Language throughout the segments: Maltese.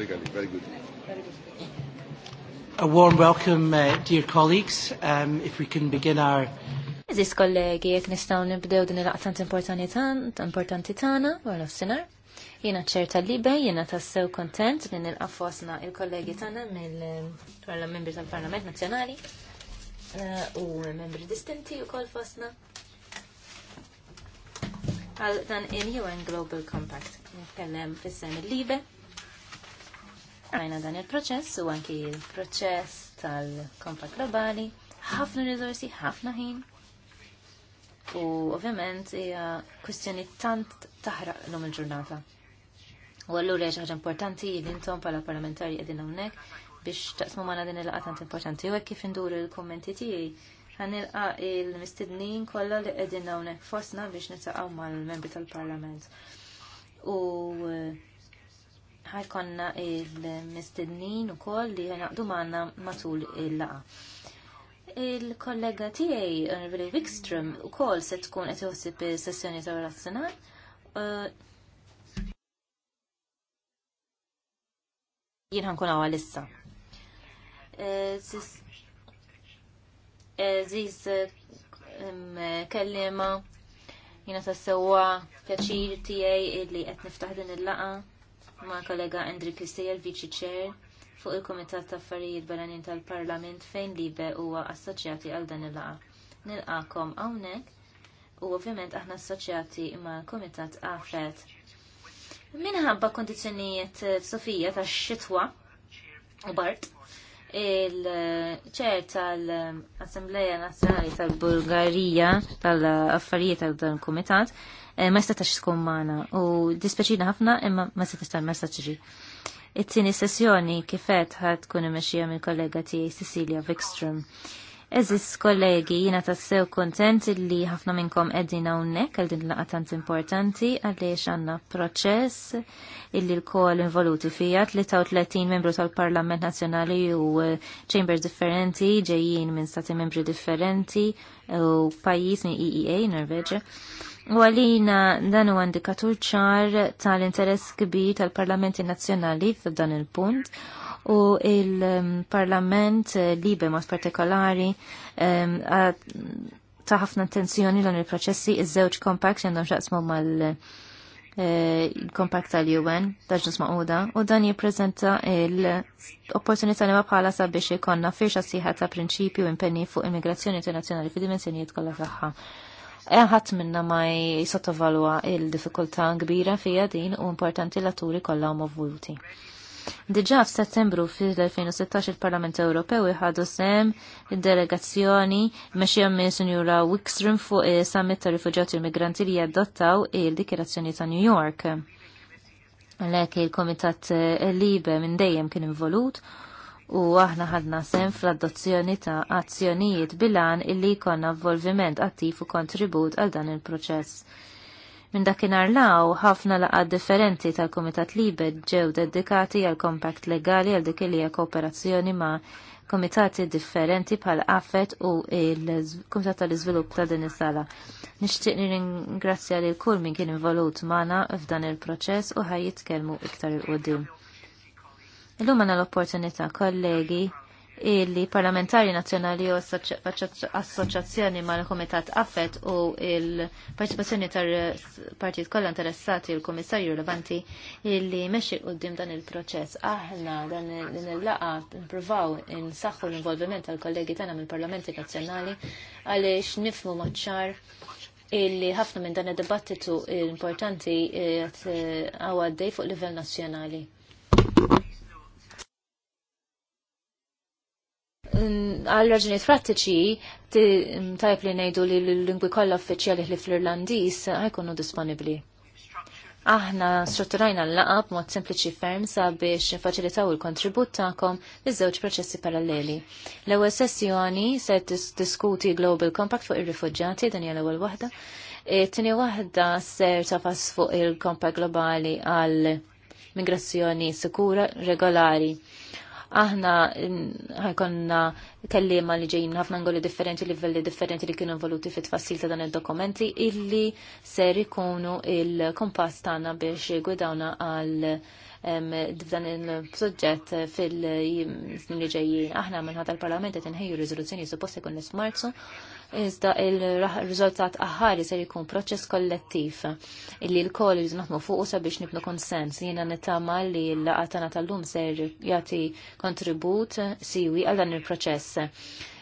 Very good. Very good. A warm welcome, uh, dear colleagues. Um, if we can begin our Eżis kollegi, jek nistaw nibdew din il-laqtant importanti tana, għal sinar. Jena ċerta libe, jena tassew kontent din il-affosna il-kollegi tana mill-membri um, tal-Parlament Nazjonali uh, u membri distinti u kol fosna. Għal dan il-UN Global Compact, nitkellem fissem il-libe. Għajna dan il-proċess u anki il-proċess tal-kompat globali, ħafna rizorsi, ħafna ħin. U ovvjament hija kwistjoni tant taħraq l il-ġurnata. U għallura hija ħaġa importanti li intom bħala parlamentari qegħdin hawnhekk biex taqsmu magħna din il-laqgħa tant importanti. U hekk kif induru l-kummenti tiegħi ħanilqa il-mistednin kollha li qegħdin hawnhekk fosna biex nitaqgħu mal-membri tal-Parlament. U eh, ħajkonna il-mistednin u koll li għanaqdu maħna matul il-laqa. Il-kollega tijaj, Unrivili Wikström, u koll se tkun għet juħsib sessjoni ta' għal-assena. Uh, jien ħankun għawa lissa. Ziz kellima jina ta' sewa pjaċir tijaj illi għet niftaħ din il-laqa ma' kollega Andri Kistejel, Viċi Chair fuq il-Komitat ta' Affarijiet Barranin tal-Parlament fejn libe huwa assoċjati għal dan il-laqa. Nilqakom hawnhekk u ovvjament aħna assoċjati ma' Komitat Afet. Minħabba kundizzjonijiet eh, Sofija ta' xitwa u Bart il-ċer tal-Assembleja Nazzjonali tal-Bulgarija tal-Affarijiet tal-Komitat Eh, ma jistatax tkun magħna u dispeċina ħafna imma ma jistatax tal ma ġi. It-tieni sessjoni kifet ħad kun imexxija mill kollega tiegħi Cecilia Wikström. Eżis kollegi, jina tassew kontent li ħafna minnkom qegħdin hawnhekk għal din laqgħa tant importanti għaliex għandna proċess illi l-kol involuti fija 33 membru tal-Parlament Nazzjonali u eh, chambers differenti ġejjin minn stati membri differenti u pajjiż minn EEA Norveġa. U għalina dan u indikatur ċar tal-interess kbir tal-Parlamenti Nazzjonali f'dan il-punt u il-Parlament eh, libe mod partikolari eh, ta' ħafna attenzjoni dan il-proċessi iż-żewġ kompakt għandhom xaqsmu mal- eh, kompakt tal-UN, taġnus maquda, u dan jiprezenta l-opportunità li ma bħala sabiex ikonna firxa siħata ta' prinċipju impenni fuq immigrazzjoni internazzjonali fi dimensjonijiet kollha tagħha. Eh, ħadd minna ma jisottovalwa il-diffikultà kbira fija din u importanti l-atturi kollha Dġa Diġà f'Settembru fil-2016 il-Parlament Ewropew iħadu sem id-delegazzjoni meċi minn Sinjura Wickstrom fuq is-Summit ta' Rifuġjati u Migranti li jaddottaw il-Dikirazzjoni ta' New York. Lek il-Komitat Libe minn dejjem kien involut u aħna ħadna sem fl-adozzjoni ta' azzjonijiet bilan illi jkollna avvolviment attiv u kontribut għal dan il-proċess. Minn dakinhar law ħafna laqgħat differenti tal-Kumitat Libed ġew dedikati għal kompakt legali għal dik li hija kooperazzjoni ma' komitati differenti bħal affet u il-Kumitat tal-Iżvilupp ta' din is-sala. Nixtieq nirringrazzja lil kull min kien involut magħna f'dan il-proċess u ħaj jitkellmu iktar il-qudiem. Illum għandna l-opportunità, kollegi, illi parlamentari nazjonali u assoċjazzjoni mal komitat affet u il-parċipazzjoni tar partijiet kollha interessati l komissarju rilevanti illi mexxi qudiem dan il-proċess. Aħna dan din il-laqa nippruvaw insaħħu l-involviment tal-kollegi tagħna mill-parlamenti nazzjonali għaliex nifmu maċċar illi ħafna minn dan id-dibattitu importanti eh, għawaddej fuq livell nazzjonali. għal raġunijiet prattiċi tajb li ngħidu li l-lingwi kollha uffiċjali li fl-Irlandiż ħajkunu disponibbli. Aħna strutturajna l-laqab mod sempliċi ferm sabiex faċilitaw il-kontribut tagħkom iż-żewġ proċessi paralleli. L-ewwel sessjoni se diskuti Global Compact fuq ir-rifuġġjati dan hija l-ewwel waħda. E, Tini waħda ser tafas fuq il-Compact Globali għal migrazzjoni sikura regolari aħna mm, ħajkonna kellima li ġejjin ħafna ngoli differenti, livelli differenti li kienu involuti fit tfassil ta' dan id-dokumenti illi ser ikunu il-kompass tagħna biex gwidawna għal dan il suġġett fil-snin li ġejjin. Aħna minn ħadd il-Parlament qed inħejju riżoluzzjoni suppost ikun nismarzu iżda il-riżultat aħħari ser jkun proċess kollettiv illi l-koll li naħdmu fuq sabiex nibnu konsens. Jiena nitama li l-laqatana tal-lum ser jagħti kontribut siwi għal dan il-proċess.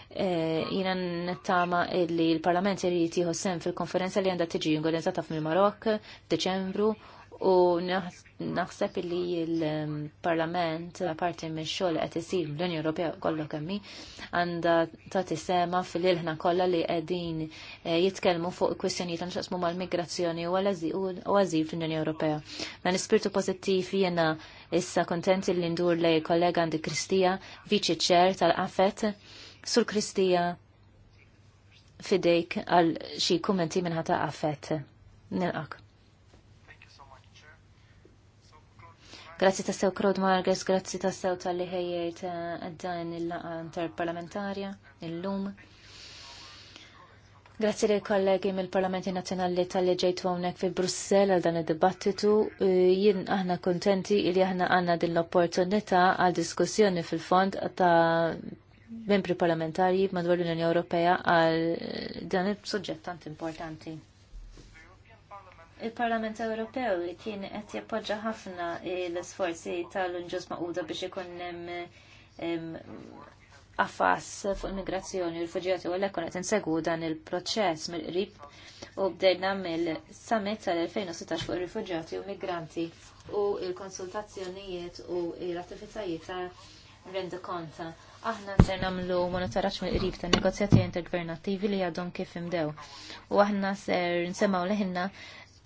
Eh, jiena nittama li l-Parlament jrid jieħu sem fil-konferenza li għandha tiġi ingolenzata fil-Marok f'Deċembru u naħseb li il-Parlament parti minn xogħol qed isir l-Unjoni Ewropea kollu kemmi għandha tagħti tisema fil-ilħna kollha li qegħdin eh, jitkellmu fuq kwistjonijiet għandux jaqsmu mal-migrazzjoni u għażil fl-Unjoni Ewropea. Dan ispirtu pożittiv jiena issa kontenti li ndur lej kollega għandi Kristija, viċi ċer tal-qafet, sur Kristija fidejk għal xi kummenti minn ħata qafet. Nilqak. Grazzi ta' sew Krod Marges, grazzi ta' sew tal-li ħejjejt għaddan eh, il-laqa interparlamentarja il-lum. Grazzi li kollegi mill-Parlamenti Nazzjonali tal-li ġejtu għonek fi Brussel għal dan id-dibattitu. Eh, jien aħna kontenti li aħna għanna din l-opportunità għal diskussjoni fil-fond ta' membri parlamentari madwar l-Unjoni Ewropea għal dan il-soġġett tant importanti il-Parlament Ewropew kien qed jappoġġa ħafna l-isforzi tal-Unġus Maquda biex ikun hemm affas fuq immigrazzjoni u rifuġjati u l-ekkon qed insegwu dan il-proċess mill-qrib u bdejna mill-summit tal-2016 fuq rifuġjati u migranti u il-konsultazzjonijiet u l-attivitajiet ta' rendikonta. konta. Aħna ser namlu monitoraċ mill qrib ta' negozjati intergvernativi li għadhom kif imdew. U aħna ser nsemmaw leħinna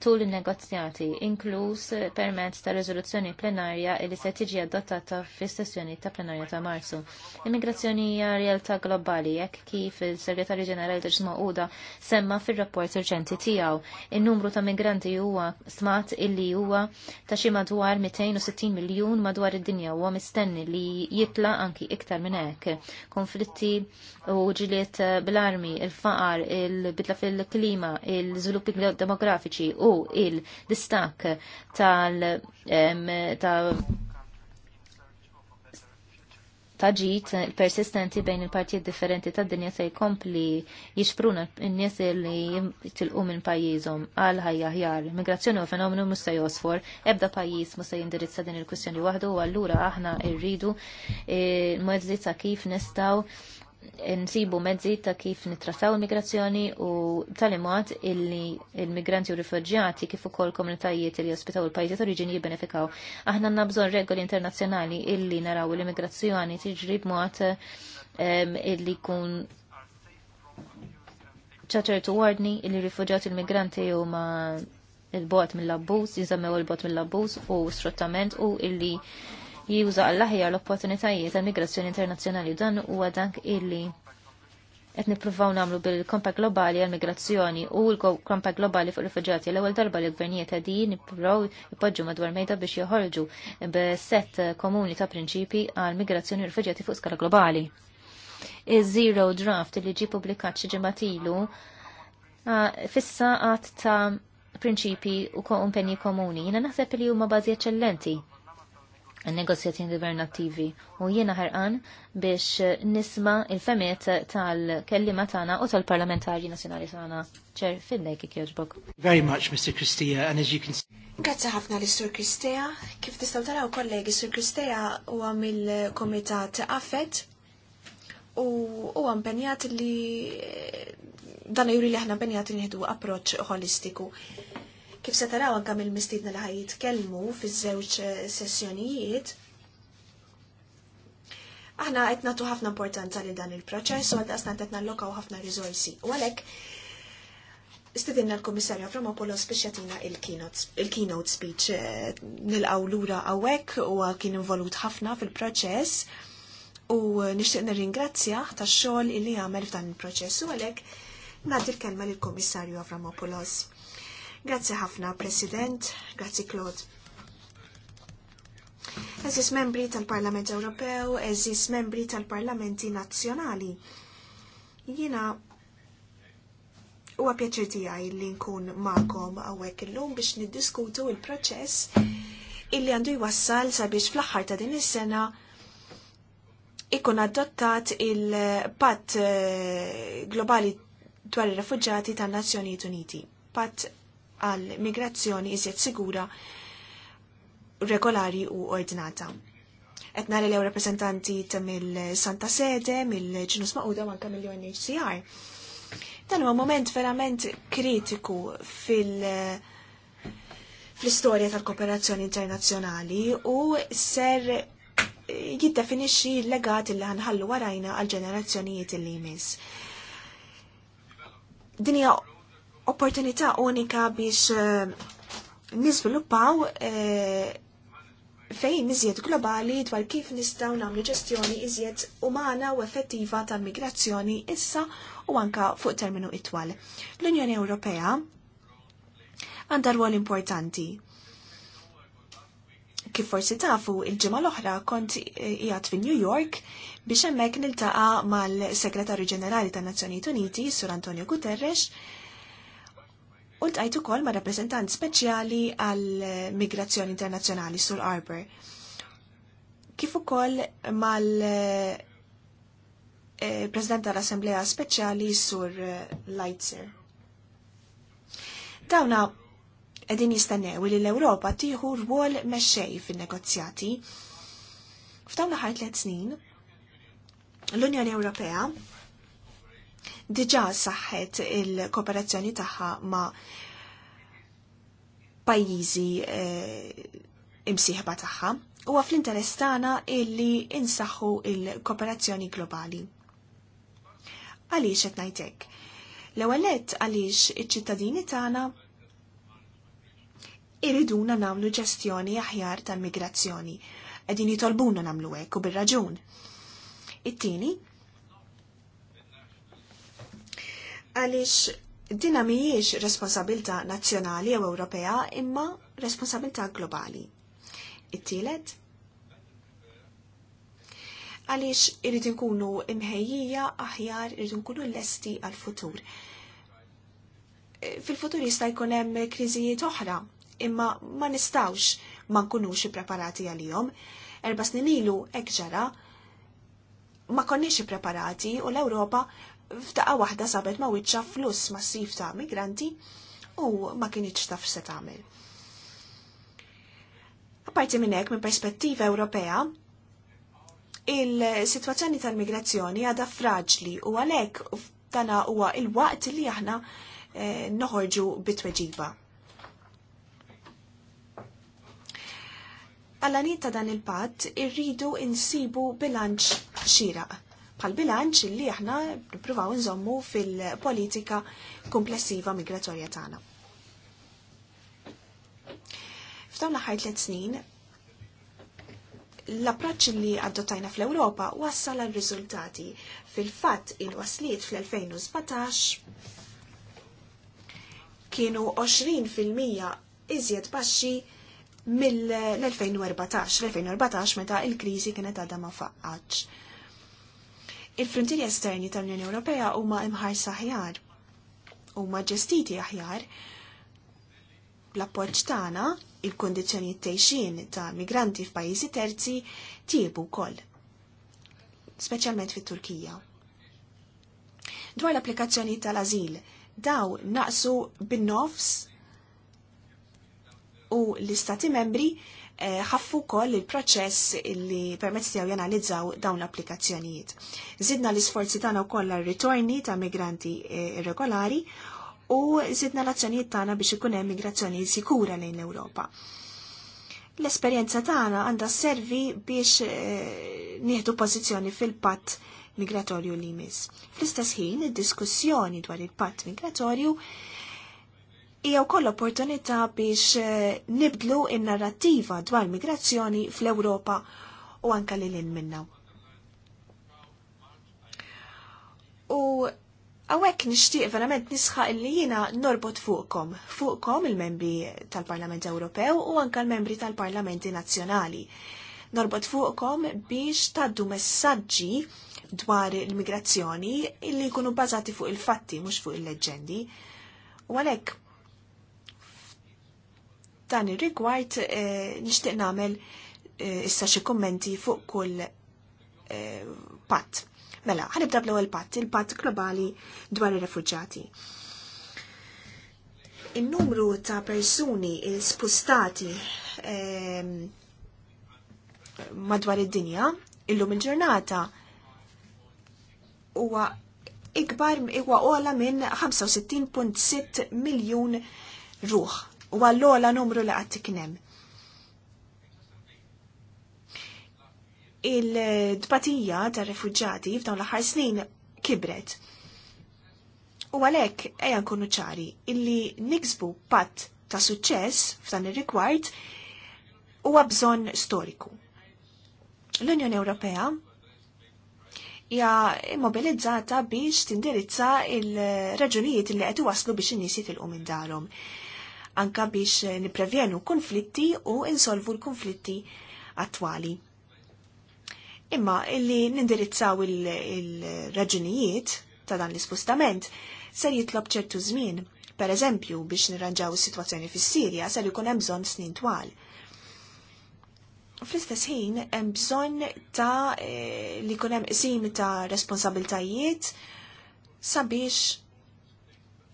tul in-negozjati, inkluż permezz ta' riżoluzzjoni plenarja li se tiġi adottata fis-sessjoni ta' plenarja ta' Marzu. Immigrazzjoni hija realtà globali jekk kif il-Segretarju Ġenerali ta' Uda semma fir-rapport urġenti tiegħu. In-numru ta' migranti huwa smat illi huwa ta' xi madwar 260 miljun madwar id-dinja huwa mistenni li jitla anki iktar minn hekk. Konflitti u ġiliet bl-armi, il-faqar, il-bidla fil-klima, il-żviluppi demografiċi u il-distak tal taġit persistenti bejn il-partijiet differenti tad dinja se jkompli jixpruna n-nies li tilqu minn pajjiżhom għal ħajja ħjar. Migrazzjoni u fenomenu mhux se josfor, ebda pajjiż mhux se jindirizza din il-kwistjoni waħdu u allura aħna rridu eh, mezzi ta' kif nistgħu nsibu mezzi ta' kif nitrattaw l migrazzjoni u tal mod illi il-migranti u rifugġjati kif ukoll komunitajiet li ospitaw il-pajjiżi ta' jibbenefikaw. Aħna għandna bżonn regoli internazzjonali illi naraw l-immigrazzjoni tiġri b'mod illi kun tu ordni illi rifugġjati il-migranti u ma' il-bot mill-abbuż, jiżammew il-bot mill-abbuż u sfruttament u illi juża għall ħajja l-opportunitajiet ta' migrazzjoni internazzjonali dan huwa dak illi qed nippruvaw nagħmlu bil-Kompakt Globali għall migrazzjoni u l-Kompakt Globali fuq rifuġjati l-ewwel darba li gvernijiet qegħdin nippruvaw ipoġġu madwar mejda biex joħorġu b'sett komuni ta' prinċipi għall migrazzjoni u rifuġjati fuq skala globali. Iż-Zero Draft li ġie publikat xi ġimatilu fissa għat ta' prinċipi u kompenji komuni. Jiena naħseb li huma bażi eċċellenti negozjazzjoni governattivi u jiena ħarqan biex nisma il-femiet tal-kellima tagħna u tal-parlamentarji nazzjonali tagħna ċer fidlejk kik jogħġbok. Very much Mr. Kristia and as you can see. Grazzi ħafna li Sur Kristea. Kif tistgħu taraw kollegi Sur Kristia huwa mill-Kumitat Affett u huwa impenjat li eh, dan juri li aħna impenjat li nieħdu approċċ holistiku. Kif se taraw anka mill-mistidna li ħaj jitkellmu fiż-żewġ eh, sessjonijiet, aħna qed nagħtu ħafna importanza li dan il-proċess u għaldaqsna qed nallokaw ħafna riżorsi. U għalhekk istedinna l-Kummissarju Avramopoulos biex jagħtina il-keynote speech eh, nilqgħu lura hawnhekk u kien involut ħafna fil-proċess u nixtieq nirringrazzja tax-xogħol li għamel f'dan il-proċess u għalhekk nagħti l-kelma lill-Kummissarju Avramopoulos. Grazzi ħafna, President. Grazzi, Claude. Eżis membri tal-Parlament Ewropew, eżis membri tal-Parlamenti Nazzjonali. Jina huwa pjaċir tiegħi li nkun għawek hawnhekk illum biex niddiskutu il-proċess illi għandu jwassal sabiex fl-aħħar ta' din is-sena ikun adottat il-Patt eh, Globali dwar ir-Refuġġati tan-Nazzjonijiet Uniti. Pat għal migrazzjoni iżjed sigura, regolari u ordinata. Qed li lew rappreżentanti ta' mill-Santa Sede, mill-ġinus Maquda manka mill-UNHCR. Dan huwa moment verament kritiku fil- fl-istorja tal-kooperazzjoni internazzjonali u ser jiddefinixxi l-legat li ħanħallu warajna għal ġenerazzjonijiet il jmiss. Dinja opportunità unika biex eh, niżviluppaw eh, fejn iżjed globali dwar kif nistgħu nagħmlu ġestjoni iżjed umana u effettiva tal-migrazzjoni issa u anka fuq terminu itwal. L-Unjoni Ewropea għandha rwol importanti. Kif forsi tafu, il-ġimgħa l-oħra kont eh, qiegħed fi New York biex hemmhekk niltaqa' mal-Segretarju Ġenerali tan-Nazzjonijiet Uniti, Sur Antonio Guterres, u ltqajt ukoll ma' rappresentant speċjali għal migrazzjoni internazzjonali sur Arbor. Kif ukoll mal eh, President tal-Assemblea Speċjali sur eh, Leitzer. Dawna edin jistennew li l-Ewropa tieħu rwol mexxej fin-negozjati. F'dawn l-ħar snin, l-Unjoni Ewropea diġa saħħet il-kooperazzjoni tagħha ma' pajjiżi e, imsieħba tagħha u fl interess tagħna illi insaħħu il-kooperazzjoni globali. Għaliex qed ngħidlek? L-ewwel għaliex iċ-ċittadini tagħna iriduna namlu ġestjoni aħjar tal-migrazzjoni. qegħdin jitolbuna nagħmlu hekk u bil-raġun. It-tieni, għaliex dina mhijiex responsabilta nazzjonali jew Ewropea imma responsabilta globali. It-tielet għaliex irrid nkunu imħejjija aħjar irrid nkunu lesti għal-futur. Fil-futur jista' jkun hemm kriżijiet oħra, imma ma nistawx ma nkunux ippreparati għalihom. Erba' snin ilu hekk ġara ma konniex ippreparati u l-Ewropa Ftaqa waħda sabet ma wiċċa flus massiv ta' migranti u ma kienieċ taf se tagħmel. Apparti minn hekk minn perspettiva Ewropea, il-sitwazzjoni tal-migrazzjoni għadha fraġli u għalhekk dana huwa il-waqt li aħna eh, noħorġu bitweġiba. Għallani ta' dan il-patt irridu insibu bilanċ xiraq bħal bilanċ li aħna nippruvaw nżommu fil-politika komplessiva migratorja tagħna. F'dawn l-aħħar tliet snin l-approċċ li adottajna fl-Ewropa wassal għal riżultati fil-fatt il-wasliet fl-2017 kienu 20% iżjed baxxi mill-2014, l-2014 meta il-kriżi kienet għadha ma faqqax Il-frontieri esterni tal-Unjoni Ewropea huma imħarsa aħjar, huma ġestiti aħjar. L-appoġġ tagħna il kundizzjonijiet tejxin ta' migranti f'pajjiżi terzi tiebu wkoll, speċjalment fit-Turkija. Dwar l-applikazzjoni tal-azil, daw naqsu bin-nofs u l-istati membri ħaffu kol il-proċess li permezz tiegħu janalizzaw dawn l-applikazzjonijiet. Zidna l-isforzi tagħna wkoll għar-ritorni ta' migranti eh, irregolari u zidna l-azzjonijiet tagħna biex ikun hemm migrazzjoni sikura lejn l-Ewropa. L-esperjenza tagħna għandha servi biex eh, nieħdu pożizzjoni fil-patt migratorju li jmiss. Fl-istess ħin, id-diskussjoni dwar il-patt migratorju hija wkoll opportunità biex eh, nibdlu in-narrattiva dwar migrazzjoni fl-Ewropa u anka lil hinn minna. U Għawek nishtiq verament nisħa illi jina norbot fuqkom, fuqkom il-membri tal-Parlament Ewropew u anka l-membri tal-Parlamenti Nazzjonali. Norbot fuqkom biex taddu messaġġi dwar il-migrazzjoni illi jkunu bazati fuq il-fatti mhux fuq il-leġendi. U għalek Dan ir-rigward eh, nixtieq nagħmel eh, issa xi kummenti fuq kull eh, patt. Mela, ħanibda bl-ewwel patt, il-patt globali dwar ir refugġati In-numru ta' persuni spustati ehm, madwar id-dinja illum il-ġurnata huwa ikbar huwa ola minn 65.6 miljun ruħ u għallola numru li għatti kienem. Il-dbatija ta' refugġati f'dawn l-aħħar snin kibret. U għalek eja nkunu ċari illi niksbu patt ta' suċċess f'dan ir-rigward huwa bżonn storiku. L-Unjoni Ewropea hija immobilizzata biex tindirizza il-raġunijiet li qed waslu biex in nisi fil minn darhom anka biex eh, niprevjenu konflitti u insolvu l-konflitti attwali. Imma illi nindirizzaw il-raġunijiet il ta' dan l-ispostament ser jitlob ċertu żmien. Per eżempju, biex nirranġaw is-sitwazzjoni fis-Sirja ser ikun hemm bżonn snin twal fl-istess ħin hemm bżonn ta' eh, li jkun hemm ta' responsabiltajiet sabiex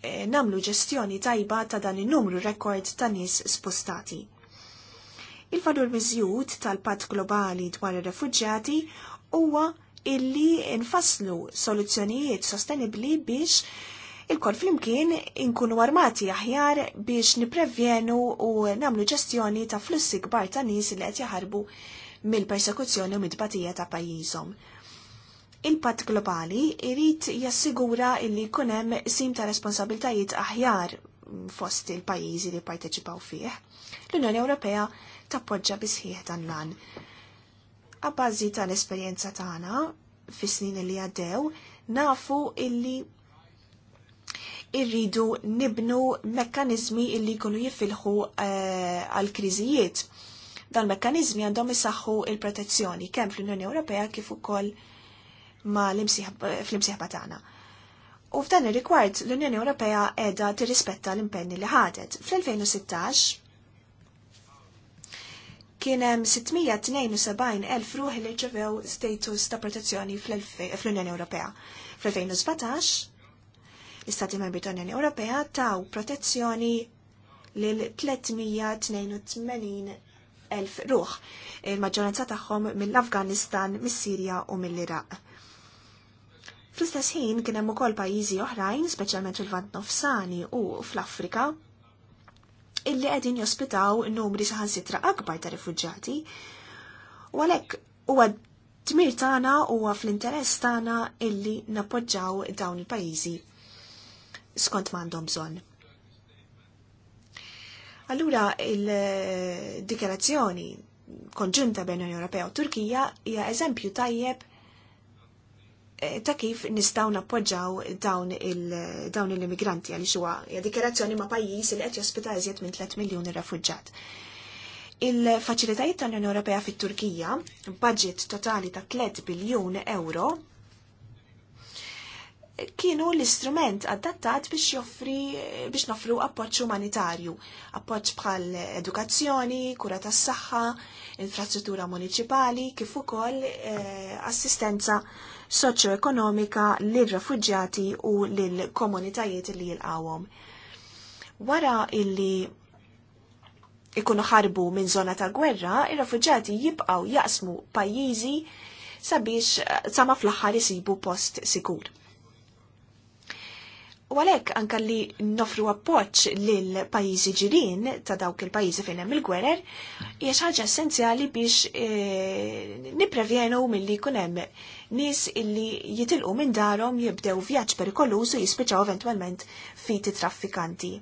E, namlu ġestjoni tajba ta' dan il-numru rekord ta' nies spostati. Il-valur miżjud tal-pat globali dwar ir-refuġġjati huwa illi nfasslu soluzzjonijiet sostenibli biex il-kol flimkien inkunu armati aħjar biex niprevjenu u namlu ġestjoni ta' flussi kbar ta' nies li qed jaħarbu mill-persekuzzjoni u mid-batija ta' pajjiżhom il-patt globali irrit jassigura illi jkun hemm sim ta' responsabiltajiet aħjar fost il-pajjiżi li parteċipaw fih. L-Unjoni Ewropea tappoġġa bisħieħ dan lan. Abbażi tal-esperjenza tagħna fis-snin li għaddew, nafu illi irridu nibnu mekkanizmi illi jkunu jifilħu eh, għal kriżijiet. Dan mekkanizmi għandhom isaħħu il-protezzjoni kemm fl-Unjoni Ewropea kif ukoll ma fl-imsieħba tagħna. U f'dan ir-rigward l-Unjoni Ewropea qiegħda tirrispetta l-impenni li ħadet. Fl-2016 kien hemm 672,000 ruħi li ċevew status ta' protezzjoni fl-Unjoni Ewropea. Fl-2017 l-Istati Membri ta' Unjoni Ewropea taw protezzjoni lil 382,000 ruħ, il-maġġoranza tagħhom mill-Afganistan, mis-Sirja u mill-Iraq Fl-istess ħin kien hemm ukoll pajjiżi oħrajn, speċjalment fil-Vant Nofsani u fl-Afrika, illi qegħdin jospitaw numri saħansitra akbar ta' rifuġġati. U għalhekk huwa tmir tagħna huwa fl-interess tagħna illi nappoġġaw dawn il-pajjiżi skont m'għandhom bżonn. Allura il-dikjarazzjoni konġunta bejn Unjoni Ewropea u Turkija hija eżempju tajjeb Eh, ta' kif nistaw nappoġġaw dawn il-immigranti għal xuwa dikerazzjoni ma' pajjiż li qed jospita eżjed minn 3 miljuni refuġġat. Il-faċilitajiet tal-Unjoni Ewropea fit-Turkija, budget totali ta' 3 biljun euro, kienu l-istrument adattat biex joffri biex noffru appoġġ umanitarju, appoġġ bħal edukazzjoni, kura tas saħħa infrastruttura municipali, kif ukoll eh, assistenza soċjoekonomika lir-refuġjati u lill-komunitajiet li jilqawhom. Wara illi ikunu ħarbu minn zona ta' gwerra, ir-refuġjati jibqaw jaqsmu pajjiżi sabiex sama fl-aħħar isibu post sikur. U għalhekk anka li nofru appoġġ l pajjiżi ġirin ta' dawk il-pajjiżi fejn hemm il-gwerer hija xi ħaġa essenzjali biex e, nipprevjenu milli jkun hemm nies illi jitilqu minn darhom jibdew vjaġġ perikolużu jispiċaw eventwalment fit traffikanti.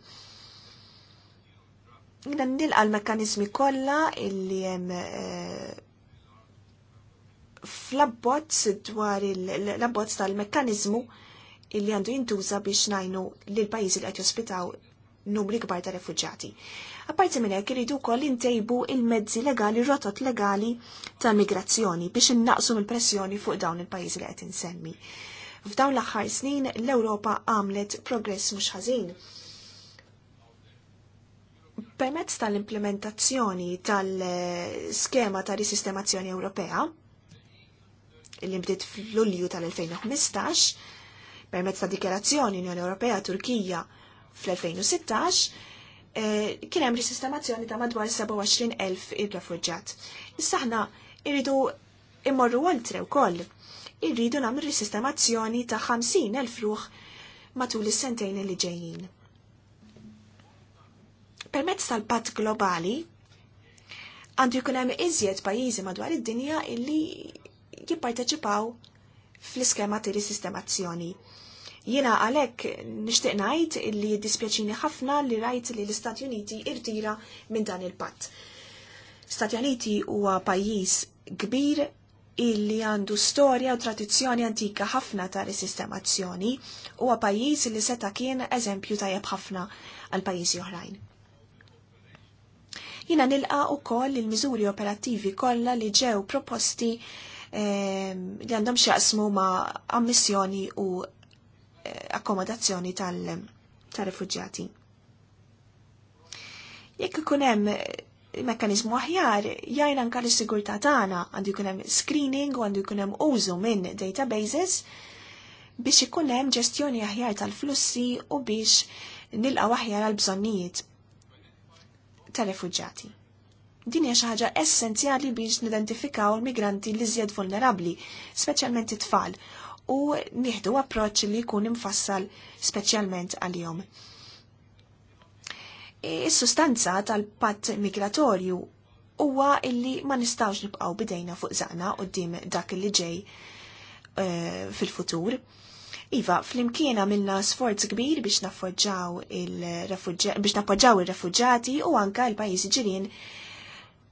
Jina nilqa l-mekkanizmi kollha illi hemm eh, fl-abbozz dwar l-abbozz tal-mekkanizmu illi għandu jintuża biex najnu li l-pajjiżi li qed jospitaw numri kbar ta' refugġati. Apparti minn hekk iridu wkoll intejbu il-mezzi legali, rotot legali ta' migrazzjoni biex innaqsu mill-pressjoni fuq dawn il-pajjiżi li qed insemmi. F'dawn l-aħħar snin l-Ewropa għamlet progress mhux ħażin. Permezz tal-implementazzjoni tal-skema ta' risistemazzjoni Ewropea, li bdiet fl-Lulju tal-2015, permezz ta' dikjerazzjoni Unjoni Ewropea Turkija fl-2016 eh, kien hemm risistemazzjoni ta' madwar 27,000 ir-refuġġat. Issa aħna irridu immorru oltre wkoll. Irridu nagħmlu risistemazzjoni ta' 50,000 ruħ matul is-sentejn li ġejjin. Permezz tal-patt globali għandu jkun hemm iżjed pajjiżi madwar id-dinja illi jipparteċipaw fl-iskema ta' risistemazzjoni. Jiena għalhekk nixtieq ngħid li dispjaċini ħafna li rajt li l-Istati Uniti irtira minn dan il-patt. Stati Uniti huwa pajjiż kbir illi għandu storja u tradizzjoni antika ħafna ta' risistemazzjoni huwa pajjiż li seta' kien eżempju tajjeb ħafna għal pajjiżi oħrajn jina nilqa u koll il-mizuri operattivi kollha li ġew proposti Ehm, li għandhom xjaqsmu ma' ammissjoni u eh, akkomodazzjoni tal-refugġati. Jekk ikun hemm eh, aħjar, jajna anka l sigurta tagħna għandu jkun hemm screening u għandu jkun hemm użu minn databases biex ikun hemm ġestjoni aħjar tal-flussi u biex nilqgħu aħjar għal bżonnijiet tal refugġati Din hija xi ħaġa essenzjali biex nidentifikaw il-migranti li żjed vulnerabbli, speċjalment it-tfal, u nieħdu approċċ li jkun imfassal speċjalment għalihom. E, is-sustanza tal-patt migratorju huwa illi ma nistgħux nibqgħu bidejna fuq zaqna qudiem dak li ġej e, fil-futur. Iva, fl-imkiena minna sforz kbir biex nappoġġaw il-refugġati u anka l-pajjiżi ġirien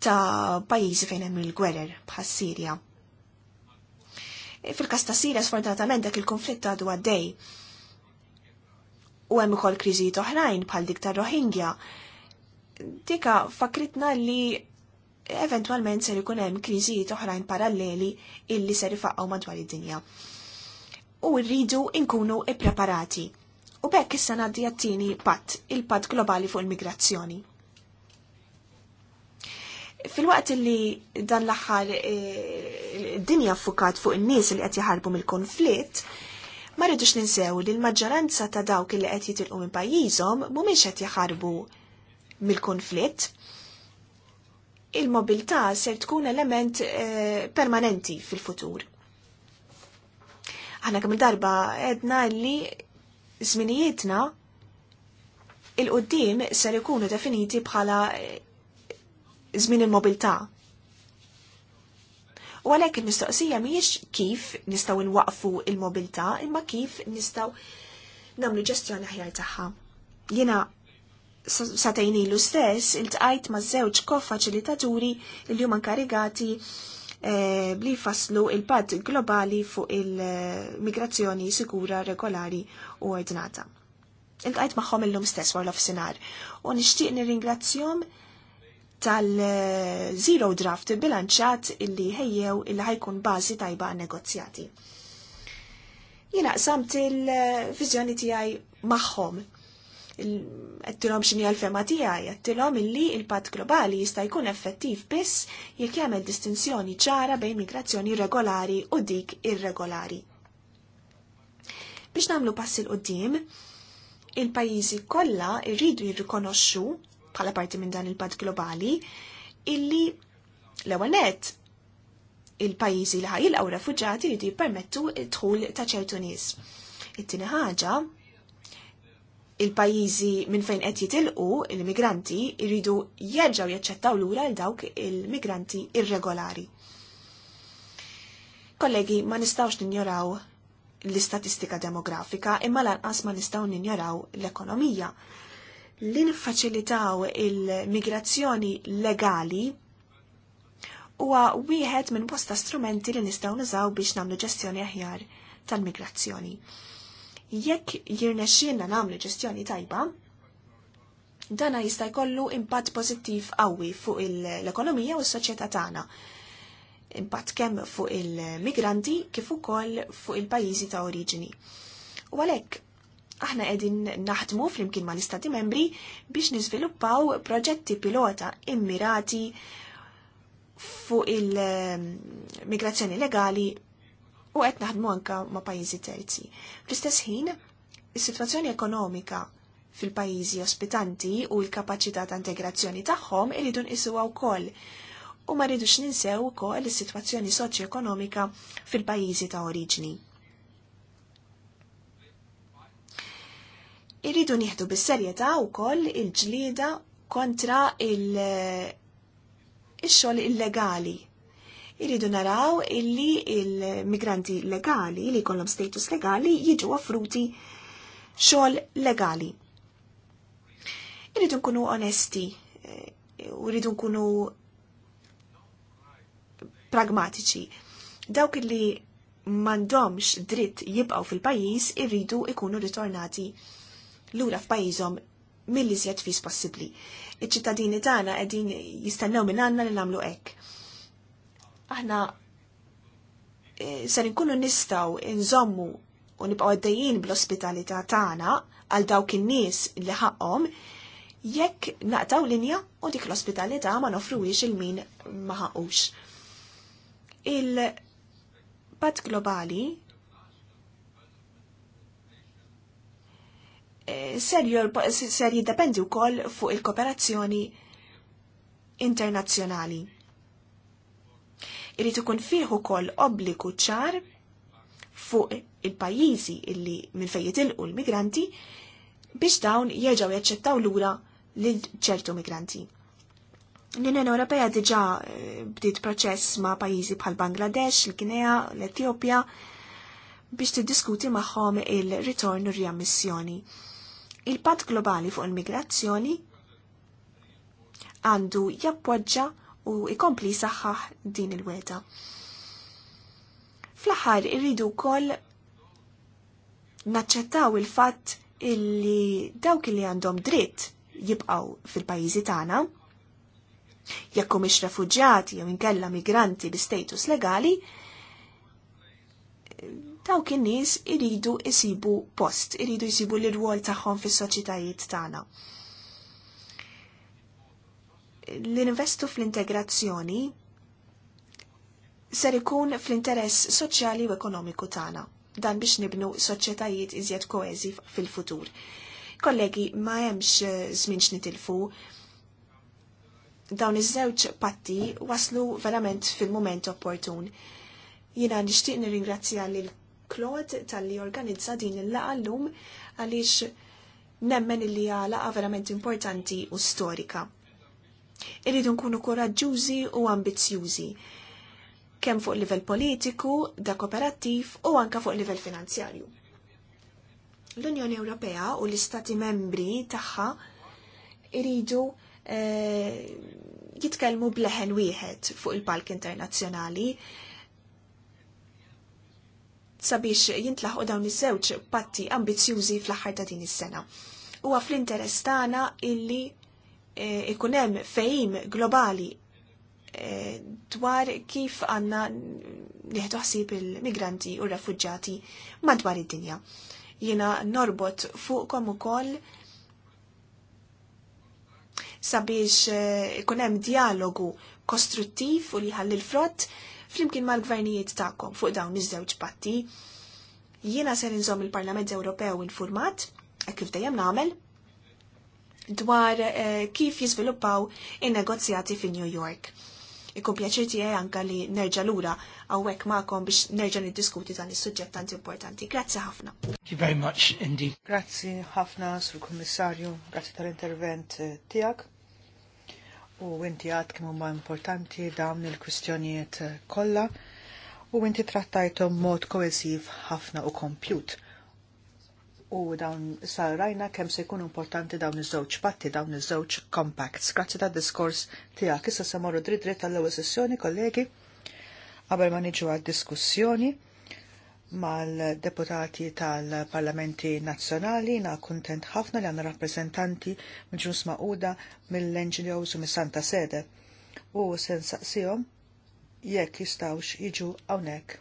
ta' pajjiżi fejn hemm il-gwerer bħas Sirja. Fil-każ ta' Sirja sfortunatament dak il-konflitt għadu għaddej. U hemm ukoll kriżi oħrajn bħal dik ta' Rohingya. Dika fakritna li eventwalment ser ikun hemm kriżijiet oħrajn paralleli illi ser ifaqgħu madwar id-dinja. U rridu nkunu ippreparati. U bekk issa ngħaddi għat-tieni patt, il-patt globali fuq il-migrazzjoni. Fil-waqt li dan l-axar eh, dinja fukat fuq in-nies li qed jaħarbu mill-konflitt, ma rridux ninsew li l-maġġoranza ta' dawk li qed jitilqu minn pajjiżhom mhumiex qed jaħarbu mill-konflitt. Il-mobilità ser tkun element eh, permanenti fil-futur. Aħna kemm darba edna li żminijietna il-qoddim ser ikunu definiti bħala eh, żmien il-mobilità. U għalhekk il-mistoqsija mhijiex kif nistgħu nwaqfu il-mobilità, imma kif nistgħu nagħmlu ġestjoni aħjar tagħha. Jiena satejn ilu stess iltqajt ma' żewġ kofaċilitaturi li huma inkarigati eh, li faslu il-pad globali fuq il-migrazzjoni sigura, regolari u ordinata. maħħom magħhom illum stess warlof sinar u nixtieq nirringrazzjom tal-zero draft bilanċat illi ħejjew illi ħajkun bażi tajba negozjati. Jina samt il-vizjoni tijaj maħħom. Għattilom xini għal-fema tijaj, għattilom illi il-pat globali jista' jkun effettiv biss jekk jamel distinzjoni ċara bejn migrazzjoni regolari u dik irregolari. Biex namlu passi l-qoddim, il-pajizi kollha irridu jirrikonoxxu bħala parti minn dan il-pad globali illi l-ewwel il-pajjiżi li il-għaw refuġati li jippermettu d-dħul ta' ċertu nies. It-tieni ħaġa il-pajjiżi minn fejn qed jitilqu il-migranti jridu jerġgħu jaċċettaw lura l dawk il-migranti irregolari. Kollegi, ma nistawx ninjoraw l-istatistika demografika imma lanqas ma nistgħu ninjaraw l-ekonomija li niffaċilitaw il-migrazzjoni legali huwa wieħed minn bosta strumenti li nistgħu nużaw biex nagħmlu ġestjoni aħjar tal-migrazzjoni. Jekk jirnexxielna nagħmlu ġestjoni tajba, dana jista' jkollu impatt pożittiv qawwi fuq l-ekonomija u s-soċjetà tagħna. Impatt kemm fuq il-migranti kif ukoll fuq il-pajjiżi ta' oriġini. U għalhekk aħna qegħdin naħdmu flimkien mal-Istati Membri biex niżviluppaw proġetti pilota immirati fuq il-migrazzjoni legali u qed naħdmu anka ma' pajjiżi terzi. Fl-istess ħin, is-sitwazzjoni ekonomika fil-pajjiżi ospitanti u l-kapaċità ta' integrazzjoni tagħhom iridu nqisuha wkoll u ma rridux ninsew ukoll is-sitwazzjoni soċjoekonomika fil-pajjiżi ta' oriġni. Irridu nieħdu bis-serjetà wkoll il-ġlieda kontra il-xogħol illegali. Irridu naraw illi il-migranti legali li jkollhom status legali jiġu offruti xogħol legali. Irridu nkunu onesti eh, u rridu nkunu pragmatiċi. Dawk li mandomx dritt jibqaw fil-pajis irridu ikunu ritornati lura f'pajjiżhom milli iżjed fis possibbli. Iċ-ċittadini tagħna qegħdin jistennew minn għandna li nagħmlu hekk. Aħna eh, ser inkunu nistgħu nżommu u nibqgħu għaddejjin bl-ospitalità tagħna għal dawk in-nies li ħaqhom jekk naqtaw linja u dik l-ospitalità ma nofruwix il-min ma Il-pat globali ser jiddependi wkoll fuq il-kooperazzjoni internazzjonali. Irid ikun fih ukoll obbliku ċar fuq il-pajjiżi illi minn fejn jitilqu l-migranti biex dawn jerġgħu jaċċettaw lura l ċertu migranti. L-Unjoni Ewropea diġà eh, bdiet proċess ma' pajjiżi bħal Bangladesh, il-Kinea, l-Etjopja biex tiddiskuti magħhom il-ritorn u riammissjoni. Il-Patt Globali fuq il-Migrazzjoni għandu jappoġġa u ikompli saħħaħ din il-weda. Fl-aħħar irridu wkoll naċċettaw il-fatt illi dawk li għandhom dritt jibqaw fil-pajjiżi tagħna, jekk mhix refuġjati jew inkella migranti bi status legali, dawk in-nies iridu isibu post, iridu jsibu l-irwol tagħhom fis-soċjetajiet tagħna. L-investu fl-integrazzjoni ser ikun fl-interess soċjali u ekonomiku tagħna dan biex nibnu soċjetajiet iżjed koeżi fil-futur. Kollegi, ma hemmx eh, żmien nitilfu dawn iż-żewġ patti waslu verament fil-moment opportun. Jina nixtieq nirringrazzja lil Claude tal-li organizza din il-laqa l-lum għaliex nemmen li hija verament importanti u storika. Irridu nkunu koraġġużi u ambizzjużi kemm fuq livell politiku, da kooperattiv u anka fuq livell finanzjarju. L-Unjoni Ewropea u l-Istati membri tagħha iridu e, jitkellmu bleħen wieħed fuq il-palk internazzjonali sabiex jintlaħqu dawn iż-żewġ patti ambizjużi fl-aħħar ta' din is-sena. Huwa fl-interess tagħna illi eh, ikun hemm fejim globali eh, dwar kif għandna nieħdu ħsieb il-migranti u r-refuġġati madwar id-dinja. Jiena norbot fuqkom ukoll sabiex eh, ikun hemm dialogu kostruttiv u li ħalli l-frott flimkien mal-gvernijiet tagħkom fuq dawn iż-żewġ patti. Jiena ser inżomm il-Parlament Ewropew infurmat, kif dejjem nagħmel, dwar eh, kif jiżviluppaw in-negozjati fi New York. Ikun pjaċir tiegħi anke li nerġa' lura hawnhekk magħkom biex nerġa' niddiskuti dan is-suġġett tant importanti. Grazzi ħafna. Thank you very much indeed. Grazzi ħafna sur Kummissarju, grazzi tal-intervent eh, tiegħek u inti għad kemm huma importanti dawn il-kwistjonijiet kollha u inti trattajtom mod koesiv ħafna u kompjut. U dawn sarajna kemm se jkun importanti dawn iż-żewġ patti, dawn iż-żewġ compacts. Grazzi ta' diskors tiegħek issa se morru dritt dritt tal-ewwel sessjoni, kollegi, qabel ma niġu għad diskussjoni mal-deputati tal-parlamenti nazzjonali na kuntent ħafna li għanna rappresentanti mġus maquda mill-NGOs u mis-Santa Sede u sen saqsijom jekk jistawx jiġu għawnek.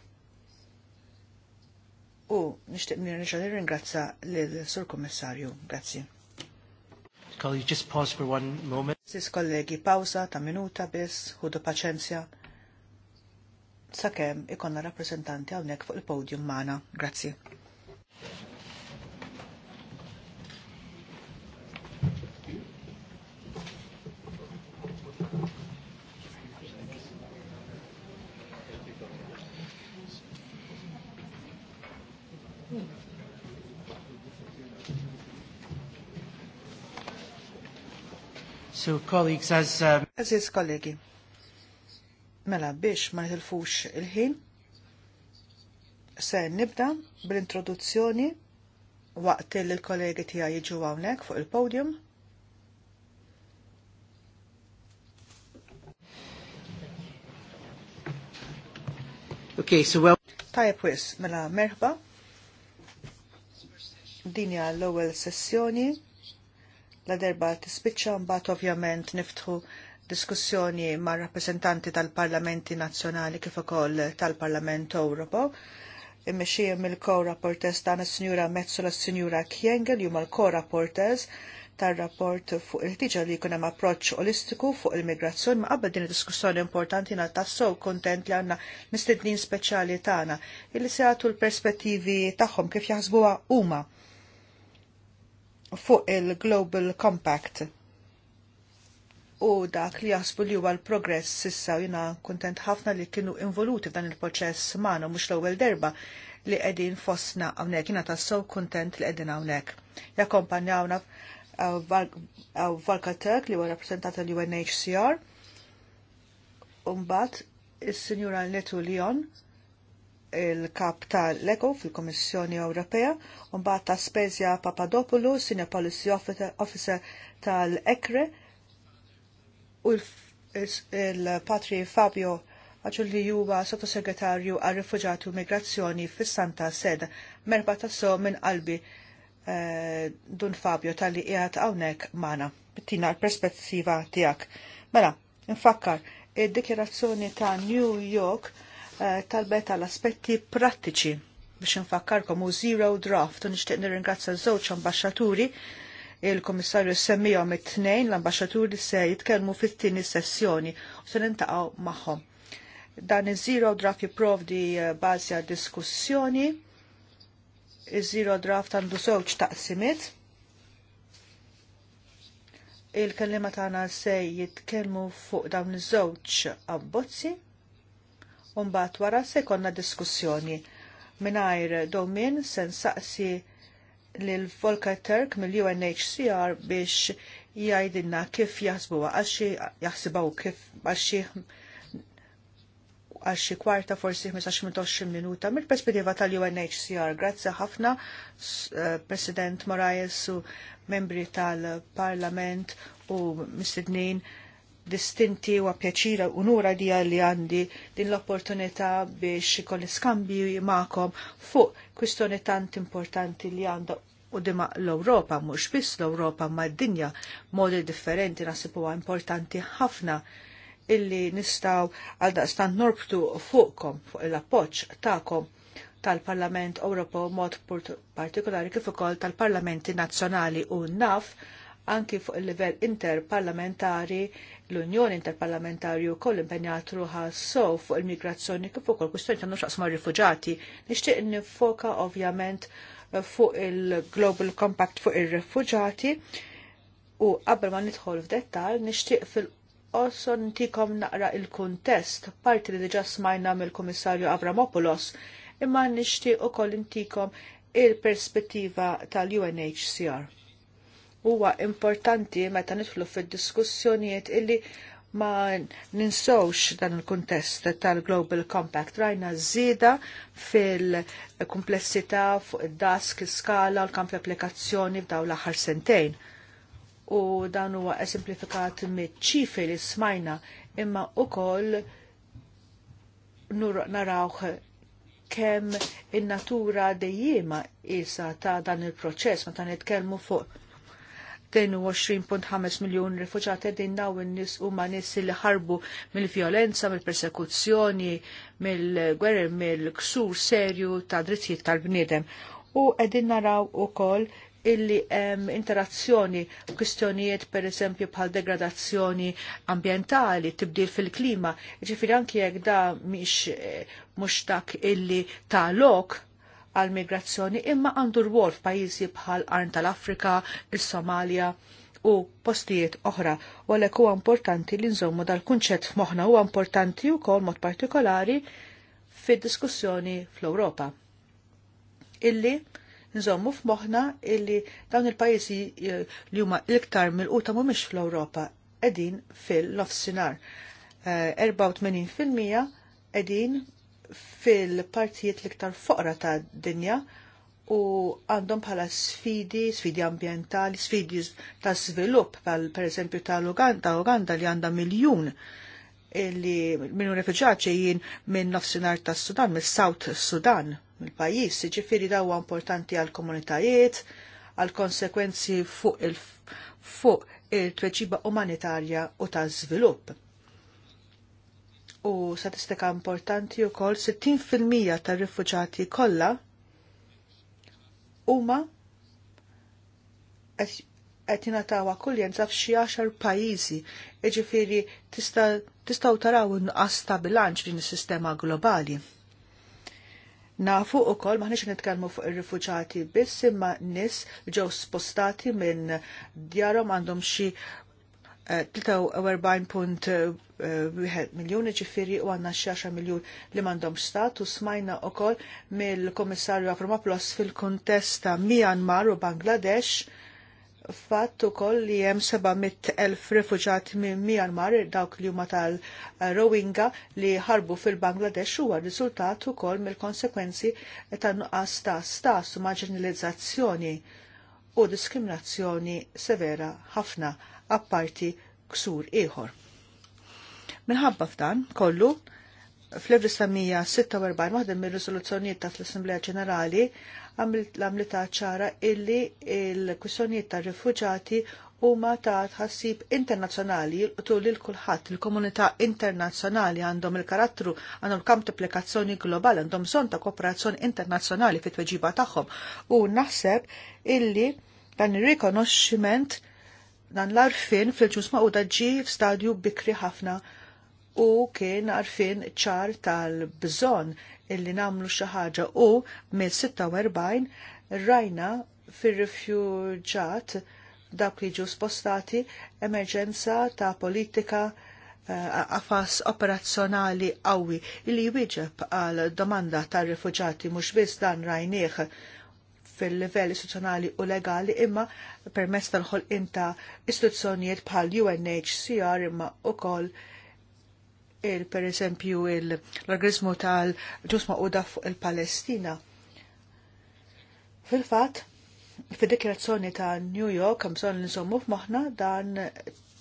U nishtiq minn nġalir ringrazza l-Sur Kommissarju. Grazzi. Kolleġi, just pause for one moment. Sis kollegi, pausa ta' minuta bis, hudu paċenzja sakemm ikonna rappresentanti għawnek fuq il-podium maħna. Grazzi. So colleagues, as... Um... as is kollegi, Mela biex ma nitilfux il-ħin, se nibda bl-introduzzjoni waqt li l-kollegi tiegħi jiġu hawnhekk fuq il-podium. Okay, so well. Tajab wis, mela merħba. Dinja l-ewwel sessjoni la derba tispiċċa mbagħad ovvjament niftħu diskussjoni ma' rappresentanti tal-Parlamenti Nazzjonali kif ukoll tal-Parlament Ewropo. Immexxija mill-co-rapporters tagħna Sinjura s Sinjura Kjengel huma l-co-rapporters tar-rapport fuq il-tiġa li jkun hemm approċċ olistiku fuq il-migrazzjoni ma qabel din id-diskussjoni importanti na tassew kontent li għandna mistednin speċjali tagħna illi se jagħtu l-perspettivi tagħhom kif jaħsbuha huma fuq il-Global Compact u dak li jasbu li huwa l-progress sissa jina kontent ħafna li kienu involuti f'dan il-proċess maħna mhux l-ewwel derba li qegħdin fostna hawnhekk. ta' so kuntent li qegħdin hawnhekk. Jakkompanjawna uh, uh, Turk li huwa rappresentata l-UNHCR. Umbat is-Sinjura Netu Leon il-kap tal eko fil-Komissjoni Ewropea, un ta' Spezia Papadopoulou, Senior Policy Officer tal ekre u l-patri Fabio għaxu li juwa sottosegretarju għal rifugjati u migrazzjoni fis-Santa Sed, merba tasso minn qalbi eh, dun Fabio tal-li qiegħed hawnhekk magħna. Bittina l-perspettiva tiegħek. Mela, infakkar, id-dikjerazzjoni ta' New York tal eh, talbet l aspetti prattiċi biex infakkar u zero draft u nixtieq nirringrazzja żewġ ambasċaturi il-komissarju semmijom it-tnejn l li se jitkellmu fit-tieni sessjoni u se nintaqgħu magħhom. Dan iż-żiro draft jipprovdi eh, bażi għad diskussjoni, iż-żiro draft għandu żewġ taqsimiet il-kellima tagħna se jitkellmu fuq dawn iż-żewġ abbozzi u mbagħad wara se jkollna diskussjoni. Mingħajr domin se nsaqsi lil Volker Turk mill-UNHCR biex jgħidilna kif jaħsbuha għaxi jaħsibaw kif għaxi għaxi kwarta forsi 15-20 minuta mill-perspettiva tal-UNHCR. Grazzi ħafna, eh, President Moraes u membri tal-Parlament u mistednin distinti u għapjaċira unura li għalli għandi din l-opportunità biex ikolli skambi ma'kom fuq kwistjoni tant importanti li għanda u dima l-Europa, mux biss l-Europa ma' d-dinja modi differenti nasib huwa importanti ħafna illi nistaw għaldaqstant norbtu fuqkom, fuq l-appoċ ta'kom tal-Parlament Ewropew mod partikolari kif ukoll tal-Parlamenti Nazzjonali u naf anki fuq il-livell interparlamentari, l-Unjoni Interparlamentari u koll impenjat ruħa sow fuq il-migrazzjoni kif ukoll kwistjoni ta' nuxaqs ma' rifuġati. Nixtieq nifoka ovvjament fuq il-Global Compact fuq ir-rifuġati u qabel ma nidħol f'dettall, nixtieq fil qosor ntikom naqra il-kuntest parti li diġa smajna mill-Komissarju Avramopoulos imma nixtieq ukoll intikom il-perspettiva tal-UNHCR huwa importanti meta nidħlu fid-diskussjonijiet illi ma ninsowx dan il kuntest tal-Global Compact. Rajna zida fil-komplessità fuq id-dask, skala, l-kamp applikazzjoni f'daw l-aħħar sentejn. U dan huwa esemplifikat mit-ċifi li smajna imma ukoll narawh kemm in-natura dejjima isa ta' dan il-proċess meta nitkellmu fuq 22.5 miljon rifuġati għedin daw n-nis u ma nis li ħarbu mill-violenza, mill-persekuzzjoni, mill gwer mill-ksur serju ta' drittijiet tal-bniedem. U għedin naraw u koll illi um, interazzjoni kwistjonijiet per eżempju bħal degradazzjoni ambientali, tibdil fil-klima, ġifir anki jekk da miex eh, mux dak illi ta' lok għal-migrazzjoni imma għandu rwol f'pajjiżi bħal qarn tal-Afrika, is somalia u postijiet oħra. U għalhekk huwa importanti li nżommu dal-kunċett f'moħħna huwa importanti wkoll mod partikolari fid-diskussjoni fl-Ewropa. Illi nżommu f'moħħna illi dawn il-pajjiżi eh, li huma l-iktar mill-quta mhumiex fl-Ewropa qegħdin fil-nofsinhar. 84% eh, qegħdin fil-partijiet l-iktar foqra ta' dinja u għandhom bħala sfidi, sfidi ambientali, sfidi ta' svilupp, pal per esempio ta' Uganda, Uganda li għanda miljun li minnu refuġaċi jien minn nofsinar ta' Sudan, minn south Sudan, mill-pajis, ġifiri daw importanti għal komunitajiet, għal konsekwenzi fuq il tweġiba umanitarja u ta' svilupp u statistika importanti wkoll 60% tar-rifuġati kollha huma qed jingħataw akkuljenza f'xi għaxar pajjiżi, jiġifieri tistgħu taraw inqas ta' bilanċ din is-sistema globali. Nafu u kol maħniċ nitkelmu fuq il-rifuġati biss imma nis ġew spostati minn djarom għandhom xi eh, 1 miljoni ġifieri u għanna xi miljun li m'għandhom stat u smajna wkoll mill-Komissarju Avramopoulos fil-kuntest ta' Myanmar u Bangladesh fatt ukoll li hemm 700,000 rifuġati minn Myanmar dawk li huma tal rowinga li ħarbu fil-Bangladesh huwa riżultat ukoll mill-konsekwenzi ta' nuqqas ta' stas u marginalizzazzjoni u diskriminazzjoni severa ħafna apparti ksur ieħor. Minħabba f'dan kollu fl-1946 waħda mir-riżoluzzjonijiet ta' l-Assembleja Ġenerali għamlet ċara illi il-kwissjonijiet ta' rifuġati huma ta' tħassib internazzjonali jilqtu lil kulħadd il-komunità internazzjonali għandhom il-karattru għandhom kamp applikazzjoni globali għandhom bżonn ta' kooperazzjoni internazzjonali fit-tweġiba tagħhom u naħseb illi dan ir-rikonoxximent dan l-arfin fil-ġus maquda ġi f'stadju bikri ħafna u kien għarfin ċar tal-bżon illi namlu xaħġa u mill-46 rajna fil-rifjuġat dak li ġu spostati emerġenza ta' politika eh, għafas uh, operazzjonali qawwi li jwieġeb għal domanda tar rifuġati mhux biss dan rajnieħ fil-livell istituzzjonali u legali imma permezz tal-ħolqien ta' istituzzjonijiet bħal UNHCR imma ukoll il per esempio l-organizmu tal-ġusma u fuq il-Palestina. Fil-fat, fi dikjerazzjoni ta' New York, għamson l-insommu f'maħna dan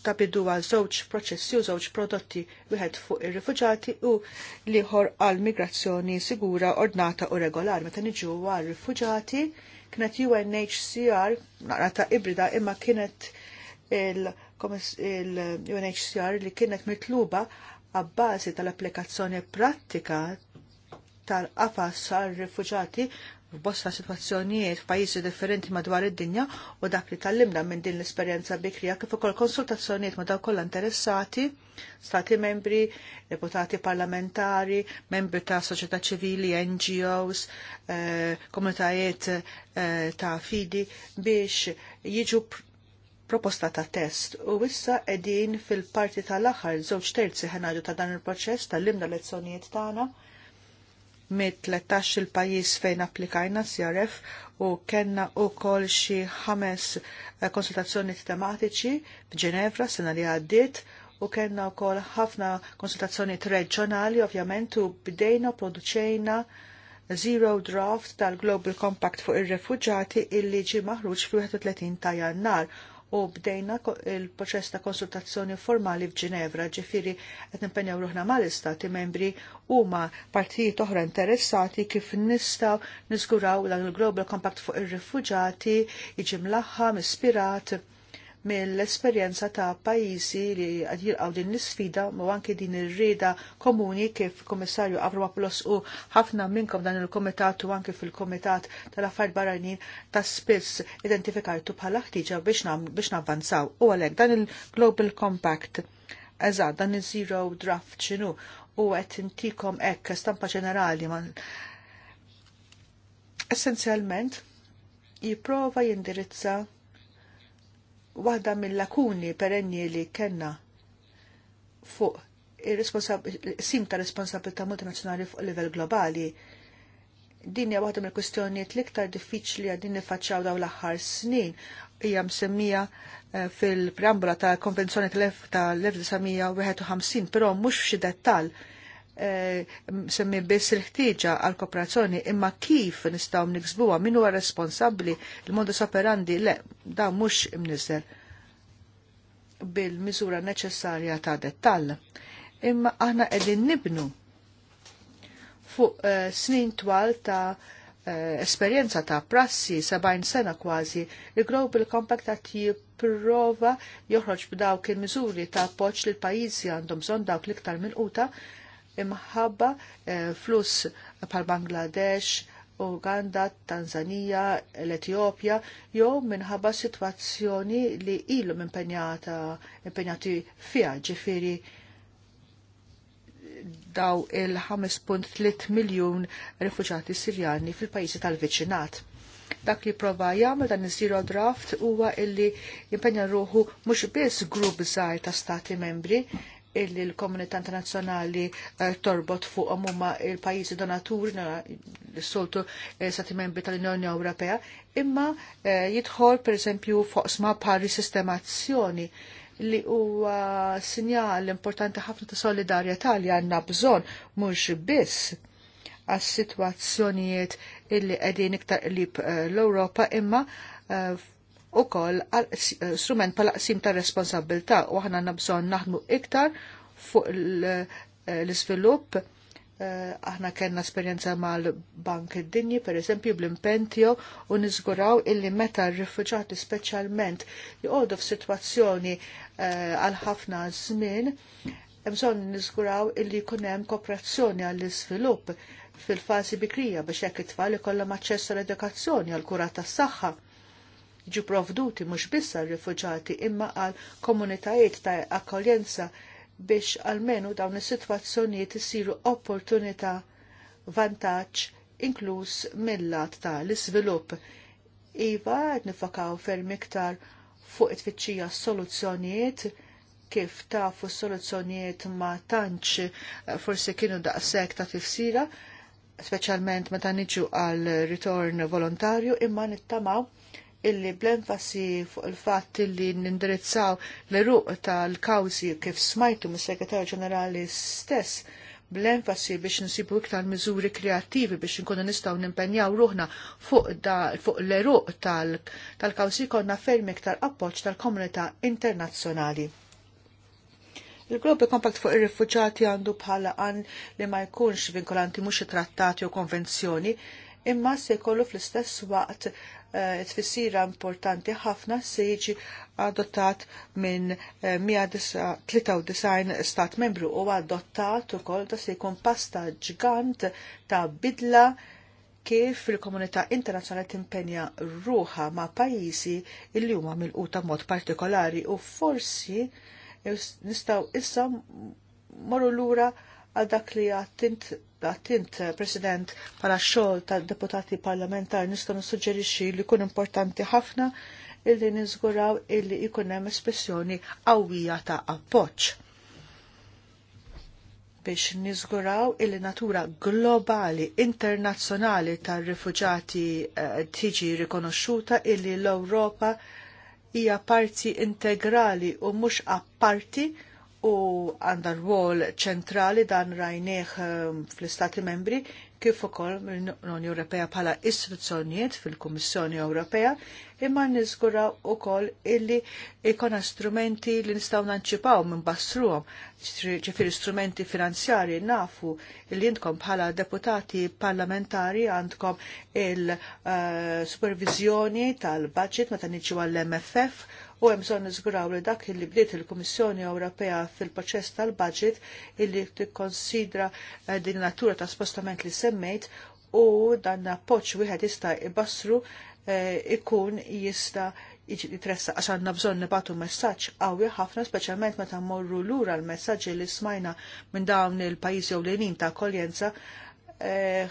ta' għal żewġ proċessi u żewġ prodotti wieħed fuq ir-rifuġati u liħor għal migrazzjoni sigura, ordnata u regolari. Meta niġu għal rifuġati, kienet UNHCR, naqra ta' ibrida, imma kienet il-UNHCR il li kienet mitluba għabbasi tal-applikazzjoni prattika tal-qafas għal-rifuġati f'bosta situazzjonijiet f'pajjiżi differenti madwar id-dinja u dak li tallimna minn din l-esperjenza bikrija kif ukoll konsultazzjonijiet ma' dawk interessati, stati membri, deputati parlamentari, membri ta' soċjetà ċivili, NGOs, eh, komunitajiet eh, ta' fidi biex jiġu proposta ta' test u issa edin fil-parti tal-axar żewġ terzi ħanadu ta' dan il-proċess tal-limna lezzjonijiet tagħna mit 13 il-pajis fejn applikajna CRF u kenna u kol xi ħames eh, konsultazzjoni tematiċi f'Ġenevra sena li għaddiet u kellna wkoll ħafna konsultazzjoni reġjonali ovvjament u bdejna produċejna Zero Draft tal-Global Compact fuq ir-refuġati illi ġi maħruġ fl-31 ta' Jannar u bdejna il-proċess ta' konsultazzjoni formali f'Ġinevra, ġifiri qed nimpenjaw ruħna mal-istati membri huma partijiet oħra interessati kif nistgħu niżguraw dan il-Global Compact fuq ir-rifuġati jiġi mlaħħam, ispirat mill-esperjenza ta' pajjiżi li qed jilqgħu din l-isfida u anke din ir-rieda komuni kif Kummissarju Avramopoulos u ħafna minnkom dan il-Komitat u anke fil-Komitat tal-Affarijiet Barranin ta' spiss identifikajtu bħala ħtiġa biex navvanzaw. U għalhekk dan il-Global Compact eżad dan il-zero draft ċinu u għet intikom ekk stampa ġenerali man essenzjalment jiprofa jindirizza waħda mill-lakuni perenni li kena fuq sim ta' responsabilità multinazzjonali fuq livell globali. Din hija waħda mill-kwistjonijiet l-iktar diffiċli din nifaċċaw daw l-aħħar snin hija msemmija eh, fil-preambula ta' konvenzjoni tal-1951, però mhux f'xi dettall Eh, semmi biss il-ħtieġa għal kooperazzjoni imma kif nistgħu niksbuha min huwa responsabbli il-modus operandi le da mhux imniżel bil-miżura neċessarja ta' dettall. Imma aħna qegħdin nibnu fuq eh, snin twal ta' eh, esperjenza ta' prassi 70 sena kważi, il-Global Compact qed jipprova joħroġ b'dawk il-miżuri ta' poċ li l-pajjiżi għandhom bżonn dawk l-iktar uta imħabba eh, flus pal Bangladesh, Uganda, Tanzania, l-Etjopja, jew minħabba situazzjoni li ilu impenjata impenjati fija ġifiri daw il-5.3 miljon rifuġati sirjani fil-pajjiżi tal-viċinat. Dak li prova jagħmel dan iż-zero draft huwa illi jimpenja ruħu mhux biss grupp żgħir ta' stati membri illi l-komunità internazzjonali eh, torbot fuqhom huma il-pajjiżi donaturi s-soltu eh, stati membri tal-Unjoni Ewropea, imma eh, jidħol pereżempju foqsma pari sistemazzjoni li huwa sinjal importanti ħafna ta' solidarjetà li għandna bżonn mhux biss għas-sitwazzjonijiet illi qegħdin iktar qrib l-Ewropa imma u kol eh, strument pala qsim ta' responsabilta u ħana nabżon naħdmu iktar fuq l svilup eh, eh, aħna kena esperienza mal-Bank id-Dinji, per eżempju, bl-impentio, u nizguraw illi meta r-rifuġati specialment jgħodu f-situazzjoni għal ħafna żmien, bżon nizguraw illi kunem kooperazzjoni għall-izvilupp fil-fazi bikrija biex jekk it-tfal ikollhom aċċess għall-edukazzjoni għall-kura tas-saħħa Ġi provduti mhux biss għal-rifuġati imma għal komunitajiet ta' akkoljenza biex almenu dawn is-sitwazzjonijiet isiru opportunità vantaġġ inkluż mill-lat ta' l-iżvilupp. Iva qed nifakaw ferm iktar fuq it-tfittxija soluzzjonijiet kif tafu soluzzjonijiet ma tantx eh, forsi kienu daqshekk ta' tifsira, speċjalment meta niġu għal ritorn volontarju imma nittamaw illi bl-enfasi fuq il-fatt illi nindirizzaw l-eruq tal-kawzi kif smajtu mis segretarju ġenerali stess bl-enfasi biex nsibu iktar miżuri kreativi biex nkunu nistgħu nimpenjaw ruħna fuq, fuq l-eruq tal-kawzi tal konna ferm iktar appoġġ tal-komunità internazzjonali. Il-Global Compact fuq ir-rifuġati għandu bħala għan li ma jkunx vinkolanti mhux trattati u konvenzjoni, imma se jkollu fl-istess waqt Eh, tfissira importanti ħafna se jiġi adottat minn 193 eh, stat membru u adottat ukoll da se jkun pasta ġgant ta' bidla kif il-komunità internazzjonali timpenja ruħa ma' pajjiżi illi huma milquta mod partikolari u forsi nistaw issa morru lura għal dak li għattint għattint iva, eh, President pala xogħol ta' deputati parlamentari nistgħu nissuġġerixxi li jkun importanti ħafna illi niżguraw illi jkun hemm espressjoni qawwija ta' appoċ. biex niżguraw illi natura globali, internazzjonali tar-rifuġati eh, tiġi rikonoxxuta illi l-Ewropa hija parti integrali u mhux apparti parti u għandha rwol ċentrali dan rajnieħ um, fl-Istati membri kif ukoll l unjoni Ewropea bħala istituzzjonijiet fil-Kummissjoni Ewropea imma niżgura wkoll illi ikona strumenti li nistgħu nanċipaw minn bassruhom ġifieri strumenti finanzjarji nafu li intkom bħala deputati parlamentari għandkom il-supervizjoni uh, tal-budget meta niġu għall-MFF u hemm bżonn niżguraw li dak illi bdiet il-Kummissjoni Ewropea fil-proċess tal-budget illi tikkonsidra eh, din natura ta' spostament li semmejt u dan appoġġ wieħed jista' ibassru eh, ikun jista' jiġi tressa għax għandna bżonn nibatu messaġġ qawwi ħafna speċjalment meta mmorru lura l-messaġġi li smajna minn dawn il-pajjiżi ewlenin ta' koljenza eh,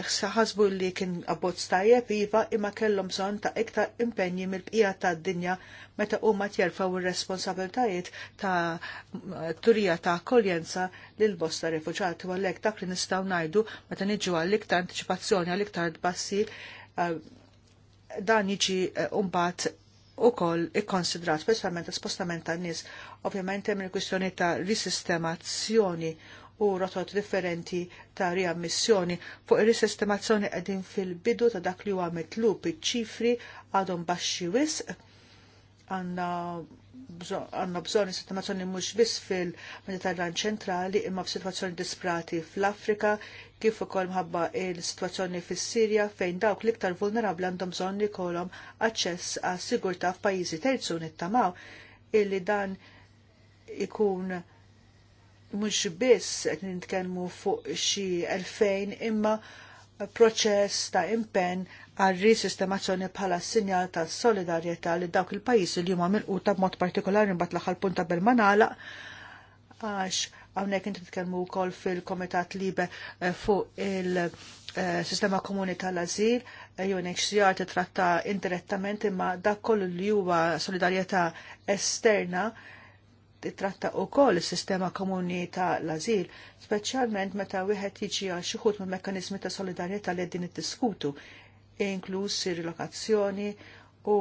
ħasbu li kien abbozz tajjeb iva imma kellhom bżonn ta' iktar impenji mill-bqija tad-dinja meta huma tjerfaw ir-responsabiltajiet ta' turija ta' akkoljenza lil bosta rifuġati u għalhekk dak li nistgħu ngħidu meta niġu għall-iktar anticipazzjoni għall-iktar tbassil eh, dan jiġi eh, mbagħad u koll ikkonsidrat, specialment spostament ta' nis, ovvjament hemm il-kwistjoni ta' risistemazzjoni u rotot differenti ta' riammissjoni. Fuq il-sistemazzjoni qegħdin fil-bidu ta' dak li huwa mitlub iċ-ċifri għadhom baxxi wisq għandna għanna bżon sistemazzjoni mhux biss fil-Mediterran ċentrali imma f'sitwazzjoni disprati fl-Afrika kif ukoll mħabba il-sitwazzjoni fis-Sirja fejn dawk l-iktar vulnerabbli għandhom bżonn li kolhom aċċess għas sigurtà f'pajjiżi terzu nittamaw illi dan ikun mhux biss qed nitkellmu fuq xi elfejn imma proċess ta' impenn għal risistemazzjoni bħala sinjal ta' solidarjetà li dawk il-pajjiżi li huma milquta b'mod partikolari mbagħad l-aħħar punta bil-manala għax hawnhekk inti titkellmu wkoll fil-Komitat Libe eh, fuq il-Sistema Komuni tal-Azil UNHCR eh, titratta indirettament imma dak kollu li huwa solidarjetà esterna titratta wkoll is-sistema komuni ta' l-azil, speċjalment meta wieħed jiġi għal xi ħut mill ta' solidarjetà li din iddiskutu, inkluż ir-relokazzjoni u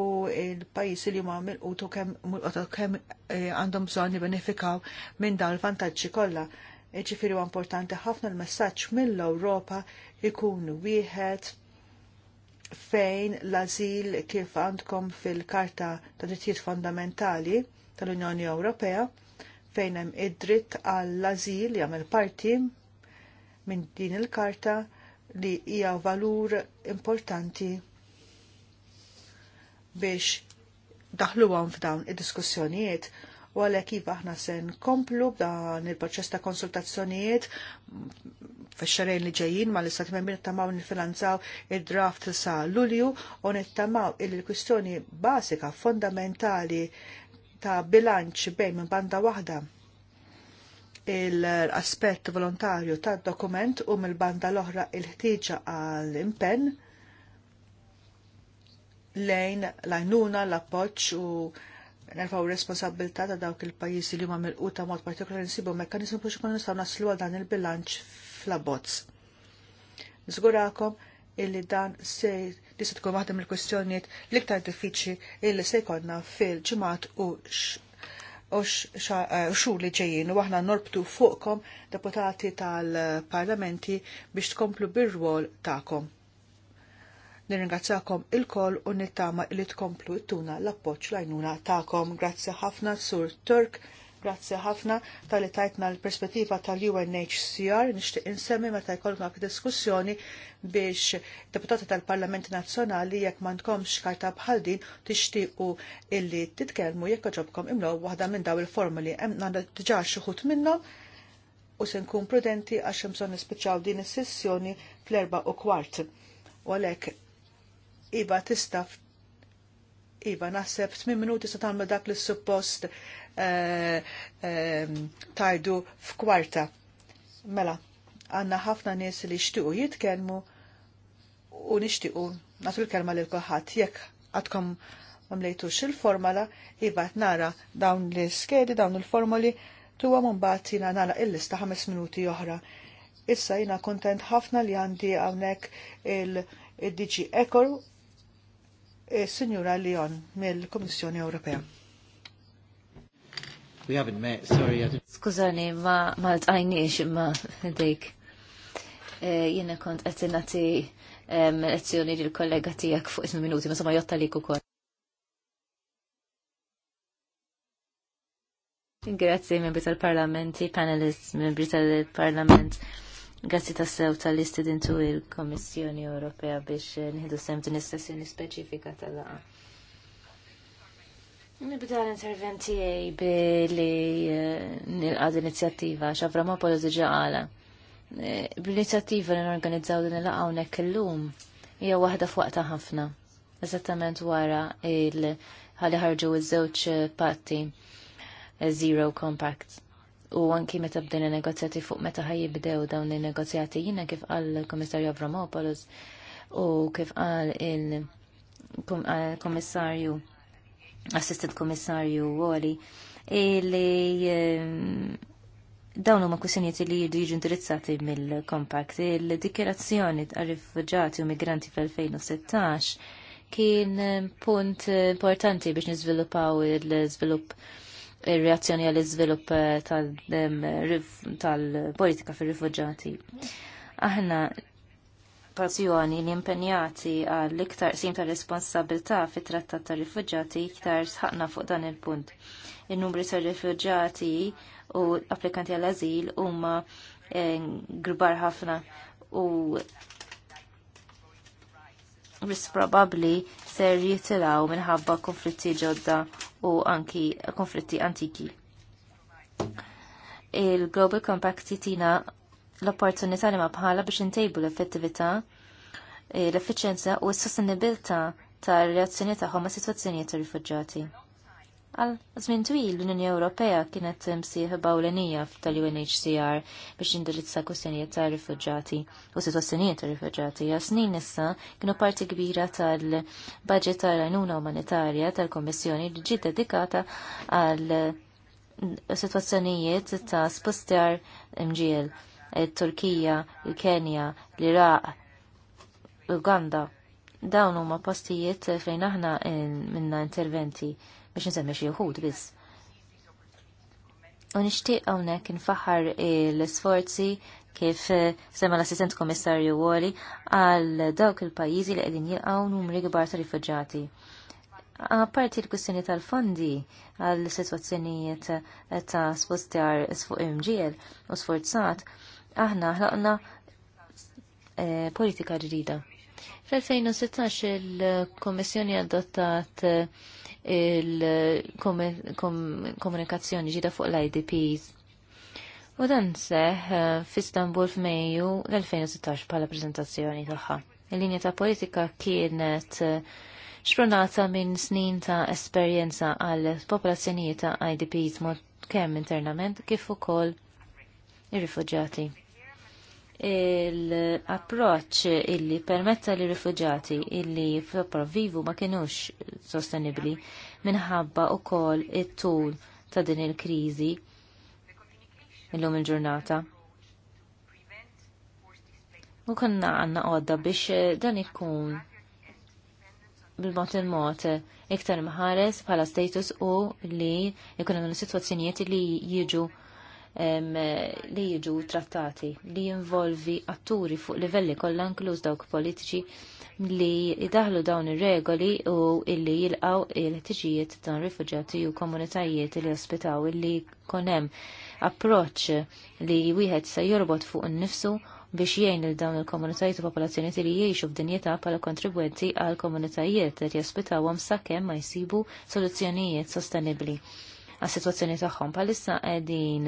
il-pajjiżi li huma milqutu kemm kemm eh, għandhom bżonn benefikaw minn dawn il-vantaġġi kollha. Ġifieri huwa importanti ħafna l-messaġġ mill-Ewropa ikun wieħed fejn l-azil kif għandkom fil-Karta ta' Drittijiet Fondamentali tal-Unjoni Ewropea fejn hemm id-dritt għall-ażil jagħmel parti minn din il-karta li hija valur importanti biex daħluhom f'dawn id-diskussjonijiet u għalhekk iva aħna se nkomplu b'dan il-proċess ta' konsultazzjonijiet fix-xarejn li ġejjin mal istat membri nittamaw nifinanzaw id-draft sa' Lulju u nittamaw il kwistjoni basika fondamentali ta' bilanċ bejn minn banda waħda l-aspett volontarju tad dokument u mill banda l-oħra il-ħtieġa għal impenn lejn l-għajnuna, l-appoċ u nerfaw responsabilta ta' dawk il-pajjiżi li huma mill-quta mod partikolari nsibu mekkanizmu biex ikun nistgħu naslu għal dan il-bilanċ fl-abbozz. Nżgurakom illi dan se li se tkun waħda mill-kwestjonijiet l-iktar diffiċli li se jkollna fil-ġimgħat eh, u xhur li ġejjin u aħna norbtu fuqkom deputati tal-parlamenti biex tkomplu bir-rwol tagħkom. Nirringrazzjakom il-koll u nittama li tkomplu tuna l l lajnuna tagħkom. Grazzi ħafna sur Turk Grazzi ħafna tal-li tajtna l-perspettiva tal-UNHCR nixtieq insemmi meta jkollna diskussjoni biex deputati tal-Parlament Nazzjonali jekk m'għandkomx karta bħal din tixtiequ illi titkellmu jekk ġobkom imlew waħda minn daw il-formuli hemm għandha diġà xi ħut minnhom u se nkun prudenti għax hemm bżonn nispiċċaw din is-sessjoni fl-erba' u kwart. U għalhekk iva tista' Iva, naħseb tmin minuti sa tagħmlu dak li suppost eh, eh, tajdu f'kwarta. Mela, għandna ħafna nies li jixtiequ jitkellmu u nixtiequ Natu l-kelma lil kulħadd jekk għadkom mamlejtux il-formala, iva nara dawn l skedi, dawn il-formoli, tuwa mbagħad jiena nara il-lista ħames minuti oħra. Issa jiena kontent ħafna li għandi hawnhekk il-DG Ekor Eh, Signora Leon mill-Komissjoni Ewropea. We haven't met, sorry. Skużani, ma ma tqajniex imma dik. Eh, jiena kont qed nagħti lezzjoni l kollega tiegħek fuq ismi minuti, ma sama jotta li ukoll. Grazie, membri tal parlamenti panelists, membri tal-Parlament. Grazzi ta' sew tal istidintu il-Komissjoni Ewropea biex eh, nħidu sem din is-sessjoni speċifika tal-laqa. Nibda l-interventi billi eh, nilqad l-inizjattiva xavra ma' diġà għala. Eh, bl-inizjattiva li n-organizzaw din il-laqa unek l-lum hija waħda f'waqta ħafna. Eżattament wara il-ħalli ħarġu iż-żewġ patti Zero Compact u anki meta bdejna negozjati fuq meta ħajibdew dawn il-negozjati jina kif għal komissarju Avramopoulos u kif għal il-komissarju assistant komissarju għoli li eh, dawn huma kwistjonijiet li jridu jiġu indirizzati mill-kompakt. Il-dikjerazzjoni ta' rifuġati u migranti fl-2016 kien punt importanti biex nizviluppaw il żvilupp il reazzjoni għall iżvilupp eh, tal-politika fir rifugġati Aħna passjoni li impenjati għall iktar sim ta' responsabilità fit trattat ta' rifugġati iktar sħaqna fuq dan il-punt. Il-numri ta' rifugġati u applikanti għall-azil huma eh, grbar ħafna u bis probabli ser jitilaw minħabba konflitti ġodda u anki konflitti antiki. Il-Global Compact titina l-opportunità li ma bħala biex intejbu l-effettività, eh, l efficienza u s-sostenibilità tar-reazzjoni tagħhom ma' sitwazzjonijiet ta' rifugġati. Għal żmien twil l-Unjoni Ewropea kienet msieħ bawlenija tal-UNHCR biex indirizza kustjonijiet ta' rifuġġati u sitwazzjonijiet ta' rifuġġati. Għal snin issa kienu parti kbira tal-budget tal-għajnuna umanitarja tal-Kommissjoni li ġiet dedikata għal situazzjonijiet ta' spostjar mġiel, il-Turkija, il-Kenja, l-Iraq, Uganda. Dawn huma postijiet fejn aħna minna interventi biex nsemmi xi wħud biss. U nixtieq hawnhekk infaħar l-isforzi kif sema l-assistent kommissarju Woli għal dawk il-pajjiżi li qegħdin jilqgħu numri kbar ta' rifuġati. Apparti l-kwistjoni tal-fondi għal sitwazzjonijiet ta' spostjar fuq imġiel u sforzat, aħna ħlaqna eh, politika ġdida. Fl-2016 il kummissjoni adottat eh, il-komunikazzjoni ġida fuq l-IDPs. U dan seħ eh, f'Istanbul f'Mejju l-2016 bħala prezentazzjoni tagħha. Il-linja ta' politika kienet eh, xpronata minn snin ta' esperjenza għal popolazzjonijiet ta' IDPs mod kemm internament kif ukoll ir rifuġġjati l-approċ illi permetta li rifugjati illi f'approvivu ma kienux sostenibli minħabba u kol it-tul ta' din il-krizi illum il-ġurnata. U konna għanna għodda biex dan ikun bil-mot il-mot iktar mħares bħala status u li ikun għamlu situazzjonijiet li jiġu li jiġu trattati li jinvolvi atturi fuq livelli kollha inkluż dawk politiċi li jidaħlu dawn ir-regoli u illi jilqaw il-ħtiġijiet dan rifuġjati u komunitajiet li ospitaw illi konem approċċ li wieħed se jorbot fuq innifsu biex jgħin il dawn il-komunitajiet u popolazzjoniet li jgħixu f'dinjeta bħala kontribwenti għal komunitajiet li jospitawhom sakemm ma jsibu soluzzjonijiet sostenibbli għas-sitwazzjoni tagħhom. bħalissa qegħdin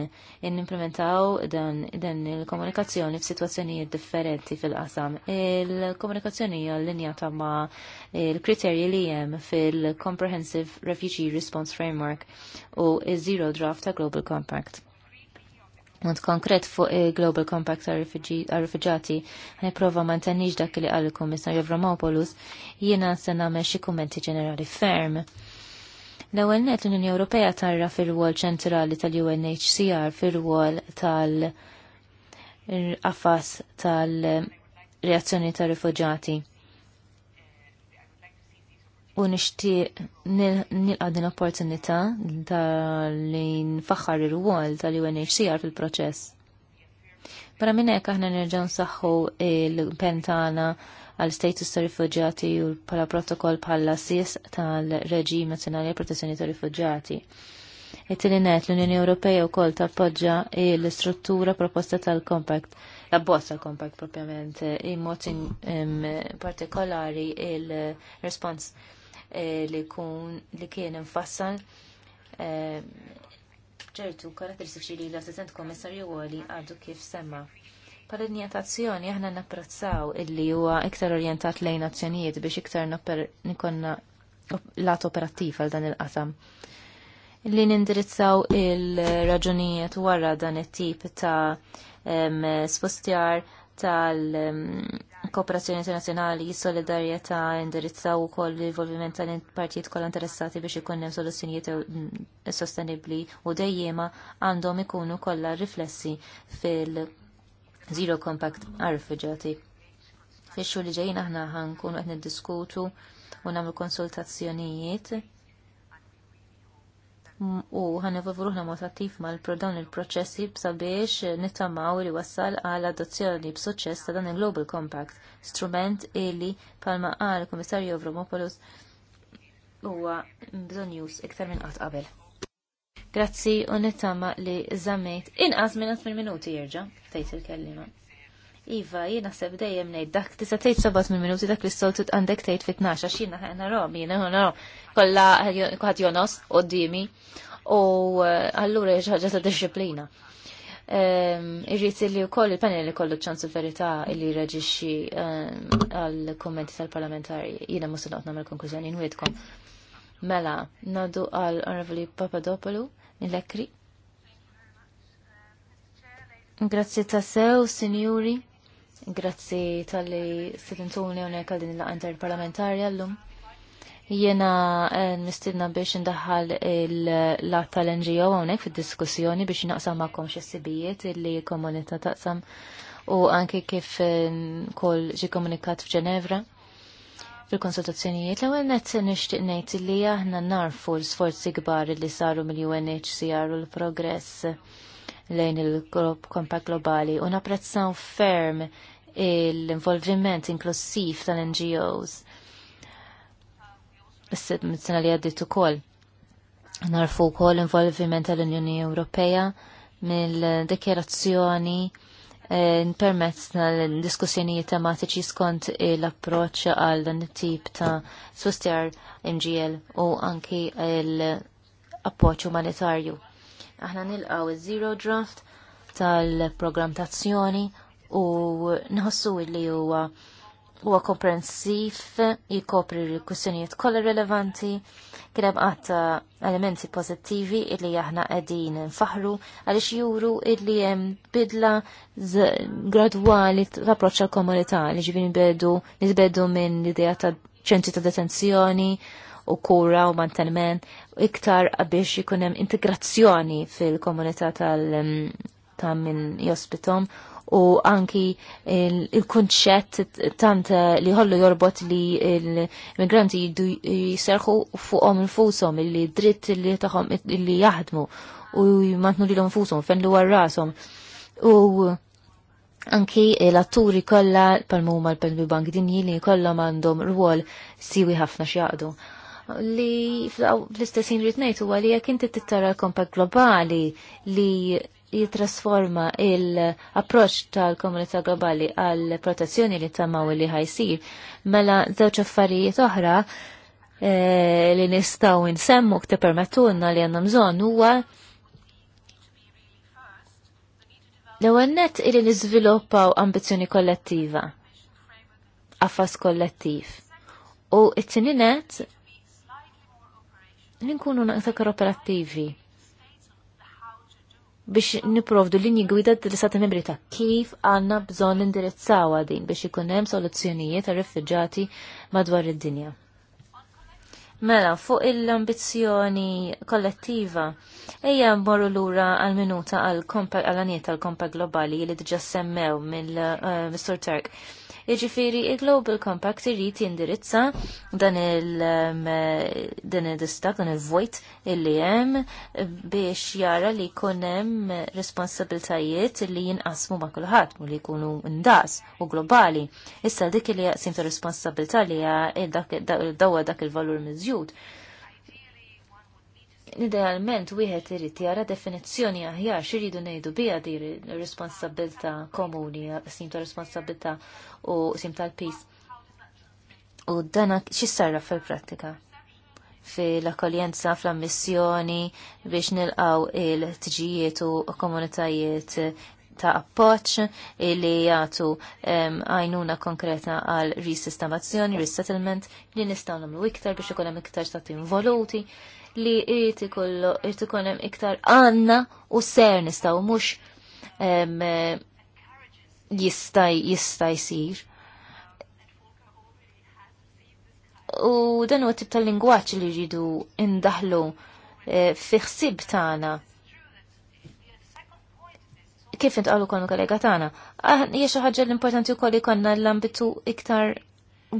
nimplementaw dan il-komunikazzjoni f'sitwazzjonijiet differenti fil-qasam. Il-komunikazzjoni hija linjata ma' il-kriterji li hemm fil-Comprehensive Refugee Response Framework u iż-Zero Draft ta' Global Compact. Mont konkret fuq il-Global Compact għal-Rifugġati, għaniprofa ma ntanniġ dak li għal komissar komissarju jiena jiena sena meċi kummenti ġenerali ferm L-ewwel net l-Unjoni Ewropea tarra fil-wol ċentrali tal-UNHCR fil-wol tal affas tal-reazzjoni ta' rifuġati U nixtieq nilqa' din opportunità li nfaħħar ir-wol tal-UNHCR fil-proċess. Para minn hekk aħna nerġgħu nsaħħu l-pentana għal status ta' rifugġati u pala protokoll bħala sis tal-reġim nazjonali protezzjoni ta' rifugġati. It-tini net l-Unjoni Ewropea wkoll tappoġġa l struttura proposta tal-Compact la abbozz tal-Compact propjament immod partikolari il-respons eh, li kun li kien infassal eh, ċertu karakteristiċi li l-assistent kommissarju għoli għadu kif semma. Pal-linja tazzjoni aħna napprezzaw illi huwa iktar orjentat lejn azzjonijiet biex iktar nikonna lat operattiv għal dan il-qasam. Illi nindirizzaw il-raġunijiet wara dan it-tip ta' spostjar tal-kooperazzjoni internazzjonali, solidarjetà indirizzaw ukoll l-involviment tal-partijiet kollha interessati biex ikun hemm soluzzjonijiet sostenibbli u dejjema għandhom ikunu kollha riflessi fil- Zero Compact għal-rifugġati. Fisċu li ġejjin aħna ħankun qed niddiskutu u nagħmlu konsultazzjonijiet u ħan evolvruħna mod attiv mal dawn il-proċessi sabiex nittamaw li wassal għal adozzjoni b'suċċess ta' dan il-Global Compact, strument illi palma għal Komissarju Avramopoulos huwa bżonn jus iktar minn qatt qabel. Grazzi u nittama li zammejt. Inqas minn minn minuti jirġa, tgħid il-kellima. Iva, jiena seb dejjem ngħid dak tista' tgħid sabat minn minuti dak li s-soltu għandek tgħid fit tnax għax jiena ħana rom, jiena ħana rom. Kollha ħadd jonos dimi, u eh, allura ħaġa ta' disċiplina ehm, irrit li u koll il-panel li kollu ċansu verità li reġiċi ehm, għal-kommenti tal-parlamentari jina musu mal namel konklużjoni nwidkom. Mela, nadu għal Honorable Papadopoulou il-ekri. Grazzi ta' sew, sinjuri. Grazzi tal-li s-sidintuni unek għal din il-laqa interparlamentarja l-lum. Jena eh, nistidna biex ndaħħal il-lat tal-NGO għonek fil-diskussjoni biex naqsam ma'kom xessibijiet il-li komunita taqsam u anki kif eh, kol ġi komunikat f'Ġenevra fil-konsultazzjonijiet l-ewwel nett nixtieq ngħid li aħna narfu l-sforzi kbar li saru mill-UNHCR u l-progress lejn il-Compact Globali u napprezzaw ferm l-involviment inklusiv tal-NGOs. is sena li għaddit ukoll. Narfu wkoll l-involviment tal-Unjoni Ewropea mill-dekjerazzjoni permezz l diskussjonijiet tematiċi skont l-approċċ għal dan it-tip ta' sustjar MGL u anki l-appoċ umanitarju. Aħna nilqaw il zero draft tal-programm tazzjoni u nħossu li huwa huwa komprensiv, jikopri l kussjonijiet kollha rilevanti, kien hemm għatta elementi pożittivi illi aħna qegħdin nfaħru għaliex juru illi jem bidla gradwali l approċċ għall-komunità li ġifieri nbedu nitbedu minn l-idea ta' ċentri ta' detenzjoni u kura u manteniment iktar biex ikun hemm integrazzjoni fil-komunità tal ta' min jospitom u anki il-kunċett tant li ħollu jorbot li l-immigranti jiddu jiserħu fuqhom infushom illi dritt li tagħhom li jaħdmu u jmantnu lilhom infushom fenn li warrashom. U anki l-atturi kollha pal-muma l-Pelmi Bank Dinji li kolla għandhom rwol siwi ħafna x'jaqdu li fl-istessin rritnejtu għalija kinti tittara l-kompak globali li jitrasforma il-approċ tal-komunità globali għal protezzjoni li tamaw li ħajsir. Mela żewġ affarijiet oħra eh, li nistaw insemmu kte permettunna li għandna bżonn huwa l-ewwel nett li niżviluppaw ambizzjoni kollettiva, affas kollettiv. U t tininet nett li nkunu naqta operattivi biex niprovdu linji gwida tal-istati membri ta' kif għanna bżon indirizzaw din biex ikun hemm soluzzjonijiet ta' rifuġati madwar id-dinja. Mela, fuq il-ambizjoni kollettiva, ejja mmorru lura għal-minuta għal-anijiet tal-kompa globali li diġa semmew mill-Mr. Eh, Turk. Jiġifieri il-Global Compact irrit jindirizza dan il-distak, um, dan il-vojt li hemm biex jara li jkun hemm responsabiltajiet li jinqasmu ma' kulħadd u li jkunu ndas u globali. Issa dik li jaqsim ta' responsabilità li hija dawa dak il-valur miżjud idealment wieħed irid jara definizzjoni aħjar x'iridu ngħidu biha dir responsabilità komuni, sim ta' responsabilità u sim tal-pis. U dana x'issarra fil-prattika? fil-akkoljenza, fl-ammissjoni biex nilqaw il-tġijiet u komunitajiet ta' appoċ li jgħatu għajnuna konkreta għal risistamazzjoni, resettlement, li nistgħu nagħmlu iktar biex ikun hemm iktar ta' involuti li irrit ikollu irrit ikollem iktar għanna u ser nistaw mux jistaj jistaj sir. U dan huwa tip tal-lingwaġġ li rridu indaħlu e, fi ħsieb tagħna kif intqalu konu kollega tagħna. Ah, Jiexu xi ħaġa l-importanti wkoll konna l-ambitu iktar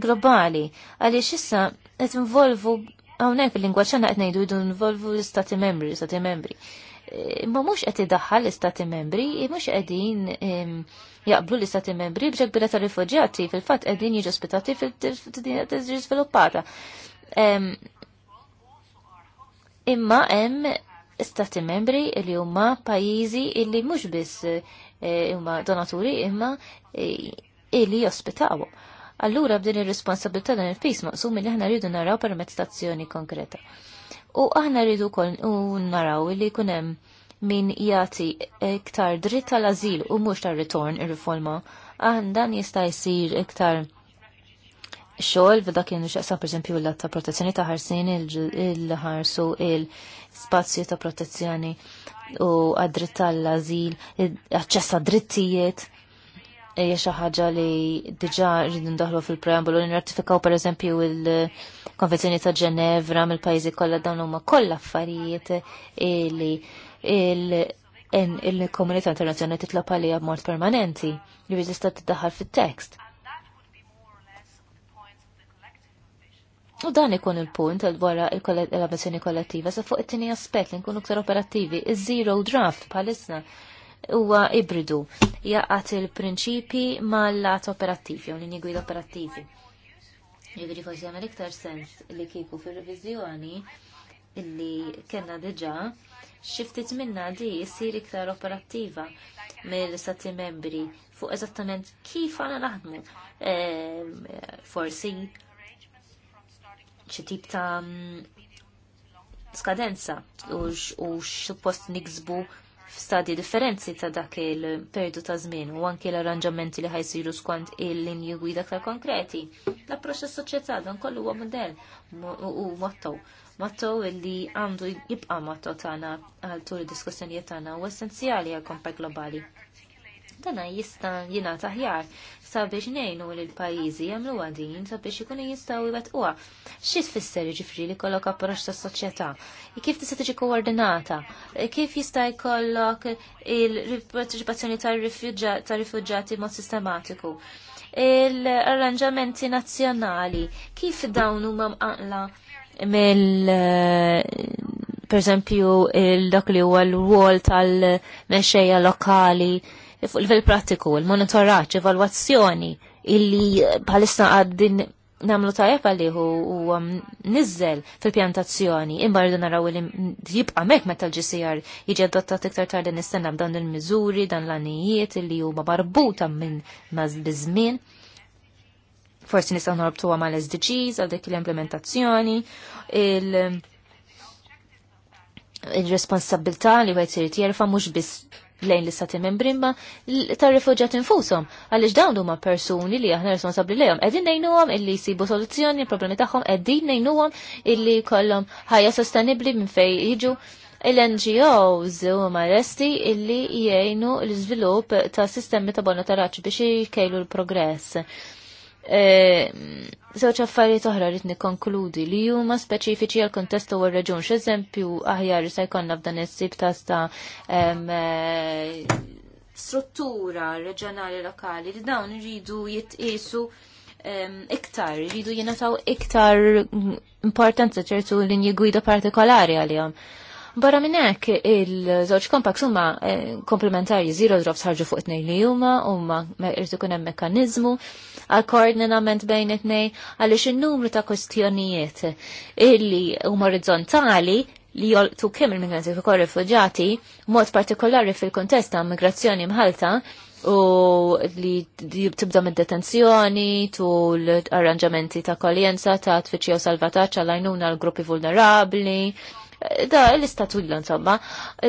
globali għaliex issa qed involvu Hawnhekk fil-lingwa ċana qed ngħidu jdu nvolvu l-istati membri, l-istati membri. Eh, Ma mhux qed daħħal l-istati membri, mhux qegħdin jaqblu l-istati membri b'ġekbira ta' rifuġjati fil-fatt qegħdin jiġu ospitati fil-dinja sviluppata. Imma hemm stati membri li huma pajjiżi li mhux biss huma donaturi imma illi jospitawhom allura b'din ir-responsabilità dan il-fis maqsum li aħna rridu naraw permezz ta' azzjoni konkreta. U aħna rridu u naraw li jkun hemm min jagħti iktar dritt tal-azil u mhux tar-ritorn ir-riforma aħna dan jista' jsir iktar xogħol f'da kienu x'aqsam pereżempju l ta' protezzjoni ta' ħarsin il-ħarsu il-spazju ta' protezzjoni u għad-dritt tal-azil, aċċess għad-drittijiet hija xi ħaġa li diġà rridu ndaħlu fil-preambolu li nirratifikaw pereżempju il-Konvenzjoni ta' Ġenevra mill-pajjiżi kollha dawn huma kollha affarijiet li il-komunità internazzjonali titlob għalija b'mod permanenti li biex tista' tiddaħħal fit-tekst. U dan ikun il-punt wara l-avvazzjoni kollettiva sa fuq it-tieni aspett li nkunu ktar operattivi, iż-zero draft bħalissa huwa ibridu jaqat il-prinċipi mal-lat operattivi, jew l inni gwida operattivi. Jiġri forsi għamel iktar sens li kieku fil-revizjoni illi kena diġa xiftit minna di jisir iktar operattiva mill sati membri fuq eżattament kif għana naħdmu ehm, forsi ċitib ta' skadenza u x post niksbu f'stadji differenzi ta' dak il-perdu ta' żmien u anke l-arranġamenti li ħajsiru skont il-linji gwida aktar konkreti. L-approċċ soċjetà dan kollu huwa model u motto. Motto li għandu jibqa' motto tagħna għal tul id-diskussjonijiet tagħna u essenzjali għal kompaj globali tana jista jina taħjar sabiex nejnu l-pajizi jamlu għadin sabiex ikunu jistaw jibat uwa. xis fisser ġifri li kollok approċ ta' soċjetà? Kif tista' tiġi koordinata? Kif jista' jkollok il-parteċipazzjoni ta' rifugġati mod sistematiku? Il-arranġamenti nazzjonali, kif dawn huma mqaqla mill eh, per esempio il dak li huwa l-wol tal-mexxejja lokali fuq il-livell pratiku, il-monitoraġġ, evalwazzjoni illi bħalissa għaddin namlu tajab għalihu u um, nizzel fil-pjantazzjoni imma rridu naraw li jibqa' mek meta l-GCR jiġi adottat iktar tard din is b'dan il-miżuri dan l-anijiet illi huma barbuta minn maż-żmien. Forsi nistgħu għam mal-SDGs għal dik l-implementazzjoni, il- il responsabilta li għet jirrit jerfa mux biss lejn l-istati membrimma ta' tar infusom. infushom għaliex dawn huma persuni li aħna responsabbli lejhom. nejnu għom illi jsibu soluzzjoni problemi problemi tagħhom, qegħdin għom illi jkollhom ħajja sostenibbli minn fejn jiġu l-NGOs u maresti illi jgħinu l-izvilup ta' sistemi ta' bonotaraċ biex jkejlu l-progress. Żewġ eh, affarijiet oħra rrid nikkonkludi li huma speċifiċi għal kontest u reġun X'eżempju aħjar se jkollna f'dan is-sib ta' eh, struttura reġjonali lokali li dawn iridu jitqisu iktar, jridu jingħataw iktar importanza ċertu linji gwida partikolari għalihom. Barra minn hekk il-żewġ kompaks huma eh, komplementari zero drops ħarġu fuq it-tnejn li huma huma irtu ikun hemm mekkaniżmu għal koordinament bejn it-tnejn għaliex in-numru ta' kwestjonijiet illi huma orizzontali li jolqtu kemm il-migranti fuq rifuġati mod partikolari fil-kontest ta' migrazzjoni mħalta u li tibda mid-detenzjoni, tu l-arranġamenti ta' kolienza, ta' tfittxija u salvataċċa għal-għajnuna l-gruppi vulnerabli, da l-istatullu insomma,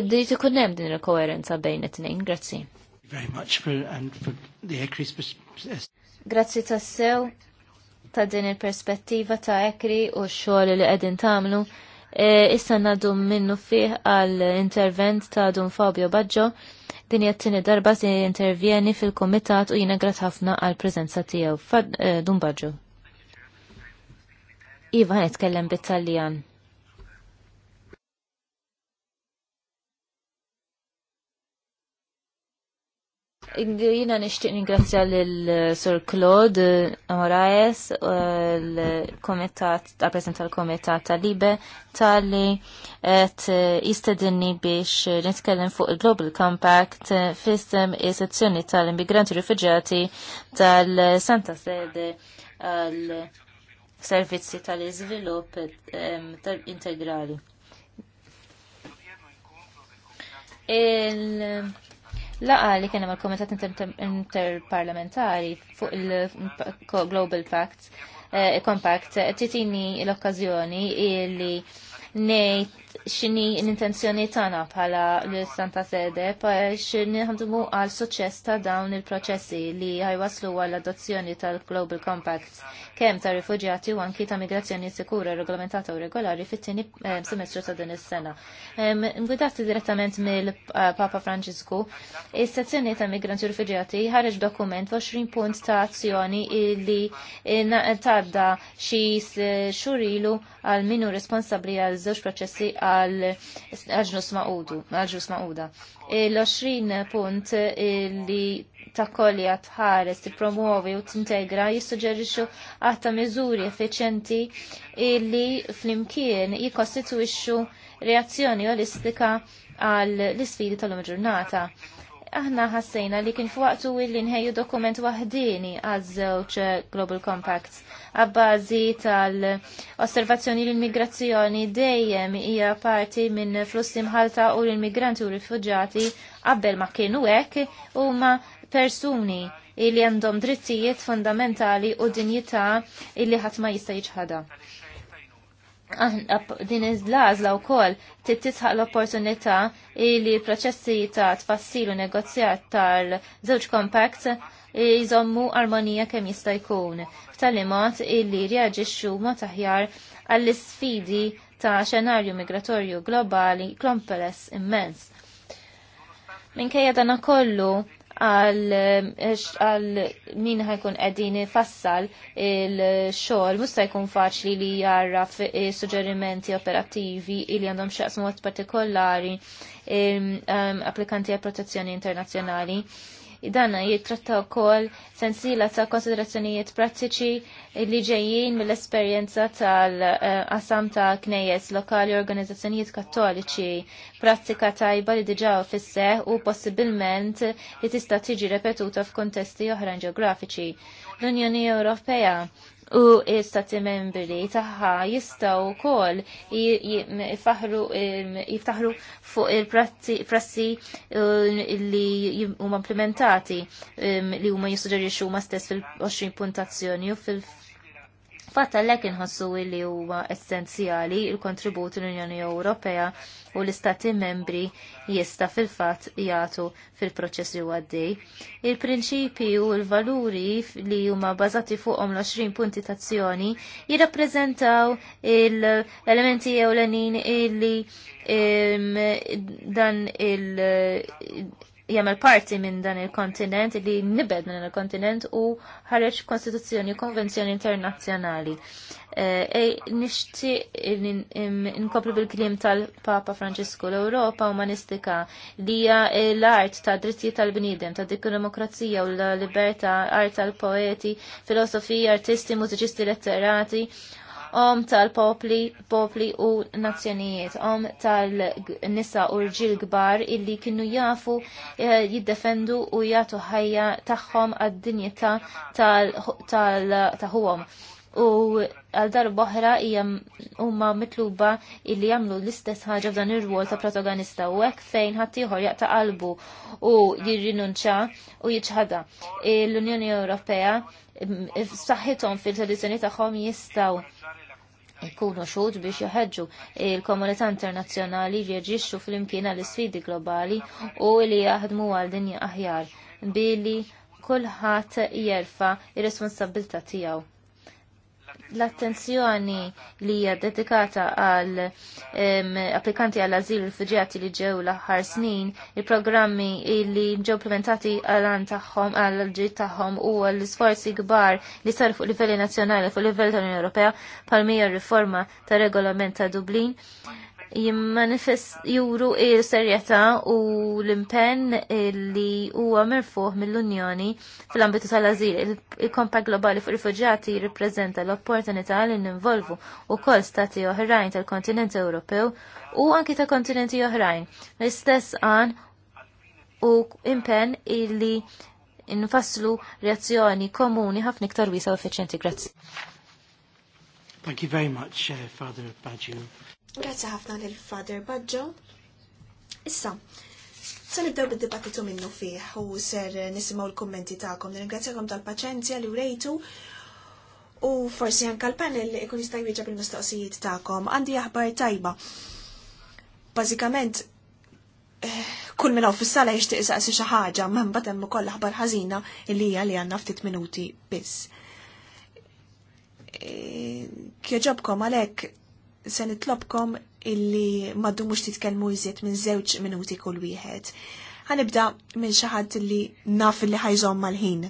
di ikun hemm din il koherenza bejn it-tnejn. Grazzi. Very much for, and for the ECRI's Grazzi tassew ta' din il-perspettiva ta' ekri u xogħol li qegħdin tagħmlu. E, issa nadu minnu fih għal intervent ta' Dun Fabio Baggio din jattini tieni darba se intervjeni fil-kumitat u jina grat ħafna għal prezenza tiegħu. E, Dun Baggio. Iva, nitkellem bit-Taljan. Jina nishtiq ningrazzja l-Sur eh, Claude eh, Moraes, eh, l-Komitat, rappresent tal-Komitat tal-Libe, tal-li et jistedinni biex nitkellem fuq il-Global Compact fistem sezzjoni tal-immigranti rifugjati tal-Santa Sede għal-Servizzi tal-Izvilup ehm, integrali. Il- laqa li kienem għal-Komitat Interparlamentari fuq il-Global Pact, eh, Compact, titini l-okkazjoni li nejt xini l-intenzjoni tagħna bħala l-Santa Sede biex nħadmu għal suċċess ta' dawn il-proċessi li ħajwaslu għal adozzjoni tal-Global Compact kemm ta' rifugjati u anki ta' migrazzjoni sikura regolamentata u regolari fit-tieni eh, semestru ta' din is-sena. Ngwidati direttament mill-Papa Franġisku, is-sezzjoni ta' migranti u rifuġjati ħareġ dokument 20 punt ta' azzjoni li tadda xi xurilu għal minu responsabbli għal żewġ proċessi għal ġnus maqudu, għal maquda. l 20 punt li takkolja tħares, tipromuovi u tintegra jissuġġerixxu għatta miżuri effiċenti li flimkien jikostitwixxu reazzjoni olistika għal l-isfidi tal-lum ġurnata. Aħna ħassejna li kien fuqtu illi nħejju dokument wahdini għal żewġ Global Compacts għabbażi tal-osservazzjoni l-immigrazzjoni dejjem hija parti minn flussi mħalta u l-immigranti u rifugjati qabel ma kienu hekk huma persuni li għandhom drittijiet fundamentali u dinjità illi ħadd ma jista' jiġħada din iż lażla wkoll kol tittisħaq l-opportunità li l-proċessi ta' tfassil u negozjat tal-żewġ kompakt jżommu armonija kemm jista' jkun f'talimat illi reaġixxu ma taħjar għall-isfidi ta' xenarju migratorju globali komples immens. Minkejja dana kollu għal min ħajkun qegħdin ifassal il-xogħol musta jkun faċli li jarraf suġġerimenti operattivi li għandhom xaqsmu mod partikolari applikanti għal protezzjoni internazzjonali Dana jittratta kol sensiela ta' konsiderazzjonijiet prattiċi li ġejjin mill-esperjenza tal-qasam ta' knejes lokali organizzazzjonijiet kattoliċi, prattika tajba li diġà fisse u possibilment li tista' tiġi repetuta f'kontesti oħra ġeografiċi. L-Unjoni Ewropea u istati membri taħħa jistaw kol jiftaħru fuq il-prassi um, li huma implementati li huma jissuġġerixxu ma stess fil-20 puntazzjoni u fil Fatt għalhekk inħossu li huwa essenzjali il-kontribut l-Unjoni Ewropea u l-Istati membri jista' fil-fatt jagħtu fil-proċess li għaddej. Il-prinċipi u l-valuri li huma bażati fuqhom l-20 punti tazzjoni jirrappreżentaw l-elementi ewlenin illi ehm, dan il- jagħmel parti minn dan il-kontinent li nibed minn il-kontinent u ħareġ Konstituzzjoni u Konvenzjoni Internazzjonali. E, eh, nixti nkopri bil-klim tal-Papa Franġisku l-Ewropa umanistika li hija l-art ta' dritti tal-bniedem, ta' dik demokrazija u l-libertà, art tal-poeti, filosofi, artisti, mużiċisti, letterati om tal-popli popli u nazzjonijiet, om tal-nisa u rġil gbar illi kienu jafu eh, jiddefendu u jagħtu ħajja tagħhom għad-dinjità tal-taħuhom. U għal dar boħra huma mitluba illi jagħmlu l-istess ħaġa f'dan ir-rwol ta' protagonista u hekk fejn ħadd ieħor jaqta' qalbu u jirrinunċa u jiġħada. E, L-Unjoni Ewropea saħħithom fil-tradizzjoni tagħhom jistgħu jkunu xhud biex joħeġġu il-komunità internazzjonali li fl-imkien għall-isfidi globali u li jaħdmu għal dinja aħjar billi kulħadd jerfa' ir-responsabilità tiegħu l-attenzjoni li hija dedikata għal applikanti għal azil rifugjati li ġew l-aħħar snin, il-programmi li ġew implementati għal tagħhom għal ġid tagħhom u għal isforzi kbar li sar fuq livelli nazzjonali fuq livell tal-Unjoni Ewropea palmija riforma ta' regolament ta' Dublin jimmanifest juru il-serjeta u l-impenn li huwa mirfuħ mill-Unjoni fil-ambitu tal-azil. Il-Kompa Globali fuq Rifuġjati jirrippreżenta l-opportunità li ninvolvu u kol stati oħrajn tal-kontinent Ewropew u anki ta' kontinenti oħrajn. L-istess għan u impenn illi nfasslu reazzjoni komuni ħafna iktar wisa u effiċjenti. Grazie. Thank you very much, uh, Father Baggio. Grazzi ħafna lil Father Baggio. Issa, se nibdew bid-dibattitu minnu fih u ser nisimgħu l-kummenti tagħkom. Nirringrazzjakom tal-paċenzja li wrejtu u forsi anka l-panel li ikun jista' jwieġab il-mistoqsijiet tagħkom. Għandi aħbar tajba. Bażikament, eh, kull minn fis-sala jixtieq saqsi xi ħaġa, ma mbagħad hemm ukoll aħbar ħażina li hija li għandna ftit minuti biss. Eh, kjoġobkom għalhekk se nitlobkom illi maddu mux titkelmu jżiet minn zewċ minuti kull wieħed. Ħanibda minn xaħat illi naf illi ħajżom mal-ħin.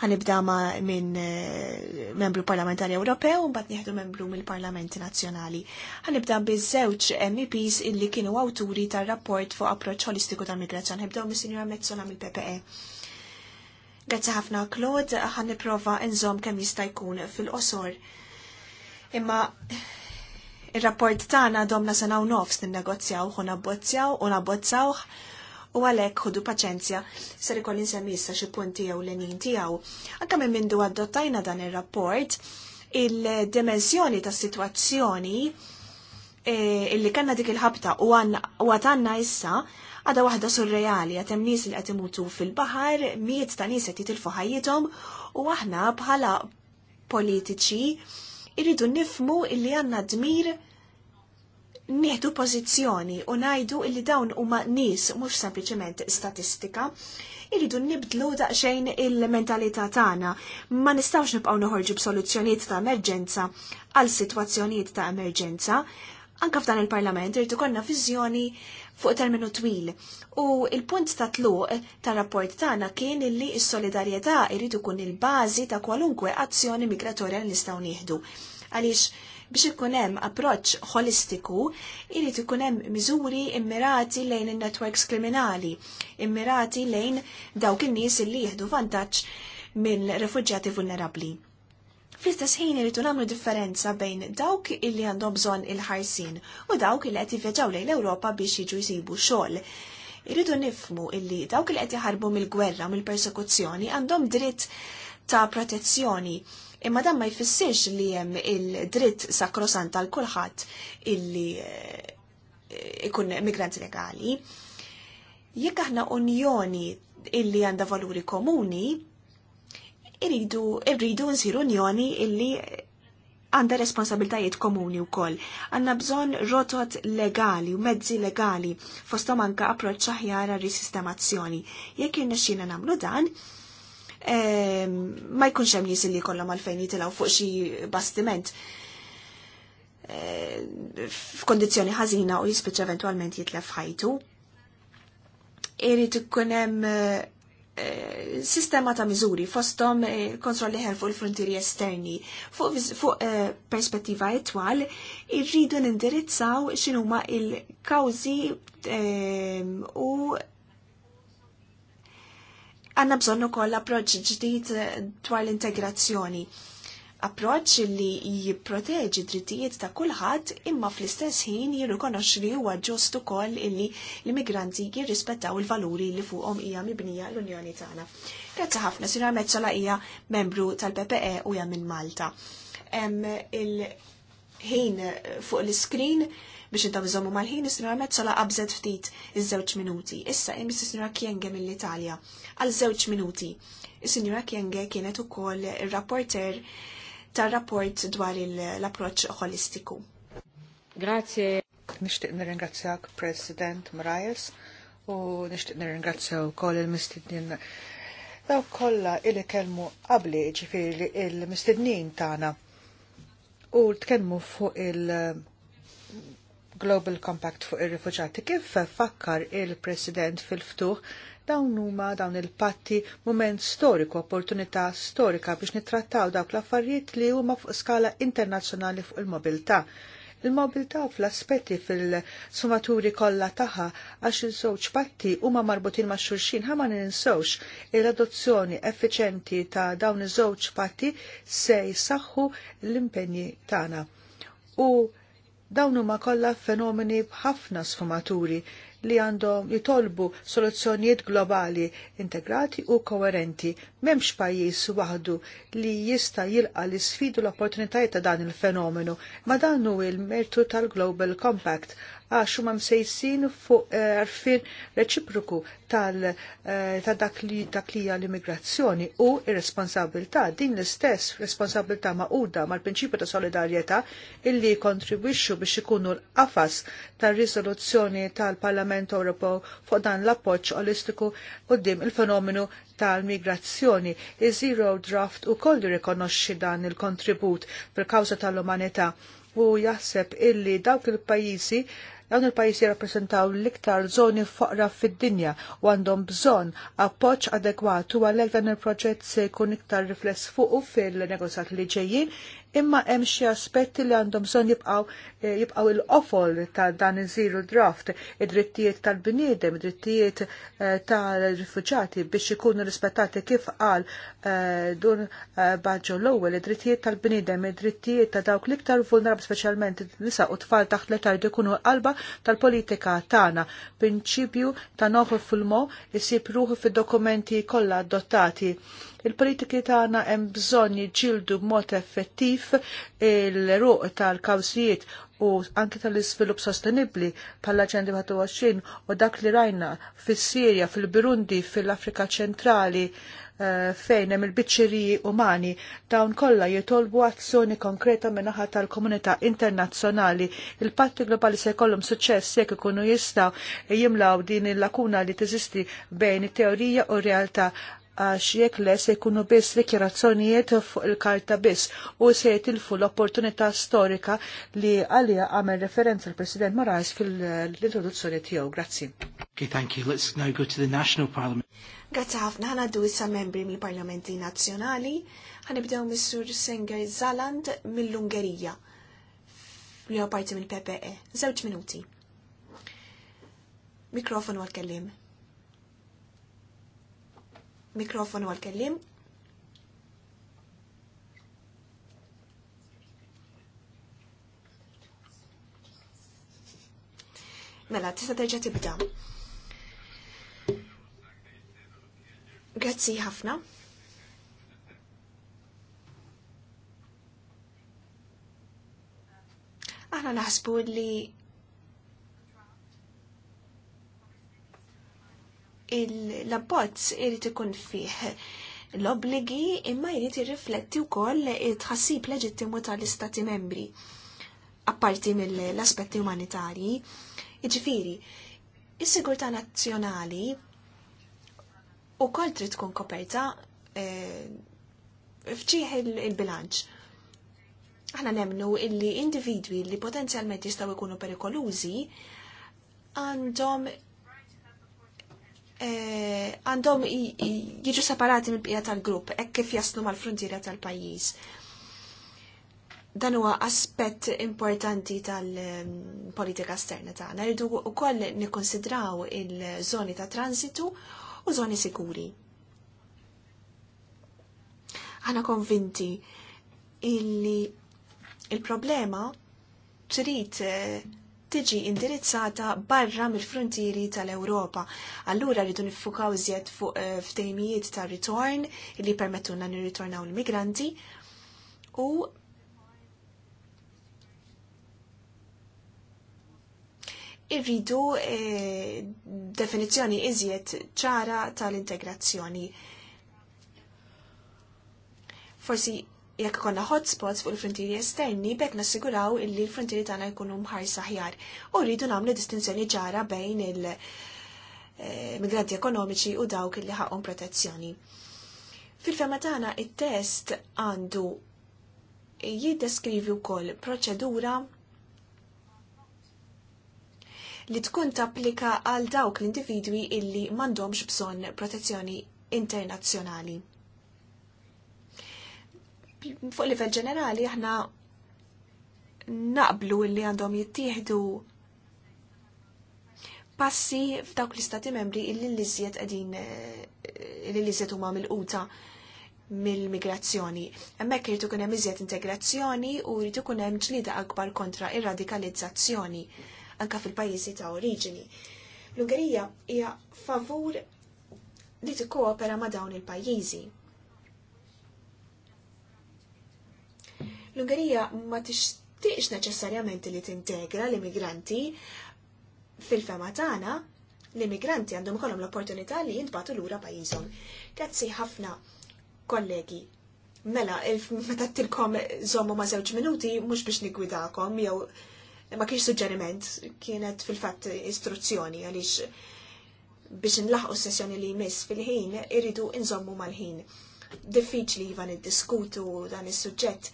Ħanibda ma' minn eh, membru parlamentari Ewropew, mbagħad nieħdu membru mill-Parlamenti Nazzjonali. Ħanibda biż-żewġ MEPs illi kienu awturi tar-rapport fuq approċċ holistiku tal-migrazzjoni. Ħibdew mis-Sinjora Mezzola mill-PPE. Grazzi ħafna Claude, ħan nipprova nżomm kemm jista' jkun fil-qosor. Imma Il-rapport tagħna domna sena u nofs ninnegozjaw u nabbozzjaw u nabbozzawh u għalhekk ħudu paċenzja ser ikolli nsemmi issa xi punti jew l-enin tiegħu. Anke minn mindu adottajna dan ir-rapport, il-dimensjoni ta' situazzjoni e, illi kanna dik il-ħabta u għatanna issa għada wahda surreali għatem nis li għatimutu fil-bahar, miet ta' nis għatit il-fuħajietom u aħna bħala politiċi irridu nifmu illi għanna dmir nieħdu pożizzjoni u najdu illi dawn huma nies mhux sempliċement statistika, irridu nibdlu daqsxejn il-mentalità tagħna. Ma nistgħux nibqgħu noħorġu b'soluzzjonijiet ta' emerġenza għal sitwazzjonijiet ta' emerġenza. Anka f'dan il-Parlament irridu konna viżjoni fuq terminu twil. U il-punt ta' tluq ta' rapport tagħna kien illi s-solidarjetà irridu kun il-bażi ta' kwalunkwe azzjoni migratorja li nistgħu nieħdu. Għaliex biex ikun hemm approċċ holistiku, irid ikun hemm miżuri immirati lejn in-networks kriminali, immirati lejn dawk in-nies li jieħdu vantaġġ minn refuġjati vulnerabbli. Fl-istess ħin irridu nagħmlu differenza bejn dawk illi għandhom bżonn il-ħarsin u dawk illi qed jivvjaġġaw lejn Ewropa biex jiġu jsibu xogħol. Irridu nifmu illi dawk illi qed jaħarbu mill-gwerra u mill-persekuzzjoni għandhom dritt ta' protezzjoni. Imma dan ma jfissirx li hemm il-dritt sakrosant għal kulħadd illi eh, ikun migranti legali. Jekk aħna unjoni illi għandha valuri komuni, irridu, irridu nsir unjoni illi għanda responsabiltajiet komuni u koll. Għanna bżon rotot legali u mezzi legali fostom anka approċċ ħjara risistemazzjoni. Jekk xina namlu dan, ehm, ma jkunx hemm li jkollhom għalfejn jitilgħu fuq xi bastiment e, f'kondizzjoni ħażina u jispiċċa eventwalment jitlef ħajtu. Irid ikun hemm Eh, sistema ta' miżuri fostom eh, kontrolli ħel fuq il-frontieri esterni. Fuq eh, perspettiva etwal, irridu nindirizzaw x'inhuma il kawzi u għanna bżonnu koll approċ ġdid dwar l-integrazzjoni approċċ li jipproteġi drittijiet ta' kulħadd imma fl-istess ħin jirrikonoxxi huwa ġust ukoll illi l-immigranti jirrispettaw il-valuri li fuqhom hija mibnija l-Unjoni tagħna. Grazzi ħafna Sira Mezzola hija membru tal-PPE u hija minn Malta. Hemm il-ħin fuq l-iskrin biex intom iżommu mal-ħin is-Sinra Mezzola qabżet ftit iż-żewġ minuti. Issa hemm is-Sinra Kienge mill-Italja għal żewġ minuti. Is-Sinjura Kienge kienet ukoll ir-rapporter tar-rapport dwar l-approċċ holistiku. Grazie. Nixtieq nirringrazzjak President Marajas, u nixtieq nirringrazzjaw kol il-mistednin daw kollha illi kelmu qabli ġifiri il-mistednin tagħna u tkellmu fuq il- Global Compact fuq ir-rifuġati kif fakkar il-President fil-ftuħ Dawn huma dawn il-patti moment storiku, opportunità storika biex nittrattaw dawk l-affarijiet li huma fuq skala internazzjonali fuq il-mobilità. Il-mobilità fl-aspetti fil-sumaturi kollha tagħha għax iż-żewġ patti huma marbutin ma' xulxin ħa ma ninsewx il-adozzjoni effiċenti ta' dawn iż-żewġ patti se jsaħħu l-impenji tagħna. U dawn huma kollha fenomeni b'ħafna sfumaturi li għandhom jitolbu soluzzjonijiet globali integrati u koerenti. Memx pajis waħdu li jista jilqa li sfidu l-opportunitajiet ta' dan il-fenomenu, ma dan hu il-mertu tal-Global Compact għax huma msejsin fuq eh, għarfien reċiproku tal eh, ta' dak li dak li hija l-immigrazzjoni u r responsabilità din l-istess responsabilità maquda mal-prinċipju ta' solidarjetà illi kontribwixxu biex ikunu l-qafas tar-riżoluzzjoni tal-Parlament Ewropew fuq dan l-appoġġ olistiku qudiem il-fenomenu tal-migrazzjoni. Iż-Zero Draft u koll dan il-kontribut fil-kawza tal-umanità u jaħseb illi dawk il-pajjiżi Dawn il-pajjiżi rappresentaw l-iktar żoni foqra fid-dinja u għandhom bżonn appoġġ adegwatu għalhekk dan il-proġett se jkun iktar rifless fuqu fil-negozjat li ġejjin imma hemm xi aspetti li għandhom bżonn jibqgħu eh, jibqgħu il-qofol ta' dan iż draft, id-drittijiet tal-bniedem, id-drittijiet eh, tal-rifuġati biex ikunu rispettati kif qal eh, dun baġġo l-ewwel, id-drittijiet tal-bniedem, id-drittijiet ta' dawk l-iktar vulnerab speċjalment nisa u tfal taħt l-etar jkunu qalba tal-politika tagħna. Prinċipju ta' noħu fil-mo jsib ruħu fid-dokumenti kollha adottati. Il-politiki tagħna hemm bżonn jiġġieldu b'mod effettiv il-ruq tal kawsijiet u anke tal isvilupp sostenibbli bħall-Aġenda 21 u dak li rajna fis-Sirja, fil-Burundi, fil-Afrika ċentrali eh, fejn hemm il-biċċeriji umani dawn kollha jitolbu azzjoni konkreta minaħa tal-komunità internazzjonali. Il-patti globali se jkollhom suċċess jekk ikunu jistgħu jimlaw din il-lakuna li tiżisti bejn it-teorija u r-realtà għax jekk le se jkunu biss dikjarazzjonijiet fuq il-karta biss u se jtilfu l-opportunità storika li għalija għamel referenza l-President Moraes fil-introduzzjoni tiegħu. Grazzi. Okay, thank you. Let's now go to the National Parliament. Grazzi ħafna ħana du issa membri mill-Parlamenti Nazzjonali. Ħanibdew mis Missur Senger Zaland mill-Ungerija. Li parti mill-PPE. Żewġ minuti. Mikrofon għal-kellim. Mikrofonu għal-kellim. Mela, tista' terġa' tibda. Grazzi ħafna. Aħna naħsbu li l-abbozz irid ikun fih l-obligi imma jrid jirrifletti wkoll it-tħassib leġittimu tal-istati membri apparti mill-aspetti umanitarji. Iġifiri, is-sigurtà nazzjonali ukoll trid tkun koperta eh, fċieħ il-bilanċ. Aħna nemnu illi individwi li potenzjalment jistgħu jkunu perikolużi għandhom Eh, għandhom jiġu separati mill-bqija tal-grupp, hekk kif jaslu mal-frontiera tal-pajjiż. Dan huwa aspett importanti tal-politika esterna tagħna. Rridu wkoll nikkonsidraw il-żoni ta' transitu u żoni sikuri. Ħana konvinti illi il-problema trid eh, tiġi indirizzata barra mill-frontieri tal-Ewropa. Allura rridu nifukaw zjed fuq eh, ftejmijiet ta' ritorn li permettuna nirritornaw l-migranti u irridu eh, definizjoni iżjed ċara tal-integrazzjoni. Forsi jekk konna hotspots fuq il-frontieri esterni, bekk nassiguraw illi l-frontieri tagħna jkunu mħarsa ħjar. U rridu nagħmlu distinzjoni ġara bejn il-migranti eh, ekonomiċi u dawk li ħaqhom protezzjoni. Fil-fema tagħna it-test għandu jiddeskrivi wkoll proċedura li tkun tapplika għal dawk l-individwi illi m'għandhomx bżonn protezzjoni internazzjonali fuq livell ġenerali aħna naqblu li għandhom jittieħdu passi f'dawk l-istati membri illi l-iżjed qegħdin eh, illi l-iżjed huma mill-quta mill-migrazzjoni. Hemmhekk irid ikun hemm iżjed integrazzjoni u jrid ikun hemm ġlieda akbar kontra ir-radikalizzazzjoni anka fil-pajjiżi ta' oriġini. L-Ungerija hija favur li tikkoopera ma' dawn il-pajjiżi. L-Ungerija ma tixtieqx neċessarjament li tintegra l-immigranti fil-fema tagħna l-immigranti għandhom kollhom l-opportunità li jintbatu lura pajjiżhom. Grazzi ħafna kollegi. Mela, meta tilkom żommu ma' żewġ minuti mhux biex nigwidakom jew ma kienx suġġeriment, kienet fil-fatt istruzzjoni għaliex biex nlaħqu s-sessjoni li jmiss fil-ħin irridu nżommu mal-ħin. Diffiċli jiva niddiskutu dan is-suġġett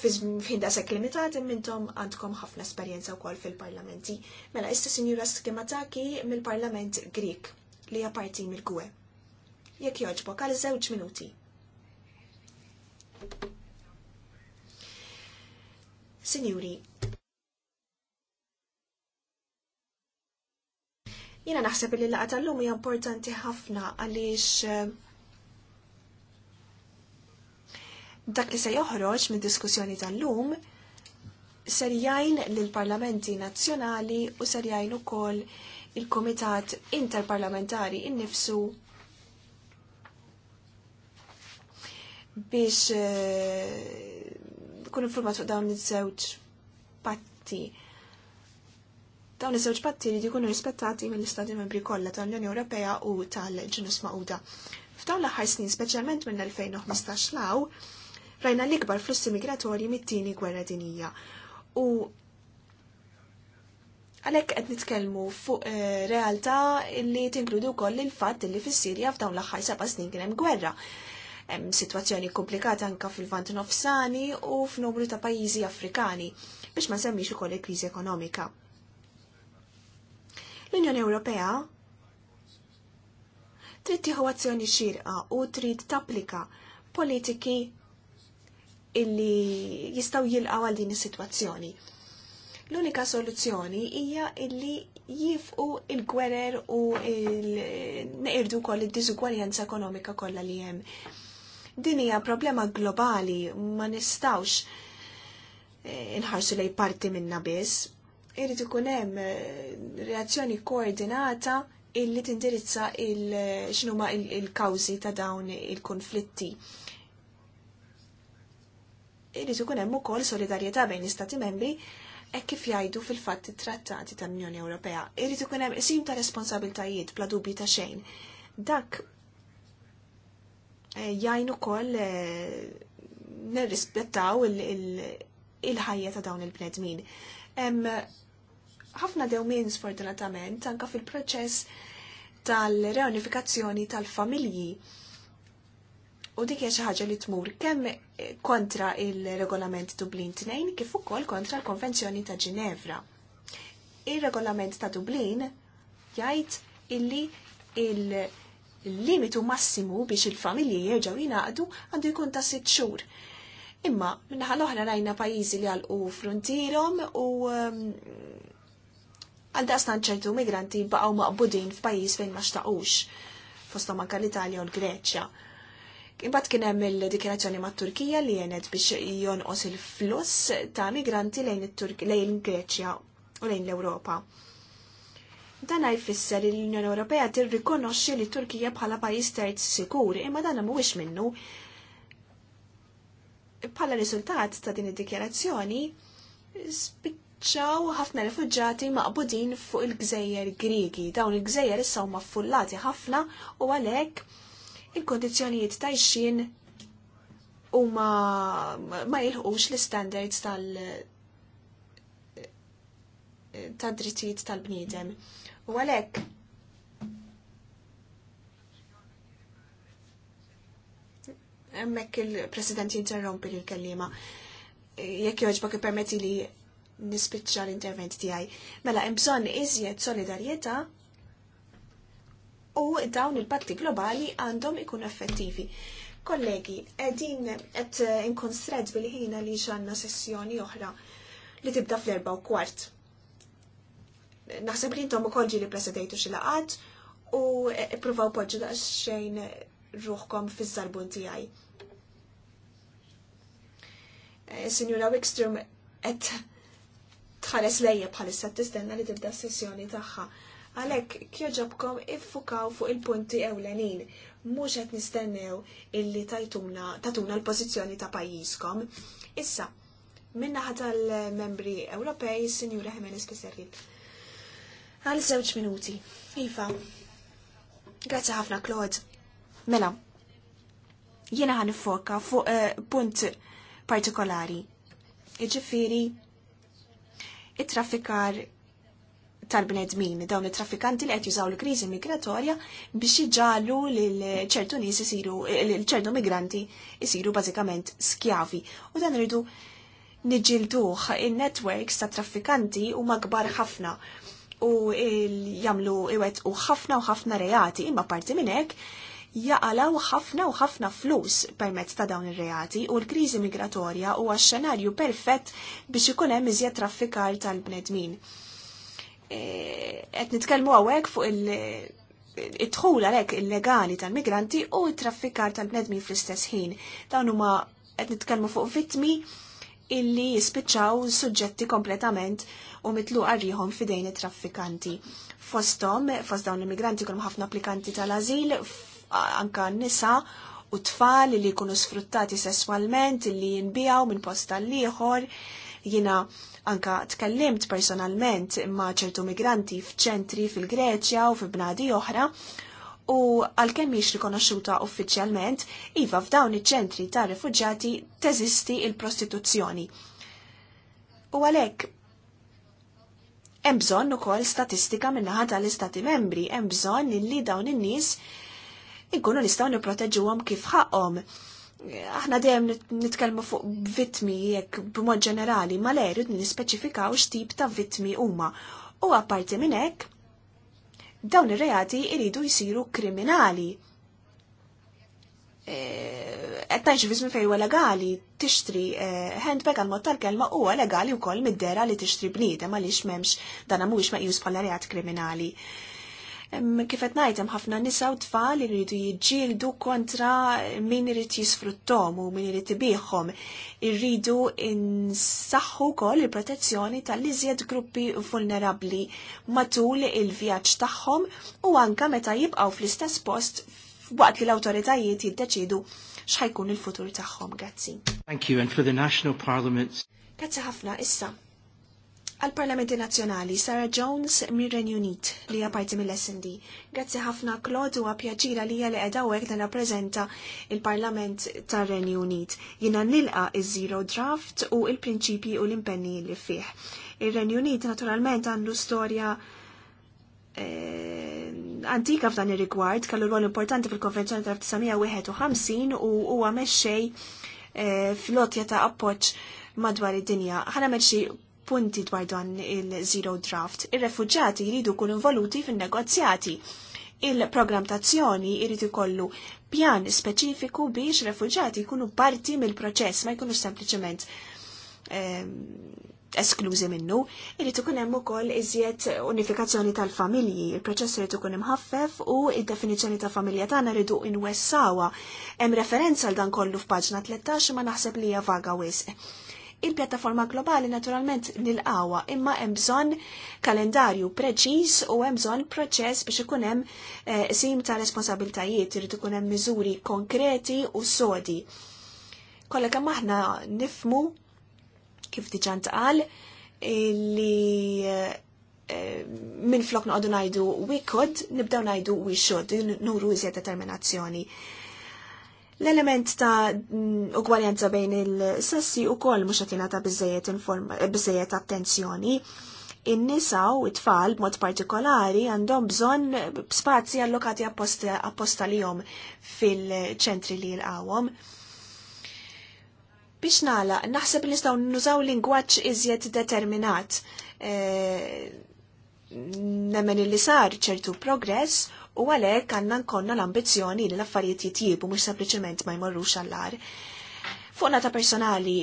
fin sekk limitati mintom għandkom ħafna esperjenza wkoll fil-parlamenti. Mela issa sinjura Skimataki mill-Parlament Grik li hija parti mill-Gwe. Jekk joġbo, għal żewġ minuti. Sinjuri, jina naħseb li laqa tal-lum hija importanti ħafna għaliex eh, dak li se joħroġ mid diskussjoni tal-lum ser jgħin lill-parlamenti nazzjonali u ser jgħin ukoll il-Komitat Interparlamentari innifsu biex eh, kun informat fuq dawn iż-żewġ patti. Dawn iż-żewġ patti li jkunu rispettati mill-Istati Membri kollha tal-Unjoni Ewropea u tal ġinus Mawda. F'dawn l-aħħar snin, speċjalment minn 2015 law, rajna l-ikbar flussi migratorji mit-tieni gwerra dinija. U għalhekk qed nitkellmu fuq eh, realtà li tinkludi wkoll il-fatt li fis-Sirja f'dawn l-aħħar seba' snin kien hemm gwerra. Hemm sitwazzjoni komplikata anka fil-Vant Nofsani u f'numru ta' pajjiżi Afrikani biex ma semmix ukoll il-kriżi ekonomika. L-Unjoni Ewropea trid tieħu azzjoni xirqa u trid tapplika politiki illi jistaw jilqaw għal din is-sitwazzjoni. L-unika soluzzjoni hija illi jifqu il-gwerer u il-neqirdu kol id-diżugwaljanza ekonomika kollha li hemm. Din hija problema globali ma nistawx eh, inħarsu lej parti minna biss. Irid ikun hemm eh, reazzjoni koordinata illi tindirizza il-xnuma il-kawzi ta' dawn il-konflitti. il konflitti il irrid ikun hemm ukoll solidarjetà bejn l-Istati membri hekk kif jgħidu fil-fatt it-trattati tal-Unjoni Ewropea. Irrid ikun hemm isim ta' responsabiltajiet bla dubji ta' xejn. Dak eh, jgħin ukoll eh, nirrispettaw il-ħajja ta' dawn il-bnedmin. Ħafna dewmin sfortunatament anka fil-proċess tal-reunifikazzjoni tal-familji U dik hija xi ħaġa li tmur kemm kontra il-regolament Dublin 2 kif ukoll kontra l-Konvenzjoni ta' Ġinevra. Ir-regolament ta' Dublin jgħid illi il-limitu massimu biex il-familji jerġgħu jingħaqdu għandu jkun ta' sitt xhur. Imma minnaħa l-oħra rajna pajjiżi li għalqu frontierhom u um, għal daqstan ċertu migranti baqgħu maqbudin f'pajjiż fejn ma xtaqux fostom anka l-Italja u l-Greċja Imbagħad kien hemm il-dikjerazzjoni mat-Turkija li jenet biex jonqos il-fluss ta' migranti lejn lejn Greċja u lejn l-Ewropa. Dan jfisser li l-Unjoni Ewropea tirrikonoxxi li Turkija bħala pajjiż terz sikur, imma dan mhuwiex minnu. Bħala riżultat ta' din id-dikjerazzjoni spiċċaw ħafna rifuġġati maqbudin fuq il-gżejjer Griegi. Dawn il-gżejjer issa huma affullati ħafna u għalhekk il-kondizjonijiet ta' xin u ma, ma jilħux l-standards tal- ta' drittijiet tal-bniedem. U għalek, emmek il-president jinterrompi li l-kellima, jekk joġbok permetti li nispiċċa l-intervent tijaj. Mela, imbżon iżjed solidarieta u dawn il-patti globali għandhom ikun effettivi. Kollegi, edin et inkonstred bil-ħina li ġanna sessjoni oħra li tibda fl-erba u kwart. Naħseb li intom ukoll kolġi presedejtu presedajtu laqgħat u ippruvaw poġġu daqsxejn ruħkom fiż-żarbun tiegħi. Eh, Sinjura Wickstrom qed tħares lejje bħalissa tistenna li tibda s-sessjoni tagħha. Għalhekk kjoġobkom iffukaw fuq il-punti ewlenin. Mhux qed nistennew illi tajtuna tatuna l-pożizzjoni ta' pajjiżkom. Issa, minnaħa tal-membri Ewropej, Sinjura Jimenez Beserril. Għal żewġ minuti. Iva. Grazzi ħafna, Claude. Mela, jiena għan foka fuq uh, punt partikolari. Iġifiri, it-traffikar tal-bnedmin, dawn it-traffikanti li qed jużaw l-kriżi migratorja biex iġalu lil ċertu nies isiru eh, l ċertu migranti jisiru bażikament skjavi. U dan rridu nġilduħ in-networks ta' traffikanti huma kbar ħafna u jagħmlu iwet u ħafna u ħafna reati, imma parti minn hekk jaqalaw ħafna u ħafna flus permezz ta' dawn ir-reati u l-kriżi migratorja huwa x-xenarju perfett biex ikun hemm iżjed traffikar tal-bnedmin qed nitkellmu hawnhekk fuq il- id-dħul għalhekk illegali tal-migranti u t-traffikar tal-bnedmin fl-istess ħin. Dawn huma qed nitkellmu fuq vittmi illi jispiċċaw suġġetti kompletament u mitlu għarriħom fidejn it-traffikanti. Fostom, fost dawn l-immigranti kulm ħafna applikanti tal-azil, anka nisa u tfal li jkunu sfruttati sessualment, li jinbijaw minn posta l liħor jina Anka tkellimt personalment ma' ċertu migranti f'ċentri fil-Greċja u fi bnadi oħra u għalkemm miex rikonoxxuta uffiċjalment, iva f'dawn iċ-ċentri ta' rifuġġati teżisti il-prostituzzjoni. U għalhekk hemm bżonn ukoll statistika min-naħa tal-Istati Membri, hemm bżonn li dawn in-nies inkunu nistgħu nipproteġuhom kif ħaqhom aħna dejjem nitkellmu fuq vitmi jekk b'mod ġenerali, ma le jrid nispeċifikaw x'tip ta' vitmi huma. U apparti minn hekk, dawn ir-reati jridu jsiru kriminali. E, qed tgħix fiżmi fejn huwa legali tixtri e, handbag għal mod tal-kelma huwa legali wkoll mid-dera li tixtri bniedem għaliex m'hemmx dan mhuwiex meqjus bħala reat kriminali kifet najtem ħafna nisa u tfal li rridu jiġġieldu kontra min irid jisfruttom u min irid ibiħħom. Irridu insaħħu wkoll il-protezzjoni tal-iżjed gruppi vulnerabbli matul il-vjaġġ tagħhom u anka meta jibqgħu fl-istess post waqt li l-awtoritajiet jiddeċidu x'ħajkun il-futur tagħhom. Grazzi. Thank you and for the National Parliaments. Grazzi ħafna issa Għal-Parlamenti Nazzjonali, Sarah Jones mir Unit li hija parti mill-SND. Grazzi ħafna Klodu u pjaċira li hija li qiegħda hawnhekk rappreżenta il-Parlament tar-Ren Unit. Jina nilqa iż-zero draft u il-prinċipji u l-impenni li fih. Ir-Ren Unit naturalment għandu storja eh, antika f'dan ir-rigward kellu rol importanti fil-Konvenzjoni tal-1951 u huwa mexxej eh, fil-lotja ta' appoġġ madwar id-dinja. Ħana meċi punti dwar dan il-zero draft. ir refugġati jridu kun involuti fin-negozjati. Il-programm tazzjoni jrid ikollu pjan speċifiku biex refugġati jkunu parti mill-proċess ma jkunu sempliċement ehm, esklużi minnu, irrid ikun hemm ukoll iżjed unifikazzjoni tal-familji, il-proċess irid ikun imħaffef u id-definizzjoni ta' familja tagħna in-wessawa. Hemm referenza għal dan kollu f'paġna 13 ma naħseb li hija vaga wisq. Il-pjattaforma globali naturalment nilqawa imma hemm kalendarju preċiż u hemm bżonn proċess biex ikun hemm eh, sim ta' responsabiltajiet, irid ikun hemm miżuri konkreti u sodi. Kollha kemm aħna nifmu kif diġà ntqal li eh, eh minn flok noqogħdu ngħidu we could, nibdew ngħidu we should, nuru iżjed determinazzjoni. L-element ta' mm, ugwaljanza bejn il-sessi u kol mux għatina ta' bizzejiet attenzjoni. In-nisa u it-tfal b'mod partikolari għandhom bżon spazji allokati apposta li jom fil-ċentri li l-għawom. Biex nala, naħseb li nistaw nużaw lingwaċ iżjed determinat. E, Nemmen li sar ċertu progress u għalhekk għandna nkonna l-ambizzjoni li l-affarijiet jitjibu mhux sempliċement ma jmorrux għall-ar. ta' personali,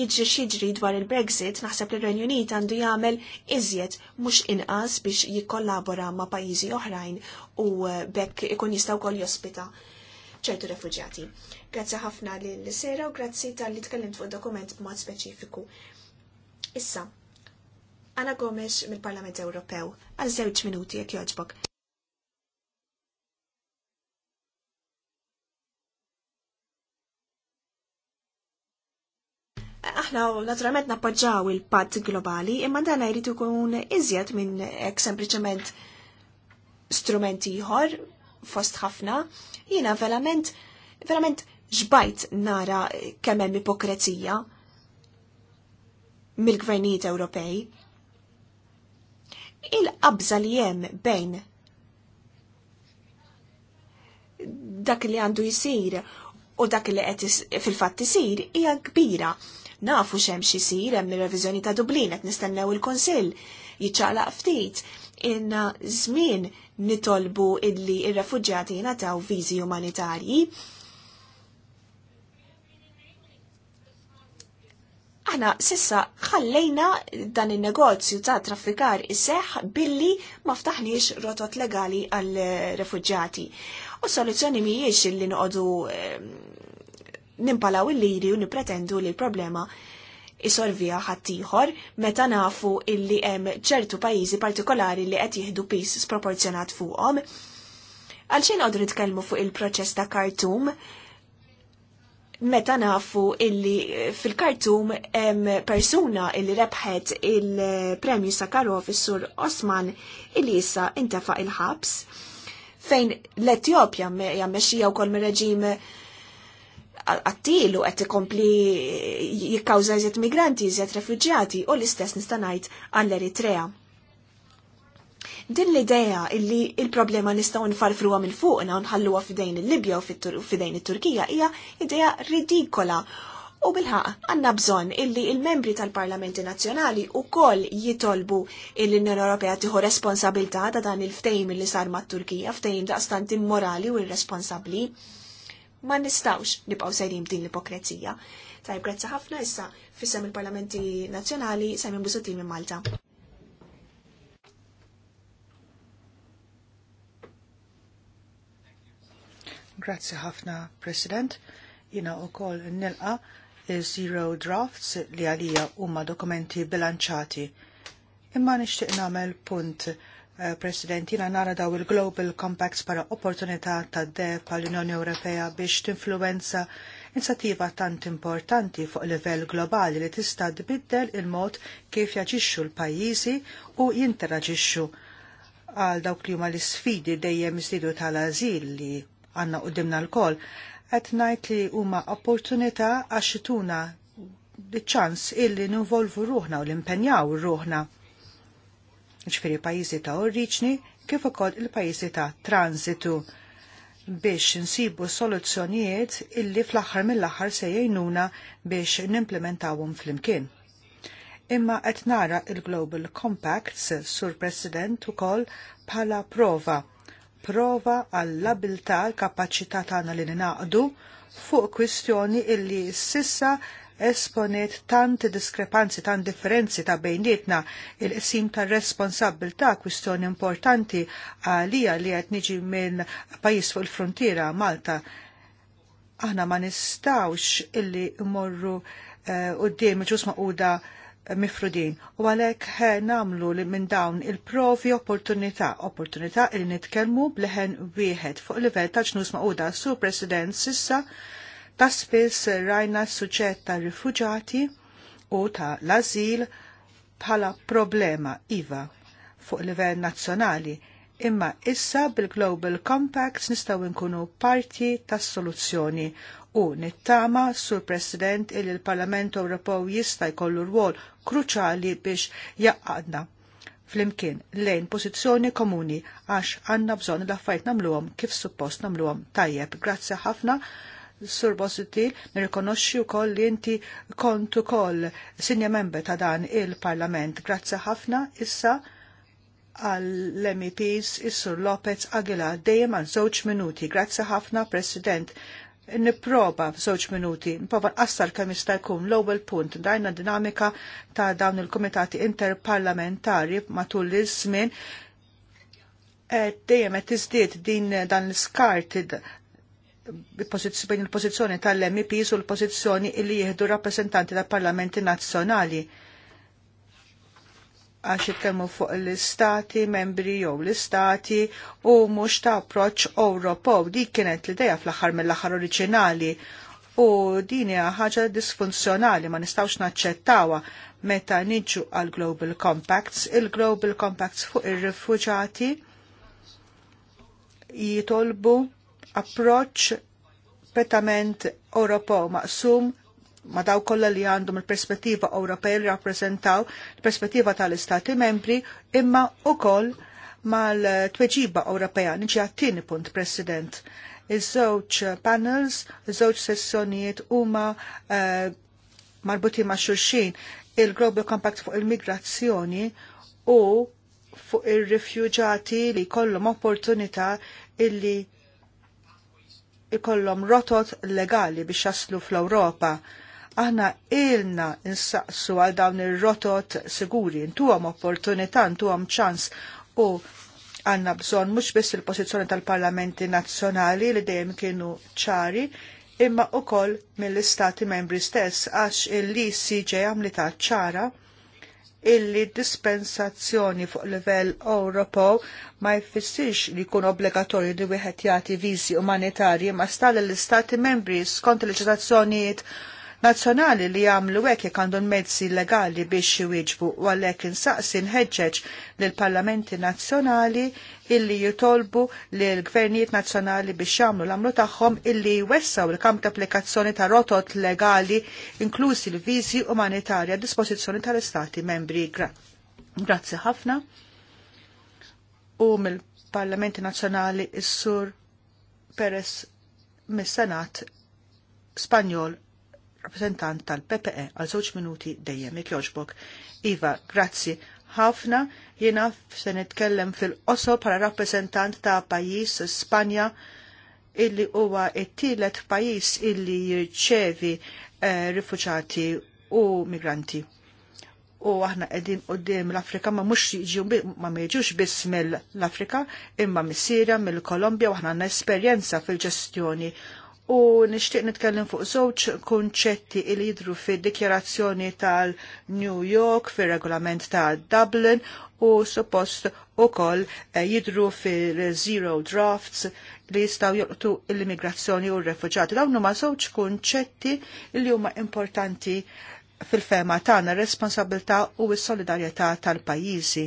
jiġri xidġri dwar il-Brexit, naħseb li r-Renju Unit għandu jagħmel iżjed mhux inqas biex jikkollabora ma' pajjiżi oħrajn u eh, bekk ikun jista' wkoll jospita ċertu refugjati. Grazzi ħafna li sera u grazzi tal-li tkellimt fuq dokument b'mod speċifiku. Issa, Anna Gomes mill-Parlament Ewropew, għal żewġ minuti jekk joġbok. aħna naturalment nappoġġaw il-patt globali, imma dan jrid ikun iżjed minn hekk sempliċement strumenti ieħor fost ħafna, jiena verament verament ġbajt nara kemm hemm ipokrezija mill-gvernijiet Ewropej. Il-qabża li hemm bejn dak li għandu jisir u dak li qed fil-fatt isir hija kbira nafu xem sir hemm ir-reviżjoni ta' Dublin qed nistennew il-Kunsill jiċċaqlaq ftit inna żmien nitolbu illi ir-refuġjati jingħataw viżi umanitarji. Aħna sissa ħallejna dan il-negozju ta' traffikar is-seħ billi ma ftaħniex rotot legali għal refuġjati U soluzzjoni mhijiex illi noqogħdu ehm, nimpalaw il-liri u nipretendu li l-problema isolvija ħattijħor meta nafu illi hemm ċertu pajjiżi partikolari li qed jieħdu pis sproporzjonat fuqhom. Għalxejn qogħdu nitkellmu fuq il-proċess ta' Kartum meta nafu illi eh, fil-Kartum hemm persuna illi rebħet il-Premju Sakarov is-Sur Osman illi issa intefaq il-ħabs fejn l-Etjopja hija wkoll mir-reġim u għet kompli jikkawza jizet migranti, jizet refugjati u l-istess nistanajt għall-Eritrea. Din l-ideja illi il-problema nistaw nfarfruwa minn fuqna u nħalluwa fidejn il-Libja u fidejn il-Turkija hija ideja ridikola U bilħaq, għanna bżon illi il-membri tal-Parlamenti Nazzjonali u kol jitolbu il union Europea tiħu responsabilta ta' dan il-ftejm li sar mat-Turkija, ftejm daqstant immorali u irresponsabli. responsabli ma nistawx nibqaw sejrim din l-ipokrezija. Tajb, grazzi ħafna issa fissem il-Parlamenti Nazzjonali Sajmin Busutin minn Malta. Grazzi ħafna, President. Jina u koll nilqa zero drafts li għalija umma dokumenti bilanċati. Imma nishtiq namel punt Eh, President, jina nara daw il-Global Compacts para opportunità ta' deb għal unjoni Ewropea biex t-influenza inizjattiva tant importanti fuq livell globali li tista' tbiddel il-mod kif jaġixxu l-pajjiżi u jinteraġixxu għal dawk li huma l-isfidi dejjem iżdiedu tal-ażil li għandna qudimna l qed ngħid li huma opportunità għax ituna ċans illi nivolvu ruħna u l-impenjaw ruħna ġifiri pajjiżi ta' oriġni kif ukoll il-pajjiżi ta' transitu biex nsibu soluzzjonijiet illi fl-aħħar mill-aħħar se jgħinuna biex nimplementawhom flimkien. Imma qed nara il-Global Compacts, Sur President, ukoll bħala prova prova għall-abilta l-kapacità tagħna li ninaqdu fuq kwistjoni illi sissa esponiet tant diskrepanzi, tant differenzi ta' bejnietna il-qsim ta' responsabilta' kwistjoni importanti għalija li għet niġi minn pajis fuq il-frontiera Malta. Aħna ma nistawx illi morru eh, u d-dim ġus maquda eh, mifrudin. U għalek eh, namlu li minn dawn il-provi opportunità, opportunità li nitkelmu bleħen wieħed fuq livell ta' ġnus maquda. Sur President sissa taspis rajna s-suġġett ta' rifuġati u ta' l-azil bħala problema iva fuq livell nazzjonali imma issa bil-Global Compacts nistaw nkunu parti tas soluzzjoni u nittama sur President il il-Parlament Ewropew jista' jkollu rwol kruċali biex jaqqadna flimkien lejn pożizzjoni komuni għax għandna bżonn l-affajt nagħmluhom kif suppost nagħmluhom tajjeb. Grazzi ħafna Sur Bositi, nirrikonoxxi wkoll li inti kont ukoll sinja membe ta' dan il-Parlament. Grazzi ħafna issa għall-MEPs is-Sur Lopez Aguila dejjem għal żewġ minuti. Grazzi ħafna, President. Nipprova f'żewġ minuti, nipprova nqassar kemm jista' jkun l-ewwel punt dajna dinamika ta' dawn il-kumitati interparlamentari matul iż-żmien eh, dejjem qed tiżdied din dan l-iskart bejn il-pożizzjoni tal mep u l-pożizzjoni li jieħdu rappresentanti tal-Parlamenti Nazzjonali għax jitkellmu fuq l-istati, membri jew l-istati u mhux ta' approċċ Ewropew. Dik kienet l-idea fl-aħħar mill-aħħar oriġinali u din hija ħaġa disfunzjonali ma nistgħux naċċettawha meta niġu għal Global Compacts. Il-Global Compacts fuq ir-rifuġati jitolbu approach petament Ewropew maqsum ma daw kollha li għandhom il-perspettiva Ewropea li rappreżentaw il-perspettiva tal-Istati membri imma ukoll mal-tweġiba Ewropea. Niġi għattini punt, President. Iż-żewġ panels, iż-żewġ sessjonijiet huma uh, marbuti ma' xulxin il-Global Compact fuq il-migrazzjoni u fuq ir-rifjuġati li kollhom opportunità illi ikollhom rotot legali biex jaslu fl-Ewropa. Aħna ilna insaqsu għal dawn ir-rotot siguri, intuhom opportunità, intuhom ċans u għanna bżon mhux biss il-pożizzjoni tal-parlamenti nazzjonali li dejjem kienu ċari, imma ukoll mill-istati membri stess għax il-li CJ għamlita ċara illi dispensazzjoni fuq livell Ewropew ma jfissirx li jkun obbligatorju li wieħed jagħti viżi umanitarji ma stal l-istati membri skont il-leġiżlazzjonijiet nazzjonali li jagħmlu hekk jekk għandhom mezzi legali biex jwieġbu u għalhekk insaqsin ħeġġeġ lill parlamenti nazzjonali illi jitolbu lill gvernijiet nazzjonali biex jagħmlu l-għamlu tagħhom illi jwessaw il-kamp ta' applikazzjoni ta' rotot legali inklusi l-viżi umanitarja a dispożizzjoni tal-Istati membri. Gra Grazzi ħafna. U mill-Parlamenti Nazzjonali is-Sur Peres mis-Senat Spanjol rappresentant tal-PPE għal żewġ minuti dejjem jogħġbok. Iva, grazzi ħafna jiena se nitkellem fil-qosor bħala rappresentant ta' pajjiż Spanja illi huwa t-tielet pajjiż illi jirċevi eh, rifuġati u migranti. U aħna qegħdin qudiem l-Afrika ma mhux jiġu ma jiġux biss mill-Afrika imma mis-Sirja, mill-Kolombja u aħna għandna esperjenza fil-ġestjoni u nixtieq nitkellem fuq żewġ kunċetti li jidru fid-dikjarazzjoni tal-New York, fir-regolament ta' Dublin u suppost ukoll eh, jidru fil-Zero Drafts li jistaw joqtu l-immigrazzjoni u r refugġati Dawn huma żewġ kunċetti li huma importanti fil-fema tagħna responsabilità u s-solidarjetà tal-pajjiżi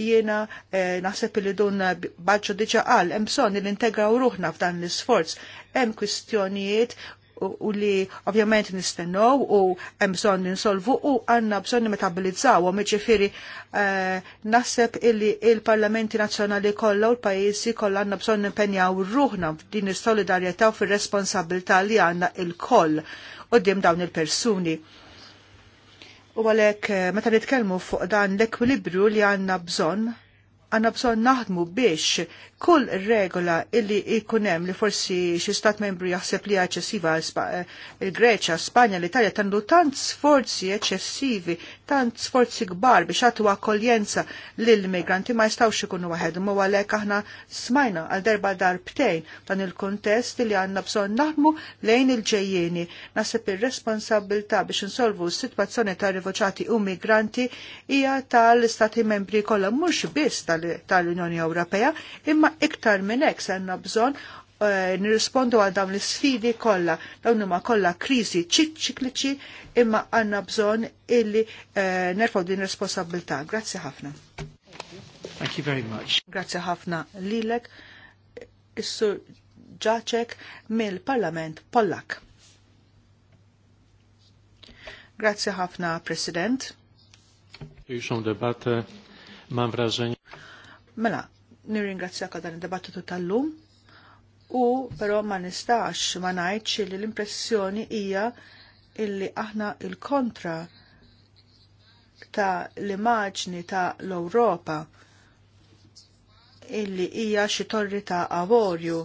jiena eh, naħseb li dun bħadġu diġa qal hemm bżonn li integraw ruħna f'dan l-isforz. Hemm kwistjonijiet u, li ovvjament nistennow u hemm bżonn ninsolvu u għandna bżonn nimetabilizzawhom, u jiġifieri, eh, naħseb illi il-Parlamenti Nazzjonali kollha u l-pajjiżi kollha għandna bżonn nimpenjaw ruħna f'din is-solidarjetà u fir-responsabilità li għandna il-koll dim dawn il-persuni U għalek, eh, meta nitkellmu fuq dan l-ekwilibru li għanna bżon, għanna bżon naħdmu biex kull regola illi ikunem li forsi xi stat membru jaħseb li eċessiva il-Greċa, eh, Spanja, l-Italja tandu tant sforzi eccessivi tant sforzi kbar biex għatu għakoljenza lill immigranti ma jistawx ikunu għahed. u għalhekk aħna smajna għal darba darbtejn dan il-kontest li għandna bżonn naħdmu lejn il ġejjeni Nasib ir responsabilta biex insolvu s-sitwazzjoni ta' rifuġati u migranti hija tal-Istati membri kollha mhux biss tal-Unjoni Ewropea, imma iktar minn hekk se bżonn Eh, nirrispondu għal dawn l-sfidi kollha, dawn huma kollha kriżi ċikliċi imma għandna bżonn illi eh, nerfaw din responsabilità. Grazzi ħafna. Thank you very much. Grazie ħafna lilek is-sur Ġaċek mill-Parlament Pollak. Grazzi ħafna, President. Mela, nirringrazzjak għal dan id-debattitu tal-lum U però ma nistax ma ngħidx li l-impressjoni hija illi aħna il-kontra ta' l-immaġni ta' l-Ewropa illi hija xi torri ta' avorju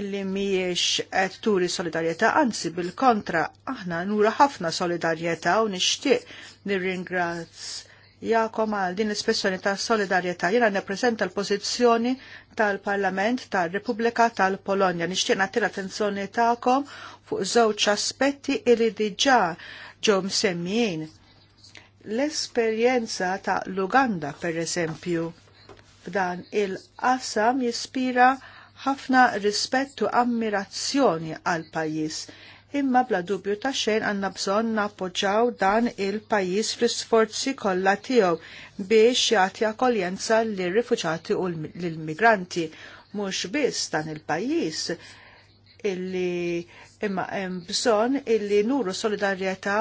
illi mhijiex qed turi solidarjetà, anzi bil-kontra aħna nura ħafna solidarjetà u nixtieq nirringrazz jakom għal din l-espressjoni ta' solidarjetà. Jiena nippreżenta l-pożizzjoni tal-Parlament tal-Repubblika tal-Polonja. Nixtieq nagħti l-attenzjoni tagħkom fuq żewġ aspetti ili diġà ġew msemmijin. L-esperjenza ta' Luganda, per eżempju, f'dan il-qasam jispira ħafna rispettu ammirazzjoni għal pajjiż imma bla dubju ta' xejn għandna bżonn nappoġġaw dan il-pajjiż fl-isforzi kollha tiegħu biex jagħti akkoljenza lir-rifuġati u l-migranti mhux biss dan il pajis illi imma hemm bżonn illi nuru solidarjetà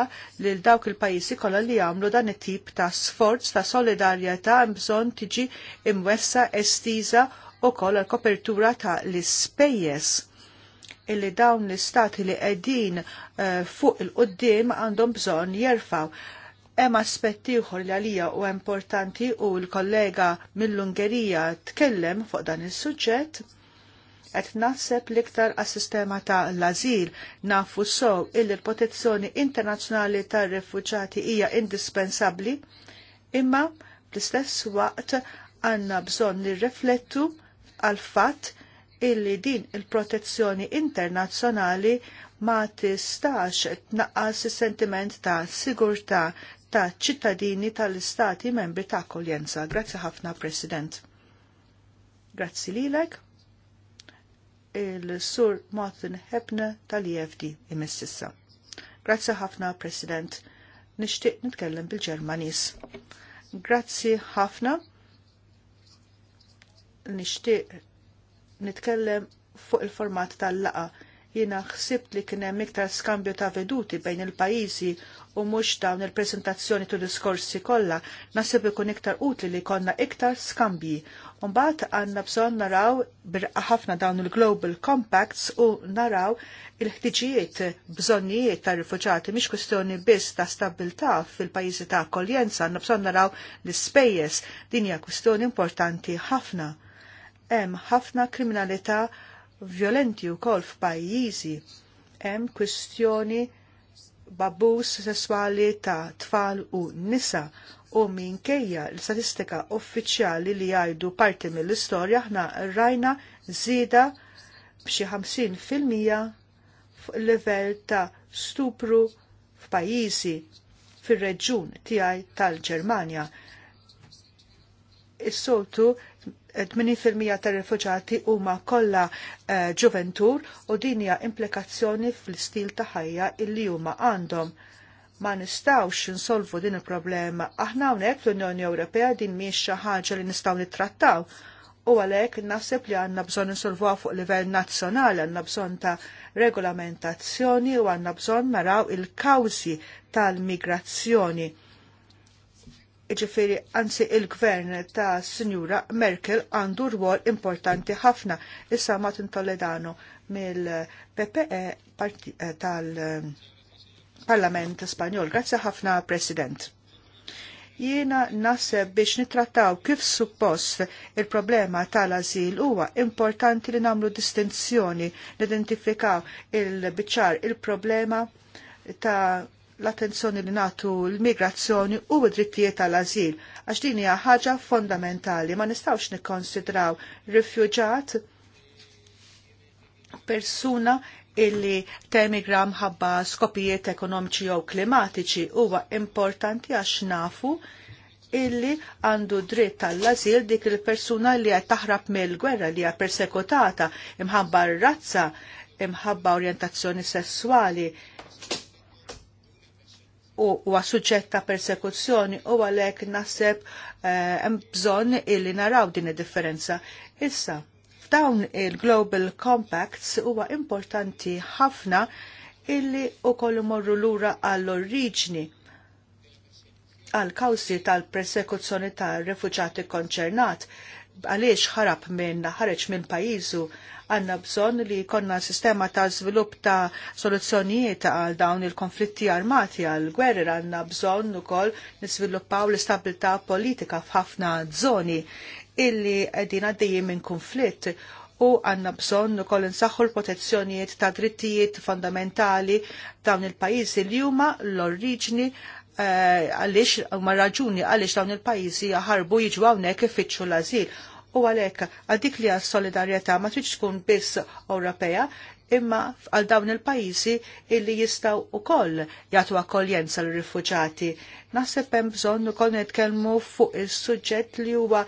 lil dawk il-pajjiżi kollha li jagħmlu dan it-tip ta' sforz ta' solidarjetà hemm bżonn tiġi imwessa estiża wkoll għall kopertura ta' l-ispejjeż illi dawn l-istati li qegħdin eh, fuq il-qoddim għandhom bżonn jerfaw. Hemm aspetti li għalija u importanti u l-kollega mill-Ungerija tkellem fuq dan is-suġġett qed naħseb l għas-sistema ta' l-azil nafu sow illi l-protezzjoni internazzjonali tar rifuġati hija indispensabbli, imma fl-istess waqt għandna bżonn nirriflettu għal fatt illi din il-protezzjoni internazzjonali ma tistax tnaqqas is-sentiment ta' sigurtà ta' ċittadini tal-istati membri ta' akkoljenza. Grazzi ħafna, President. Grazzi lilek. Il-Sur Martin Hepner tal-IFD imessissa. Grazzi ħafna, President. Nishtiq nitkellem bil-Ġermanis. Grazzi ħafna. Nishtiq nitkellem fuq il-format tal-laqa. Jiena ħsibt li kien hemm iktar skambju ta' veduti bejn il-pajjiżi u mhux dawn il-preżentazzjoni tu diskorsi kollha, nasib ikun iktar utli li konna iktar skambji. Mbagħad għandna bżonn naraw ħafna dawn il-Global Compacts u naraw il-ħtiġijiet bżonnijiet ta' rifuġati mhix kustjoni biss ta' stabilta fil-pajjiżi ta' akkoljenza, għandna bżonn naraw l-ispejjeż din hija importanti ħafna hemm ħafna kriminalità violenti wkoll f'pajjiżi. Hemm kwistjoni babbuż sesswali ta' tfal u nisa u minkejja l-statistika uffiċjali li jgħidu parti mill-istorja aħna rajna żieda b'xi 50 fil-mija fuq livell ta' stupru f'pajjiżi fir-reġjun tiegħi tal-Ġermanja. Is-soltu 80% tar-refuġati huma kollha eh, ġuventur u din hija implikazzjoni fl-istil ta' ħajja illi huma għandhom. Ma nistawx insolvu din il-problema. Aħna hawnhekk l unjoni Ewropea din mhix xi ħaġa li nistgħu nittrattaw u għalhekk naħseb li għandna bżonn insolvuha fuq livell nazzjonali, għandna bżonn ta' regolamentazzjoni u għandna bżonn naraw il kawżi tal-migrazzjoni iġifiri anzi il-gvern ta' Sinjura Merkel għandu rwol importanti ħafna. Issa ma tintoledano mill-PPE eh, tal-Parlament Spanjol. Grazie ħafna, President. Jiena naseb biex nitrattaw kif suppost il-problema tal-azil huwa importanti li namlu distinzjoni, nidentifikaw il-biċar il-problema ta' l-attenzjoni li natu l-migrazzjoni u d-drittijiet tal-azil, għax din hija ħaġa fondamentali, ma nistawx nikkonsidraw rifjuġat persuna illi temigra mħabba skopijiet ekonomiċi jew klimatiċi huwa importanti għax nafu illi għandu dritt tal-azil dik il-persuna li għed taħrab mill-gwerra li għad persekutata imħabba r-razza imħabba orjentazzjoni sessuali u huwa suġġett ta' persekuzzjoni u għalhekk naħseb eh, hemm bżonn illi naraw din id-differenza. Issa, f'dawn il-Global Compacts huwa importanti ħafna illi wkoll morru lura għall-oriġni għal kawsi tal-persekuzzjoni tal-refuġati konċernat għaliex ħarab minn ħareġ minn pajizu Għanna bżon li konna sistema ta' svilupp ta' soluzzjonijiet għal dawn il-konflitti armati għal gwerer għanna bżon ukoll nisviluppaw l istabilta politika f'ħafna zoni illi d għaddejjin minn konflitt u għanna bżon ukoll insaħħu l-protezzjonijiet ta' drittijiet fondamentali dawn il-pajjiżi li huma l-oriġni eh, għaliex ma raġuni għaliex dawn il-pajjiżi jaħarbu jiġu hawnhekk ifittxu l azil U għalhekk għal dik li għas-solidarjetà ma tridx tkun biss Ewropea, imma għal dawn il-pajjiżi illi jistgħu wkoll jagħtu akkoljenza l rifuġati Naħseb hemm bżonn ukoll nitkellmu fuq is-suġġett li huwa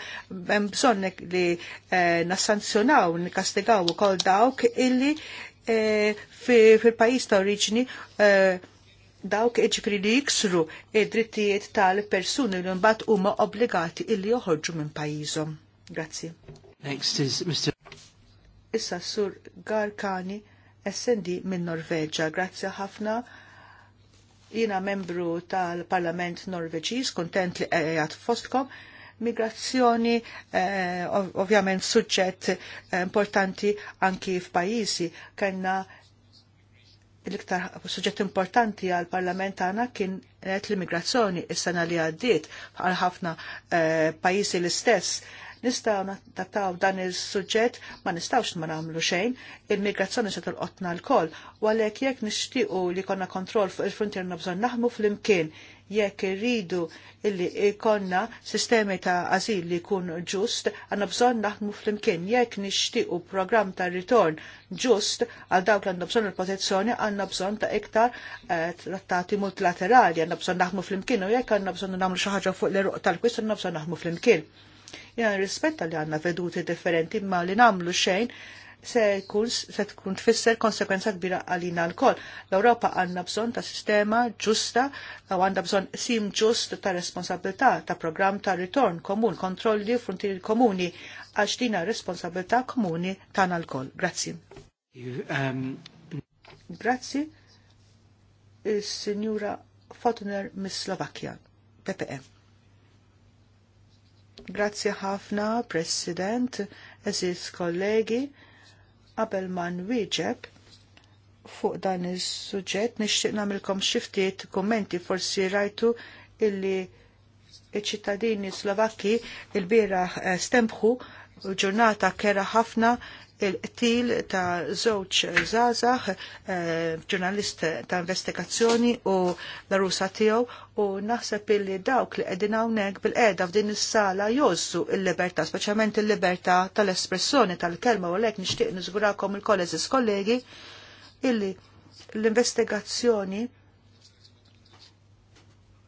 hemm bżonn li nasanzjonaw, eh, nassanzjonaw, nikastigaw ukoll dawk illi eh, fil-pajjiż ta' oriġini eh, dawk iġifri li jiksru id-drittijiet tal-persuni li mbagħad huma obbligati illi joħorġu minn pajjiżhom. Grazzi. Next is Mr. Issa Sur Garkani, SND minn Norveġa. Grazzi ħafna. Jina membru tal-Parlament Norveġiż, kontent li għajat fostkom migrazzjoni eh, ovvjament suġġett eh, importanti anki f'pajjiżi. Kenna l-iktar suġġett importanti għal parlament għana kien l-immigrazzjoni is-sena li għaddiet għal ħafna eh, pajjiżi l-istess Nistaw nattaw dan il-sujġet ma nistawx ma namlu xejn, il-migrazzjoni se tolqotna l-koll, u għalhekk jekk nixtiequ li konna kontroll fuq il-frontier nabżon naħmu fl-imkien jekk irridu illi ikonna sistemi ta' azil li kun ġust, għanna bżon naħmu fl-imkien. Jekk nishtiqu program ta' ritorn ġust, għal dawk li għanna bżon il-protezzjoni, għanna bżon ta' iktar eh, trattati multilaterali, għanna bżon naħmu fl-imkien, u jekk għanna bżon namlu xaħġa fuq l-eruq tal-kwist, għanna bżon naħmu fl-imkien jgħan rispetta li għanna veduti differenti ma li namlu xejn se jkun se tkun tfisser konsekwenza kbira għalina l-koll. L-Ewropa għandna bżonn ta' sistema ġusta u għandha bżonn sim ġust ta' responsabilità ta' programm ta' ritorn komun, kontrolli frontiri komuni għax dina responsabilità komuni tagħna l-koll. Grazzi. Um... Grazzi. is Fotner mis-Slovakkja, PPM. Grazzi ħafna, President, eżis kollegi, qabel ma nwieġeb fuq dan is-suġġett nixtieq nagħmilkom xi ftit kummenti forsi rajtu illi iċ-ċittadini Slovakki il-bieraħ eh, stempħu ġurnata kera ħafna il-qtil ta' żewġ Zazax, eh, ġurnalist ta' investigazzjoni u l-rusa tiegħu u naħseb illi dawk li qegħdin hawnhekk bil-qiegħda f'din is-sala jozzu l-libertà, speċjalment il-libertà tal-espressjoni tal-kelma u lek nixtieq niżgurakom il-kolleżis kollegi illi l-investigazzjoni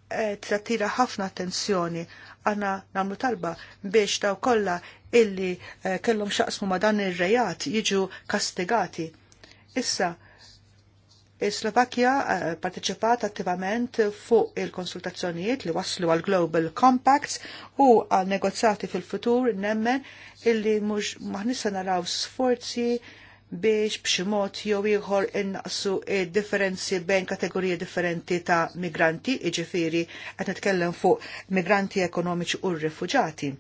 eh, t-tira ħafna attenzjoni għanna namlu talba biex daw kolla illi eh, kellhom xaqsmu ma' dan ir-rejat jiġu kastigati. Issa, Slovakkja eh, parteċipat attivament fuq il-konsultazzjonijiet li waslu għal Global Compacts u għal negozjati fil-futur nemmen illi mhux maħnissa naraw sforzi biex b'xi mod jew ieħor innaqsu differenzi bejn kategoriji differenti ta' migranti, jiġifieri qed nitkellem fuq migranti ekonomiċi u rifuġati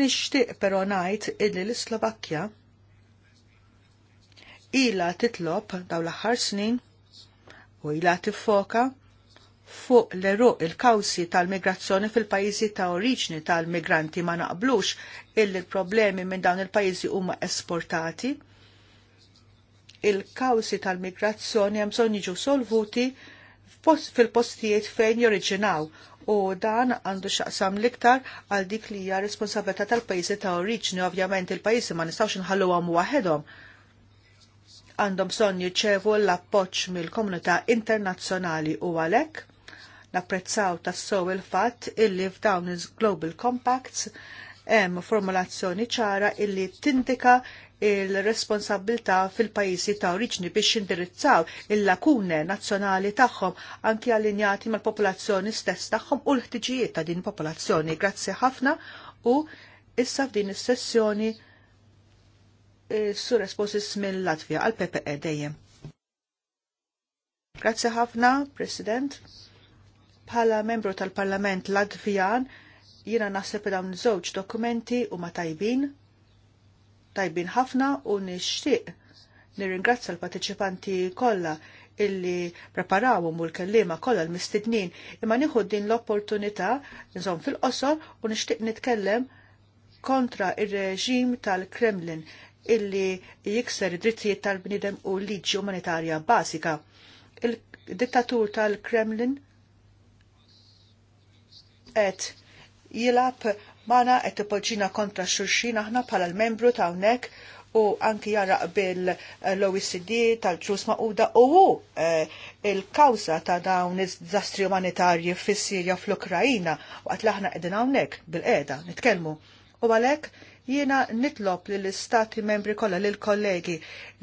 Nixtieq però ngħid illi l-Slovakkja ila titlob dawn l-aħħar snin u ila tiffoka fuq l-eruq il-kawsi tal-migrazzjoni fil-pajizi ta' oriġni tal-migranti ma naqblux illi l problemi minn dawn il-pajizi huma esportati. Il-kawsi tal-migrazzjoni hemm bżonn jiġu solvuti fil-postijiet fejn joriġinaw u dan għandu xaqsam liktar għal dik li hija responsabilità tal-pajjiżi ta' oriġni, ovvjament il-pajjiżi ma nistgħux nħalluhom waħedhom. Għandhom bżonn jiċċevu l-appoġġ mill-komunità internazzjonali u għalhekk napprezzaw tassew il-fatt illi f'dawn il-Global Compacts hemm formulazzjoni ċara illi tindika il-responsabilta fil-pajjiżi ta' oriġni biex indirizzaw il-lakune nazzjonali tagħhom anki allinjati mal-popolazzjoni stess tagħhom u l-ħtiġijiet ta' din popolazzjoni. Grazzi ħafna u issa f'din is-sessjoni eh, sur responsis mill-Latvija għal PPE dejjem. Grazzi ħafna, President. Bħala membru tal-Parlament Latvijan, jiena naħseb dawn żewġ dokumenti u ma tajbin tajbin ħafna u nixtieq nirringrazzja l-partiċipanti kollha illi preparaw u l-kellima kollha l-mistednin imma nieħu din l-opportunità nżomm fil-qosor u nixtieq nitkellem kontra ir-reġim tal-Kremlin illi jikser id-drittijiet tal-bnidem u l-liġi umanitarja basika. Il-dittatur tal-Kremlin qed jilab mana qed tipoġġina kontra xulxin aħna bħala l-membru ta' hawnhekk u anki jaraq bil-OECD tal-ġus maquda u hu eh, il-kawża ta' dawn iż-diżastri umanitarji fis-Sirja fl-Ukrajina waqt l aħna qegħdin hawnhekk bil-qiegħda nitkellmu. U għalhekk Jiena nitlob li l-istati membri kollha lil kollegi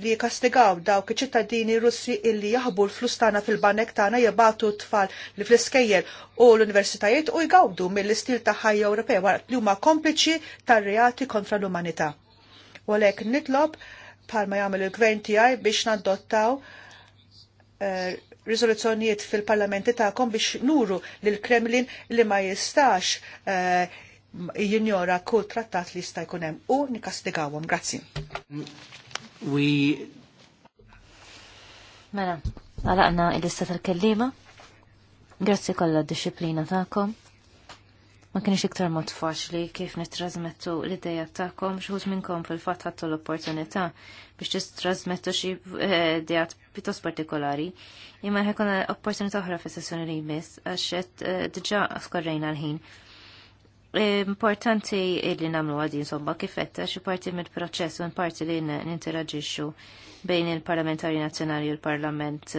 li kastigaw dawk iċ-ċittadini Russi illi jaħbu l-flus fil-banek tagħna jibatu tfal li fl-iskejjel u l-universitajiet u jgawdu mill-istil ta' ħajja Ewropea li huma kompliċi tar-reati kontra l-umanità. U għalhekk nitlob bħalma jagħmel il-gvern tiegħi biex nadottaw rizoluzzjonijiet eh, riżoluzzjonijiet fil-parlamenti tagħkom biex nuru lil Kremlin li ma jistax eh, jinjora kull trattat li jista' jkun hemm u nikastigawhom. Grazzi. We Mela, għalaqna il-lista tal-kellima. Grazzi kollha d-disciplina tagħkom. Ma kienx iktar mod faċli kif nittrażmettu l-ideja tagħkom x'ħuż minnkom fil-fatt ħadtu l-opportunità biex tistrażmettu xi eh, ideat pjuttost partikolari. Imma ħekun opportunità oħra fis-sessjoni li jmiss għax qed eh, diġà skorrejna l-ħin. Importanti li namlu għadin somba kifetta xi parti mill-proċess u parti li ninteraġixxu bejn il-parlamentari nazzjonali u l-Parlament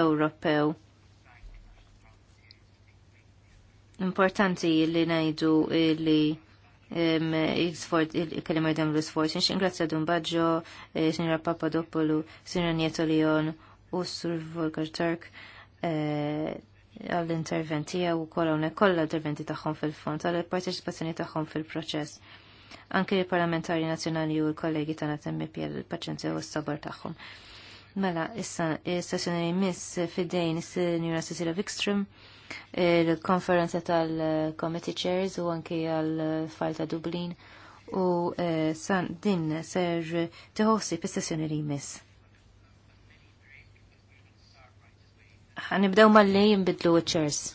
Ewropew. Importanti li ngħidu li il-kelima jdem l-sforz. Nxin grazzja dun Baggio, eh, Sinra Papadopoulou, Sinra Nieto Leon u Sur Volker Turk eh, għall-interventi u kolonne kollha l-interventi tagħhom fil-fond għall-parteċipazzjoni tagħhom fil-proċess. Anke il-parlamentari nazzjonali u l-kollegi tagħna temmipi l paċenzja u s-sabar tagħhom. Mela, issa stazzjoni miss fidejn is-Sinjura Cecilia Wikström, il-konferenza tal-Committee Chairs u anke għall-fajl ta' Dublin u eh, san din ser tiħossi fis-sessjoni li miss. ħanibdew mal-li jimbidlu chairs.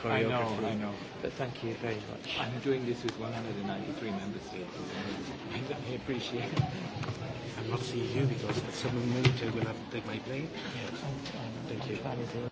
choreography. I know, I know. But thank you very much. I'm doing this with 193 member states, I appreciate it. I'm not seeing you because someone will have to take my plane. Yes. Thank you.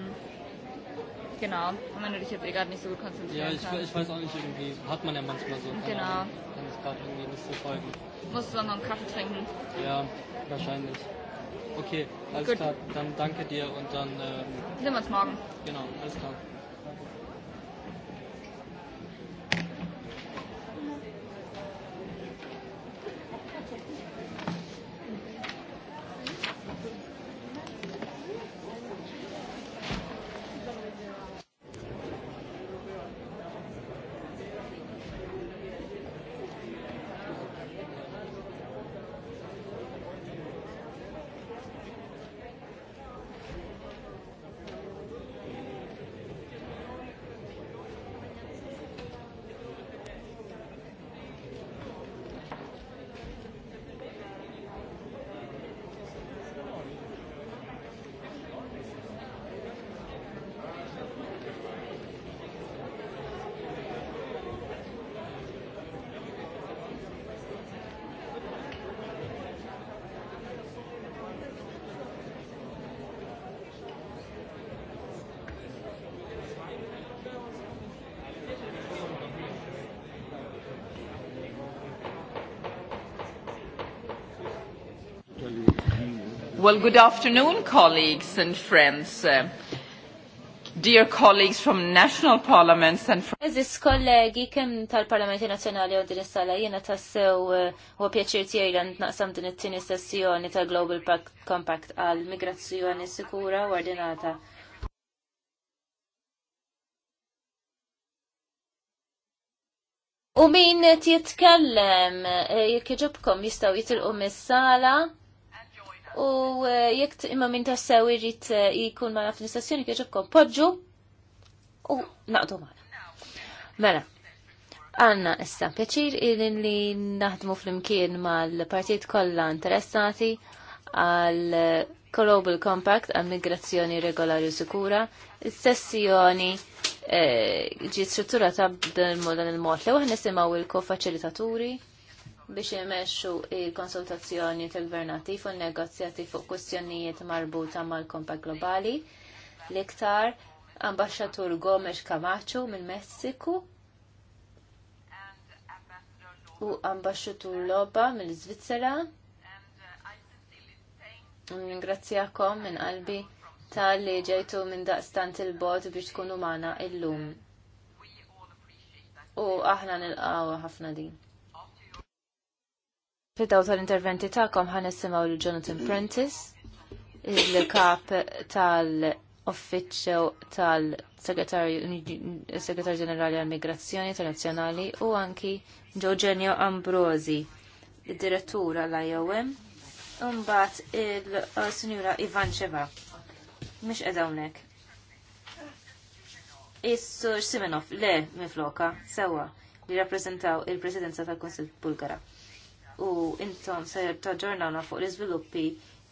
Genau, und wenn du dich jetzt eh gerade nicht so gut konzentrieren kannst. Ja, ich, weiß auch nicht, irgendwie hat man ja manchmal so. Genau. Kann ich gerade irgendwie nicht so folgen. Musst du dann noch einen Kaffee trinken? Ja, wahrscheinlich. Okay, alles gut. klar. Dann danke dir und dann... Ähm, Sehen wir uns morgen. Genau, alles klar. Well, good afternoon, colleagues and friends. Uh, dear colleagues from national parliaments and from... Eżis kollegi kemm tal-Parlamenti Nazzjonali u din is-sala jiena tassew u uh, pjaċir tiegħi li naqsam din it-tieni sessjoni ta' Global Compact għal migrazzjoni sikura u ordinata. U min titkellem uh, jekk iġobkom jistgħu jitilqu mis-sala u eh, jekk imma minn tassew irrit eh, jikun ma' fl-istazzjoni kieġobkom podġu u naqdu ma' Mela, għanna issa pjaċir ilin li naħdmu fl-imkien mal-partijiet kollha interessati għal eh, Global Compact għal migrazzjoni regolari u sikura, sessjoni ġi strutturata b'dan il-mod li għahna nisimaw il-kofaċilitaturi biex imexxu il-konsultazzjoni tal-gvernattiv u negozjati fuq kwistjonijiet marbuta mal-Kompa Globali. L-iktar Ambaxxatur Gomes Camacho minn Messiku u Ambaxxatur Loba mill iżvizzera Ningrazzjakom minn qalbi tal-li ġejtu minn daqstant il-bot biex tkunu mana illum. U aħna nilqawa ħafna din. Fidaw tal-interventi ta'kom ħan nisimaw l Jonathan Prentice, il-kap tal-offiċċew tal-segretarju ġenerali għal-migrazzjoni internazzjonali u anki Giogenio Ambrosi, il-direttur għal-IOM, unbat il-sinjura Ivanċeva. Mish edawnek. Is-sur le, mifloka, sewa, li rappresentaw il-presidenza tal-Konsil Bulgara u intom se taġġornawna fuq l-iżviluppi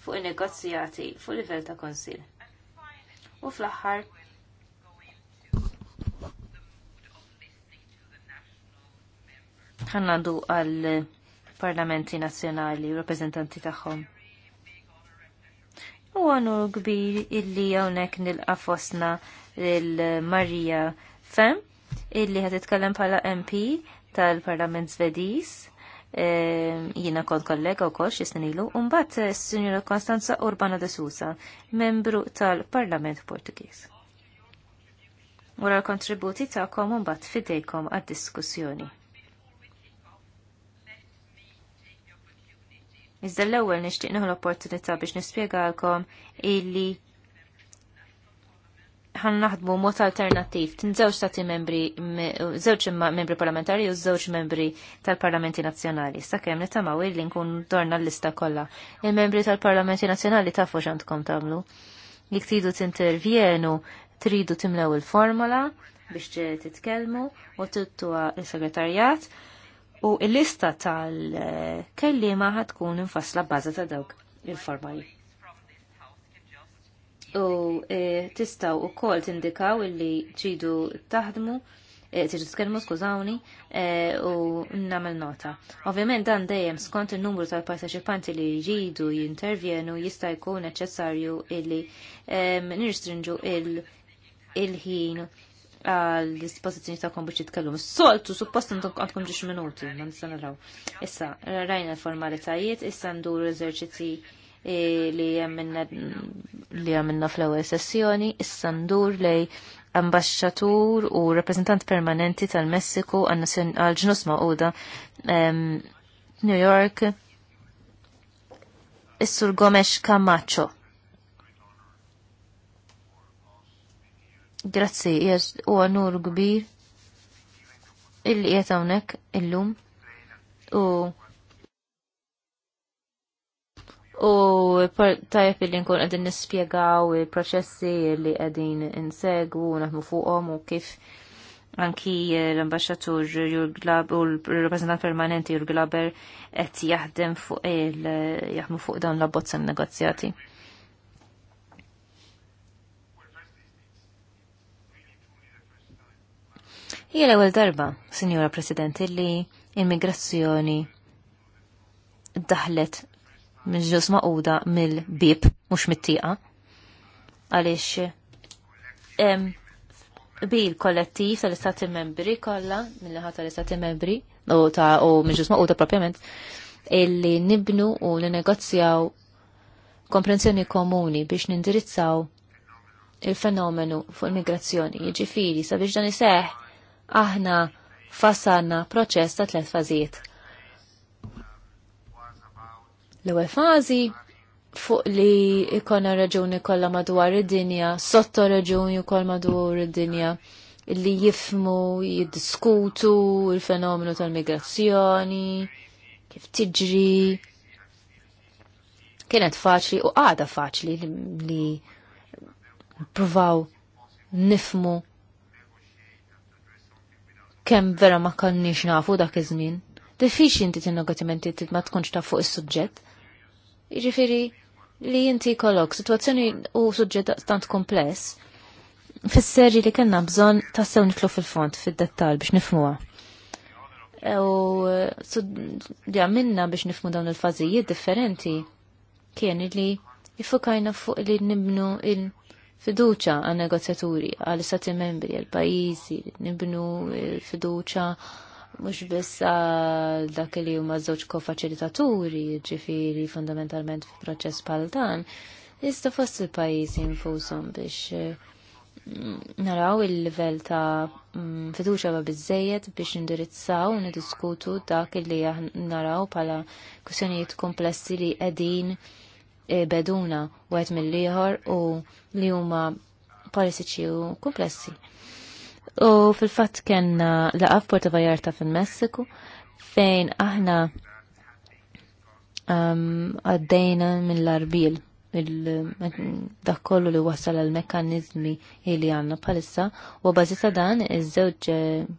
fuq in-negozjati fuq livell ta' konsil. U fl-aħħar ħannadu għal parlamenti nazjonali, rappresentanti tagħhom. U għanu kbir illi għonek nilqa fosna il-Marija Fem, illi għat pala MP tal-Parlament Svediż jina kont kollega u kol xisnilu, unbat s eh, signora Konstanza Urbana de Sousa, membru tal-Parlament Portugiż. Wara l-kontributi kom unbat fidejkom għad-diskussjoni. Iżda l-ewwel nixtieq l opportunità biex għalkom illi ħan naħdmu mod alternattiv tinżewġ tagħti membri żewġ membri parlamentari u żewġ membri tal-Parlamenti Nazzjonali. Sakemm nitamaw li nkun dorna l-lista kollha. Il-membri tal-Parlamenti Nazzjonali tafu x'għandkom tagħmlu. Jek tridu tintervjenu, tridu timlew il-formola biex titkellmu u tittuha il-segretarjat u l-lista tal-kellima ħatkun infassla baza ta' dawk il-formali u e, tistaw u kol tindikaw illi ċidu taħdmu e, t tkellmu skużawni e, u namel nota. Ovvjament dan dejjem skont il-numru tal-parteċipanti li jridu jintervjenu jista' jkun neċessarju illi nirstrinġu il-ħin għal dispozizjoni ta' biex tkellum. Soltu suppost għandkom ġiex minuti, ma nistan raw. Issa rajna l-formalitajiet, issa ndur eżerċizzi E, li għamilna fl-ewwel sessjoni, issa sandur lej ambasċatur u rappresentant permanenti tal-Messiku għal-ġnus ma'uda New York, Is-Sur Gomes Camacho. Grazzi, u għanur kbir li qiegħed hawnhekk illum u U tajab li nkun għadin nispiegaw il-proċessi li għadin u naħmu fuqom u kif anki l ambasġatur Jurglab u l-reprezentant permanenti Jurglaber għet jaħdem fuq il-jaħmu fuq dawn l bozzem negozjati. Hija l-ewwel darba, Sinjora President, li immigrazzjoni daħlet minn ġus maquda mill-bib, mux mit-tieqa. Għalix bil kollettiv tal-istati membri kolla, mill-ħat tal-istati membri, u ta' u minn ġus maquda propjament, illi nibnu u li negozjaw komprensjoni komuni biex nindirizzaw il-fenomenu fuq il-migrazzjoni. Jiġifieri sabiex dan iseħ aħna fassanna proċess ta' tliet fażiet. L-ewwel fażi fuq li ikonna raġuni kollha madwar id-dinja, sotto raġuni wkoll madwar id-dinja li jifmu, jiddiskutu il-fenomenu tal-migrazzjoni, kif tiġri. Kienet faċli u għada faċli li provaw nifmu kem vera ma konniex nafu dak iż-żmien. Diffiċli inti tinnegozjamenti ma tkunx taf fuq is-suġġett. Ġifiri, li jinti kolok situazzjoni u suġġett tant kompless, fisseri li kena bżon tassew niklu fil-font, fil-dettal biex nifmuwa. U minna biex nifmu dawn il-fazijiet differenti kien li jifukajna fuq li nibnu il-fiduċa għal negozjaturi, għal istati membri, għal pajizi, nibnu il-fiduċa mux bissa dak li huma żewġ kofaċilitaturi, ġifiri fundamentalment fil-proċess bħal dan, jista' fost il-pajjiżi infushom biex mm, naraw il-livell ta' mm, fiduċa ba' bizzejiet biex indirizzaw nidiskutu dak li naraw pala kwestjonijiet komplessi li qegħdin e, beduna wieħed mill-ieħor u li huma polisiċi u komplessi. U fil-fatt kena laqaf Porta Vajarta fil-Messiku fejn aħna um, għaddejna um, mill-arbil dak kollu li wasal għal mekkanizmi li għanna palissa u bazita dan iż-żewġ um,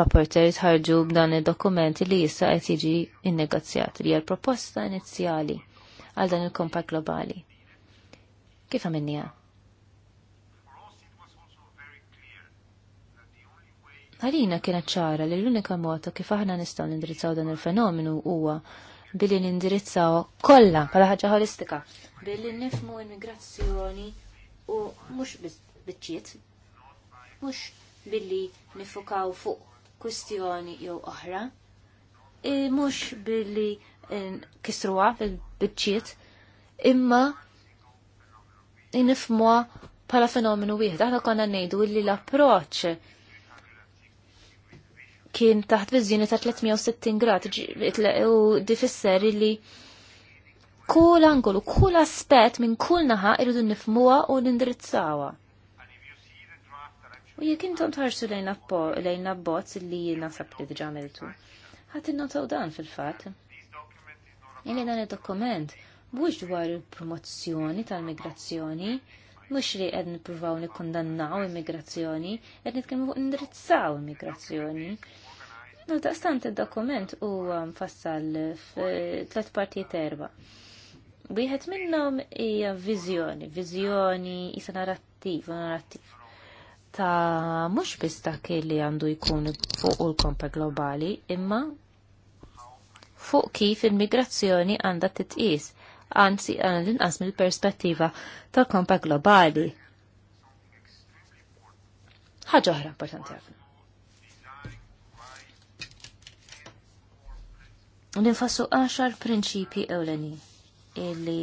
rapporters ħarġu b'dan id-dokumenti li jissa qed jiġi innegozjat li hija proposta inizjali għal dan il-kompakt globali Kif għamennija? Għalina kienet ċara li l-unika mota kif aħna nistgħu nindirizzaw dan il-fenomenu huwa billi nindirizzaw kollha bħala ħaġa holistika. Billi nifmu immigrazzjoni u mhux biċċiet, mhux billi nifukaw fuq kwistjoni jew oħra, mhux billi kisruwa fil-biċċiet, imma nifmuha bħala fenomenu wieħed. Aħna konna ngħidu li l-approċċ kien taħt viżjoni ta' 360 grad u difisser li kull angolu, kull aspett minn kull naħa irridu nifmuha u nindirizzawha. U jek intom tħarsu lejn abbozz li nasab li diġa għamiltu. Ħat innotaw dan fil-fat. Jeni dan il-dokument mhux dwar il-promozzjoni tal-migrazzjoni, mhux li qed nippruvaw nikkundannaw immigrazzjoni, qed nitkellmu fuq indirizzaw immigrazzjoni. No, stant id-dokument huwa mfassal tliet partijiet erba'. Wieħed minnhom hija viżjoni, viżjoni isa narrattiv, narrattiv ta' mhux biss dak li għandu jkun fuq il-kompa globali, imma fuq kif il-migrazzjoni għandha titqies anzi għan l-inqas mill-perspettiva tal-kompa globali. Ħaġa ħra importanti ħafna. Ninfassu għaxar prinċipi ewleni illi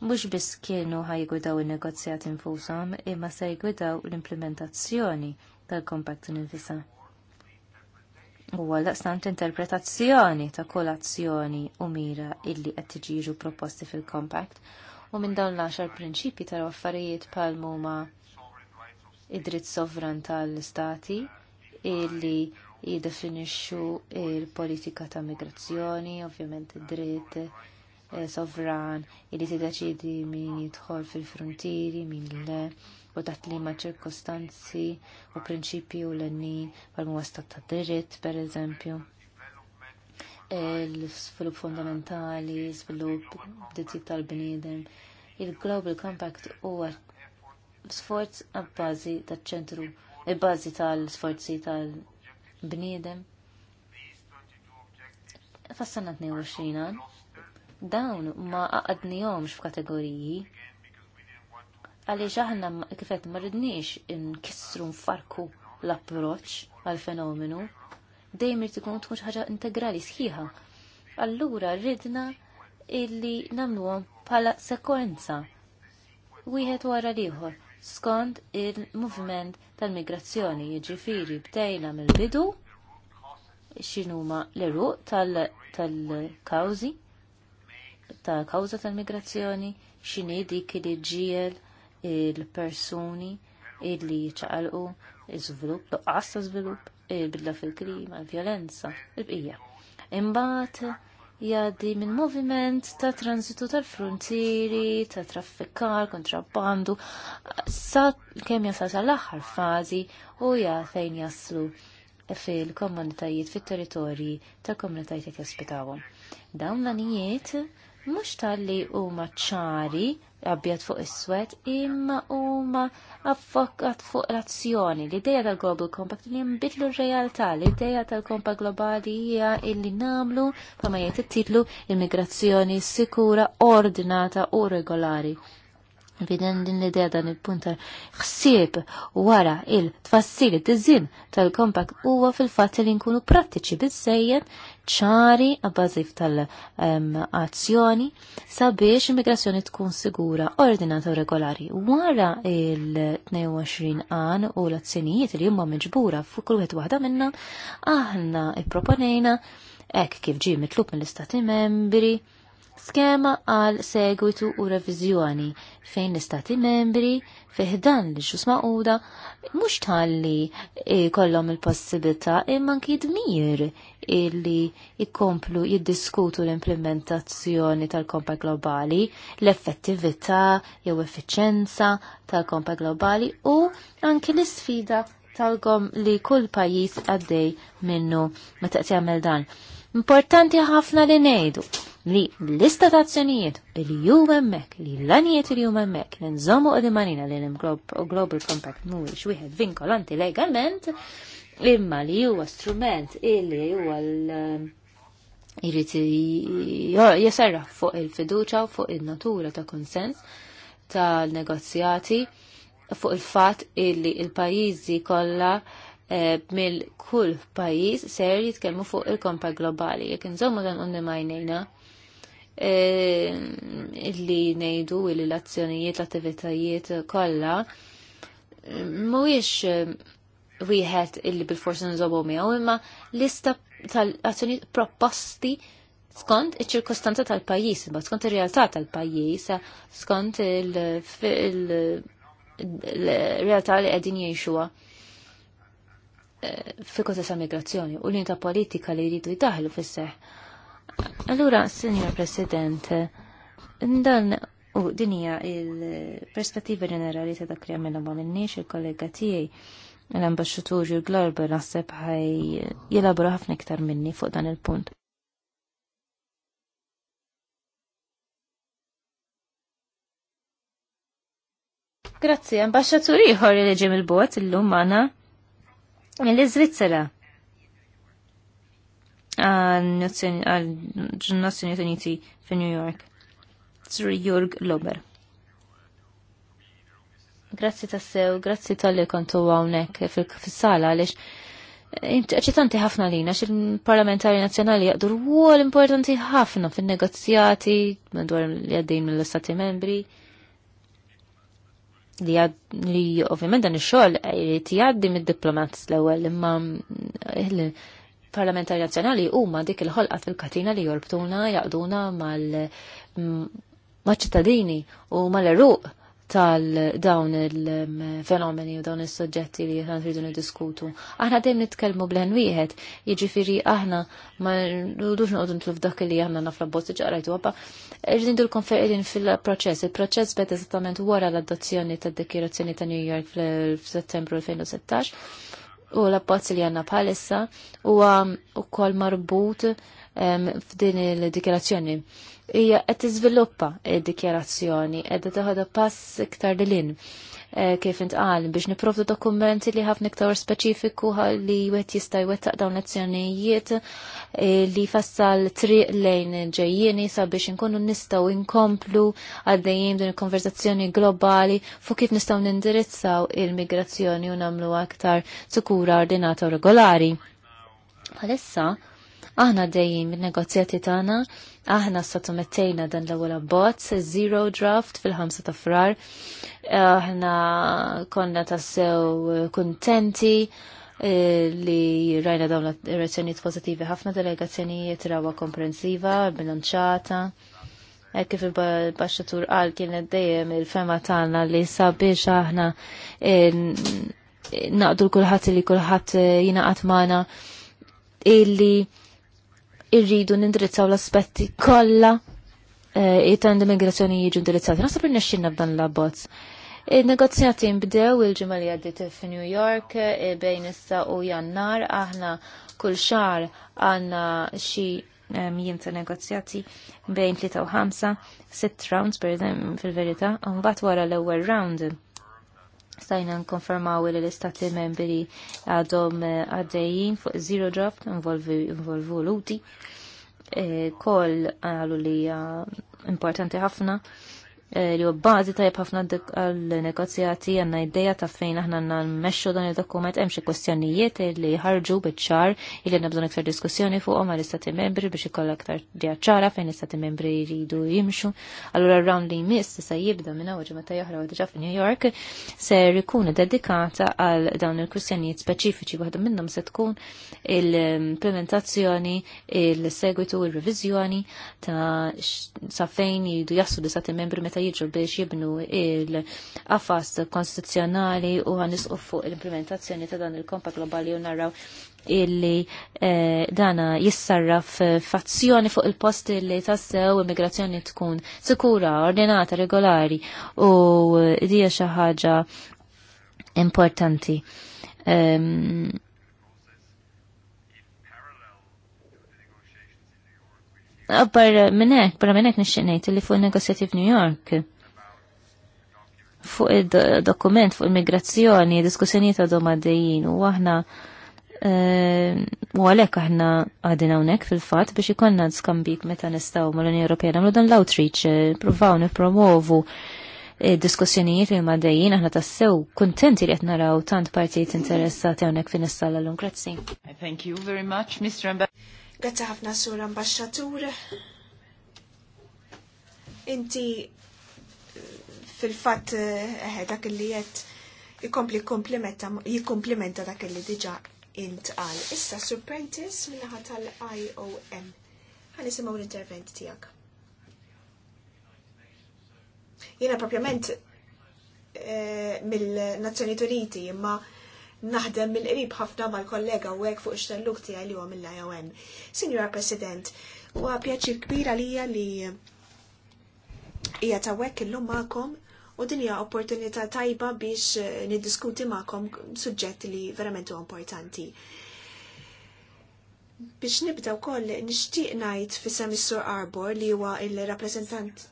mhux biss kienu ħajgwidaw in-negozjat infushom imma se jgwidaw l-implementazzjoni tal-compact nifisa. U għal-daqstant interpretazzjoni ta' kolazzjoni u mira illi qed tiġiġu proposti fil-compact u minn dawn l għaxar prinċipji taraw affarijiet bħal huma id-dritt sovran tal-istati illi jiddefinixxu il-politika ta' migrazzjoni, ovvjament id-dritt eh, sovran illi tiddeċidi min jidħol fil-frontieri, min le u taħt li ma ċirkostanzi u prinċipju l-għannin pal muwastat ta' dritt, per eżempju. L-svilup fundamentali, svilup ditti tal-bnidem. Il-Global Compact huwa sforz għabbazi tal-ċentru, bażi tal-sforzi tal-bnidem. Fassana 22 Dawn ma għadnijomx f'kategoriji għaliex aħna kifet ma rridniex nkissru nfarku l-approċ għal-fenomenu, dejjem irid tkun tkun ħaġa integrali sħiħa. Allura rridna illi nagħmluhom bħala sekwenza wieħed wara l-ieħor skont il movement tal-migrazzjoni jiġifieri bdejna mill-bidu x'inhuma l-eruq tal-kawżi tal-kawża tal-migrazzjoni x'inhi dik li ġiel il-persuni illi ċaqalqu il żvilupp doqqas ta' żvilupp, il-bidla fil-klima, il-vjolenza, il-bqija. Imbagħad jaddi minn moviment ta' transitu tal-frontieri, ta' traffikar, kontrabbandu, sa' kemm jasal l aħħar fażi u fejn jaslu fil-komunitajiet, fit-territorji ta' komunitajiet jaspitawu. Dawn l-anijiet mhux li huma ċari abjad fuq is-swed imma huma affokat fuq l-azzjoni. L-idea tal-Global Compact li nbidlu r-realtà, l-idea tal-Compact Globali hija illi namlu ma jgħid it-titlu immigrazzjoni sikura, ordinata u regolari. Biden din l-idea dan il-punta xsib wara il-tfassili d-dizin tal kompak huwa fil-fatt li nkunu prattiċi bizzejjed ċari għabbażif tal-azzjoni ehm, sabiex immigrazzjoni tkun sigura, ordinata u regolari. Wara il-22 għan u l-azzjonijiet li huma miġbura fuq kull waħda minna, aħna ipproponejna ek kif ġi mitlub mill-istati membri skema għal segwitu u revizjoni fejn l-istati membri fiħdan li xus maquda mux tħalli eh, kollom il-possibilità imman kidmir illi jikomplu jiddiskutu l-implementazzjoni tal-kompa globali, l-effettività jew effiċenza tal-kompa globali u anki l-sfida tal-kom li kull pajis għaddej minnu meta jagħmel dan. Importanti ħafna li ngħidu li l-lista ta' azzjonijiet li mek, li l-anijiet li jumemmek, li nżommu dimanina li l-Global Compact mhuwiex wieħed vinkolanti legalment, imma li huwa strument illi huwa l- irrit jesarra fuq il-fiduċa u fuq il-natura ta' konsens tal-negozjati fuq il-fat illi il-pajizi kollha eh, mill kull pajiz ser jitkellmu fuq il-kompa globali. Jekk nżommu dan unni majnejna, Eh, illi nejdu illi l-azzjonijiet, l-attivitajiet kollha mhuwiex eh, wieħed illi bil-forsi nżobu miegħu imma lista tal-azzjonijiet proposti skont iċ-ċirkostanza tal-pajjiż, imma skont ir-realtà tal-pajjiż, skont il-realtà li qegħdin jgħixuha eh, fi kontest migrazzjoni u l-unità politika li jridu jtaħlu fis seħħ Allura, Signor President, dan u dinija il-perspettiva ġenerali ta' dakri li ma' l il-kollega tiegħi l-ambasċatur Jur Glorber għasseb ħaj jelabra ħafna iktar minni fuq dan il-punt. Grazzi, ambasċatur ieħor li ġim il-bot illum magħna mill-Iżvizzera għal-Nazzjoni Uniti fi New York. Sir Jurg Lober. Grazzi tassew, grazzi tal-li kontu għawnek fil-sala għalix ċitanti ħafna lina, il parlamentari nazjonali jaqdur għol importanti ħafna fil-negozjati madwar li għaddejn mill-istati membri li li ovvjament dan ix-xogħol jrid eh, jgħaddi mid-diplomats l-ewwel imma eh, parlamentari nazzjonali huma dik il-ħolqa fil-katina li jorbtuna jaqduna mal mm, ċittadini u mal-eruq tal-dawn il-fenomeni u dawn is-soġġetti li jħan rridu diskutu. Aħna dejjem nitkellmu bl wieħed, jiġifieri aħna ma rridux noqogħdu nitlu f'dak li aħna nafla bozz ġarajtu għabba. Rridu l-konferqin fil-proċess. Il-proċess beda eżattament wara l-adozzjoni tad-dekirazzjoni ta' New York f'Settembru 2016 u l appozz li għanna bħalissa u kol marbut f'din il-dikjerazzjoni. Hija qed tiżviluppa il dikjerazzjoni qiegħda taħodha pass iktar lilin. Eh, kif intqal biex niprovdu dokumenti li ħafna iktar speċifiku li wet jista' jwettaq dawn lezzjonijiet eh, li fassal triq lejn ġejjieni sabiex inkunu nistgħu inkomplu għaddejjin din il-konverzazzjoni globali fuq kif nistgħu nindirizzaw il-migrazzjoni u nagħmlu aktar sikura ordinata u regolari. Għalissa, Aħna dejjem min-negozjati tagħna, aħna sottomettejna dan l-ewwel abbozz, zero draft fil-5 ta' frar. Aħna konna tassew kuntenti eh, li rajna dawn l-reazzjonijiet pożittivi ħafna delegazzjonijiet rawa komprensiva, bilanċata e kif il-baxxatur qal kienet dejjem il-fema tagħna li sabiex aħna eh, naqdu l-kulħadd li kulħadd eh, jingħaqad magħna illi irridu nindirizzaw l-aspetti kollha jitan eh, d immigrazzjoni jiġu indirizzati. Nasab il-nexxinna b'dan l-abbozz. Il-negozjati nbdew il-ġimma li għaddit f'New York eh, bejn issa u jannar aħna kull xar għanna xi jiem negozjati bejn 3 u 5, 6 rounds per fil-verita, un bat wara l-ewwel round stajna nkonfermaw li l-istati membri għadhom eh, għaddejjin fuq zero draft involvu l-uti. Eh, Kol għalu li importanti ħafna Eh, li bazi bażi tajjeb ħafna għal negozjati għandna ideja ta' fejn aħna n-meċu dan il-dokument hemm xi kwestjonijiet li ħarġu biċ-ċar li għandna bżonn iktar diskussjoni fuqhom għal istati membri biex ikollha aktar ċara fejn istati membri jridu jimxu. Allura round li jmiss sa' jibda minn hawn ġimgħa ta' joħra diġà f'New York ser ikun dedikata għal dawn il-kwistjonijiet speċifiċi waħda minnhom se tkun il-implementazzjoni, il-segwitu, il revizjoni ta' sa' fejn jridu jassu l-istati membri meta jiġu biex jibnu il afast konstituzzjonali u għanisqu fuq l-implementazzjoni ta' dan il-kompa globali u narraw illi eh, dana jissarraf fazzjoni fuq il-post illi tassew immigrazzjoni tkun sikura, ordinata, regolari u dija xi ħaġa importanti. Um, Abbar ah, minnek, barra minnek nixxinejt li fuq negozjati f'New York fuq il-dokument fuq immigrazzjoni, diskussjonijiet għadhom għaddejjin u aħna eh, u għalek aħna għadin hawnhekk fil-fatt biex ikonna skambik meta nistgħu mal-Unjoni Ewropea nagħmlu dan l-outreach, eh, provaw nippromovu eh, diskussjonijiet li huma aħna tassew kuntenti li qed naraw tant partijiet interessati hawnhekk fin-nistalla l-lum. Grazzi. Thank you very much, Mr. Ambassador. Għetta ħafna sur ambasċatur. Inti fil-fat eh, dak li jett jikompli jikomplimenta dak li diġa intqal. Issa surprentis minnaħat tal-IOM. Għan isimaw l-intervent tijak. Jena propjament eh, mill-Nazzjoni Uniti imma naħdem mill-qrib ħafna mal-kollega u fuq ix ti tiegħi li huwa mill-IOM. Sinjora President, huwa pjaċir kbir għalija li hija tawek illum magħkom u din hija opportunità tajba biex eh, niddiskuti magħkom suġġett li verament huwa importanti. Biex nibda wkoll nixtieq ngħid fis-sem is-Sur Arbor li huwa il-rappreżentant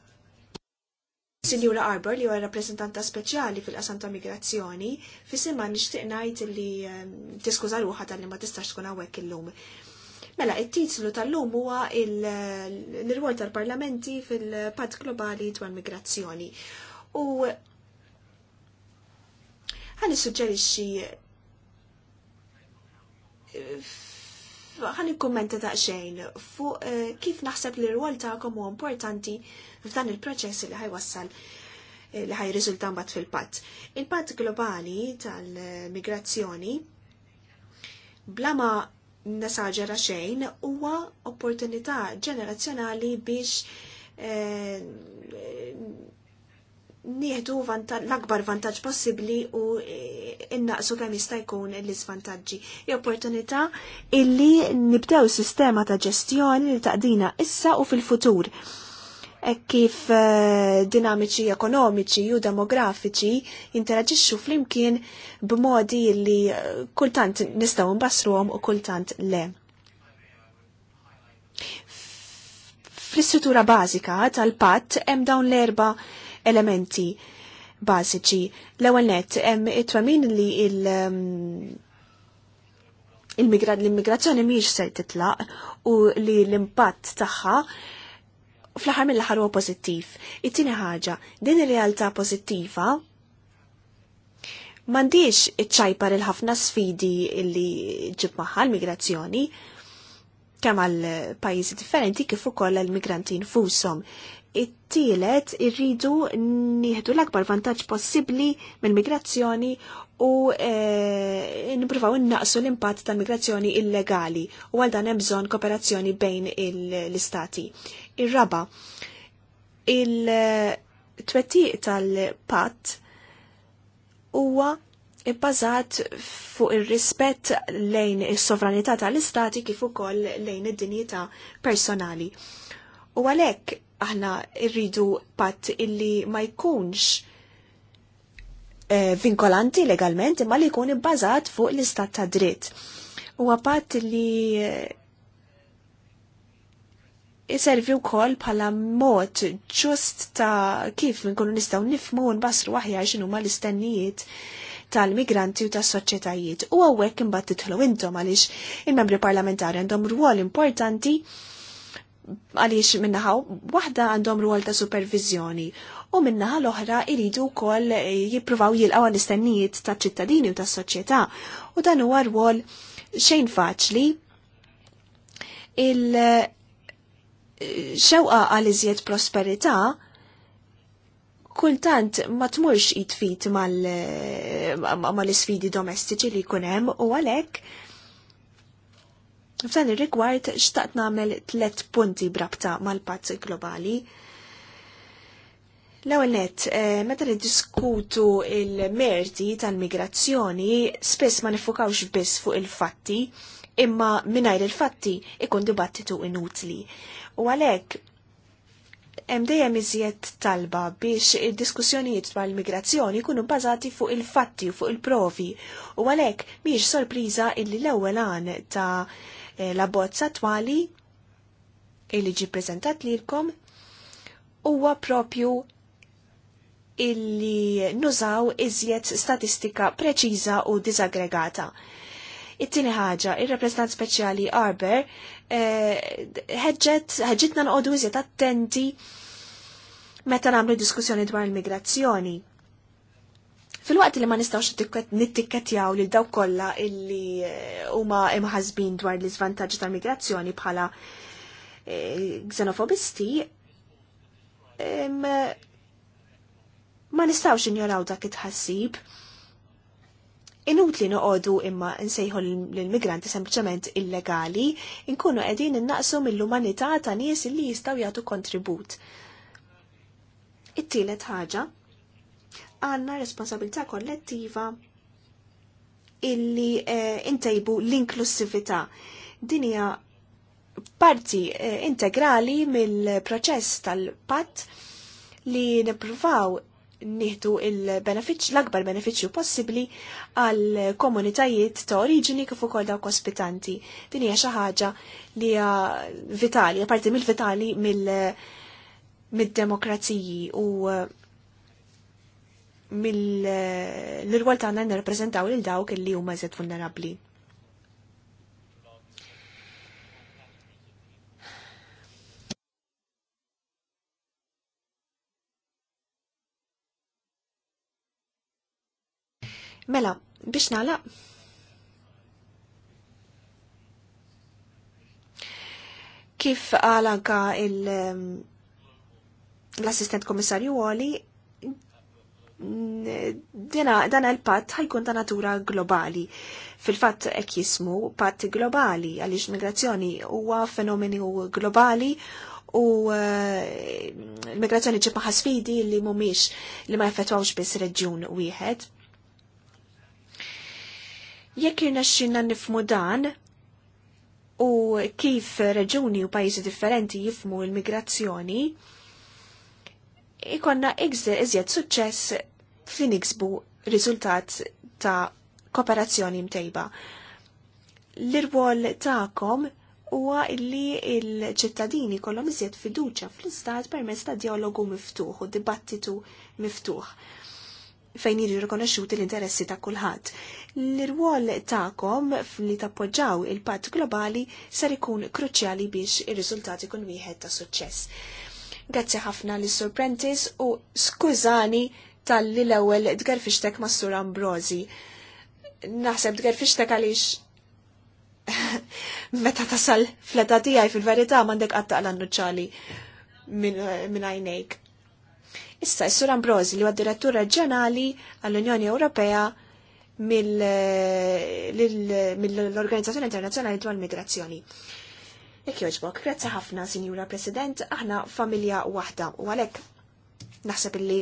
Sinjura Arbor li huwa rappreżentanta speċjali fil-qasam ta' migrazzjoni, fisimha nixtieq ngħid li ehm, tiskuża ruħha tal-li ma tistax tkun hawnhekk illum. Mela, it-titlu tal-lum huwa l rwol tal-parlamenti fil-pad globali dwar migrazzjoni. U ħan suġġerixxi ħan ikkummenta ta' xejn fuq eh, kif naħseb li r-rwol tagħkom huwa importanti f'dan il-proċess li ħajwassal eh, li ħaj riżultan bat fil-patt. Il-patt globali tal-migrazzjoni bla ma xejn huwa opportunità ġenerazzjonali biex eh, nieħdu l-akbar vantaġġ possibbli u eh, innaqsu kemm jista' jkun l-iżvantaġġi. opportunità illi nibdew sistema ta' ġestjoni li taqdina issa u fil-futur E kif eh, dinamiċi ekonomiċi u demografiċi jinteraġixxu flimkien b'modi li eh, kultant nistgħu nbassruhom u kultant le. Fl-istruttura bażika tal-patt hemm dawn l-erba' elementi bażiċi. L-ewwel nett hemm it-twemmin li il- ehm, l-immigrazzjoni mhijiex se titlaq u li l-impatt tagħha fl-aħħar mill ħar huwa pożittiv. It-tieni ħaġa, din ir-realtà pożittiva m'għandix iċċajpar il-ħafna sfidi li ġib magħha l-migrazzjoni kemm għal pajjiżi differenti kif ukoll l migranti nfushom. It-tielet irridu nieħdu l-akbar vantaġġ possibbli mill-migrazzjoni u e, eh, nipruvaw innaqsu l-impatt tal-migrazzjoni illegali u għal dan hemm bżonn kooperazzjoni bejn l-istati. Ir-raba, il-twettiq tal-patt huwa ibbażat fuq ir-rispett lejn is-sovranità tal-istati kif ukoll lejn id-dinjità personali. U għalhekk aħna rridu patt illi ma jkunx eh, vinkolanti legalment imma li jkun ibbażat fuq l-istat ta' dritt. Huwa patt li jiservi eh, wkoll bħala mod ġust ta' kif nkunu nistgħu nifmu u nbassru aħjar x'inhu ma l-istennijiet tal-migranti u tas-soċjetajiet. U hawnhekk imbagħad titħlu intom għaliex il-membri parlamentari għandhom rwol importanti għaliex minnaħaw waħda għandhom rwol ta' supervizjoni u minnaħa l-oħra iridu wkoll eh, jippruvaw jilqgħu l-istennijiet taċ ċittadini u tas-soċjetà u dan huwa rwol xejn faċli il eh, xewqa għal iżjed prosperità kultant ma tmurx jitfit eh, mal-isfidi domestiċi li jkun hemm u għalhekk F'dan ir-rigward xtaqt nagħmel tliet punti brabta mal-pazz globali. L-ewwel nett, eh, meta niddiskutu il-merti tal-migrazzjoni, spiss ma nifukawx biss fuq il-fatti, imma mingħajr il-fatti ikun dibattitu inutli. U għalhekk hemm dejjem iżjed talba biex id-diskussjonijiet dwar l-migrazzjoni jkunu bbażati fuq il-fatti u fuq il-provi. U għalhekk mhijiex sorpriża illi l-ewwel għan ta' Eh, la bozza twali illi ġi prezentat lilkom huwa propju illi nużaw iżjed statistika preċiża u disaggregata. It-tieni ħaġa, ir-rappreżentant speċjali Arber eh, ħeġġet ħeġġitna nqogħdu iżjed attenti meta nagħmlu diskussjoni dwar il-migrazzjoni Fil-waqt li ma nistawx nittikketjaw li daw kollha illi eh, huma imħazbin dwar l iżvantaġġi tal-migrazzjoni bħala eh, xenofobisti, ma nistawx injoraw dak it-ħassib. Inutli noqodu imma nsejħu l-migranti sempliċement illegali, inkunu qegħdin innaqsu mill-umanità ta' nies illi jistgħu jagħtu kontribut. It-tielet ħaġa għanna responsabilità kollettiva illi eh, intejbu l-inklusivita. Dinja parti eh, integrali mill-proċess tal-pat li nipruvaw nieħdu il-benefiċ, l-akbar benefiċċju possibbli għal komunitajiet ta' oriġini kif ukoll dawk ospitanti. Din hija xi ħaġa li hija vitali, parti mill-vitali mill-demokraziji u eh, mill-rwol tagħna reprezentaw lil dawk li huma mażet vulnerabli. Mela, biex nagħlaq. Kif għal anka ehm, l-assistent komissarju għoli, Mm, dan il-patt ħajkun ta' natura globali. Fil-fatt ek jismu patt globali għaliex migrazzjoni huwa fenomeni globali u l-migrazzjoni eh, ġib sfidi li mumiex li ma jfetwawx biss reġjun wieħed. Jekk jirna xinna nifmu dan u kif reġuni u pajjiżi differenti jifmu l-migrazzjoni, ikonna iżjed suċċess li niksbu riżultat ta' kooperazzjoni mtejba. L-irwol ta'kom huwa li il-ċittadini kollhom iżjed fiduċa fl-istat permezz ta' dialogu miftuħ u dibattitu miftuħ fejn jiġu rikonoxxuti l-interessi ta' kulħadd. L-irwol tagħkom li tappoġġaw il-patt globali ser ikun kruċjali biex ir-riżultat ikun wieħed ta' suċċess. Grazzi ħafna l Sur Prentice u skużani tal-li l-ewel dgerfixtek ma' Sur Ambrosi. Naħseb dgerfixtek għalix meta tasal fleta tijaj fil-verità mandek għatta l-annuċali minn għajnejk. Issa, s Sur Ambrosi li għad-direttur reġjonali għall-Unjoni Ewropea mill-Organizzazzjoni Internazzjonali dwar Migrazzjoni. Jekk joġbok, grazzi ħafna, Sinjura President, aħna familja waħda u għalhekk naħseb illi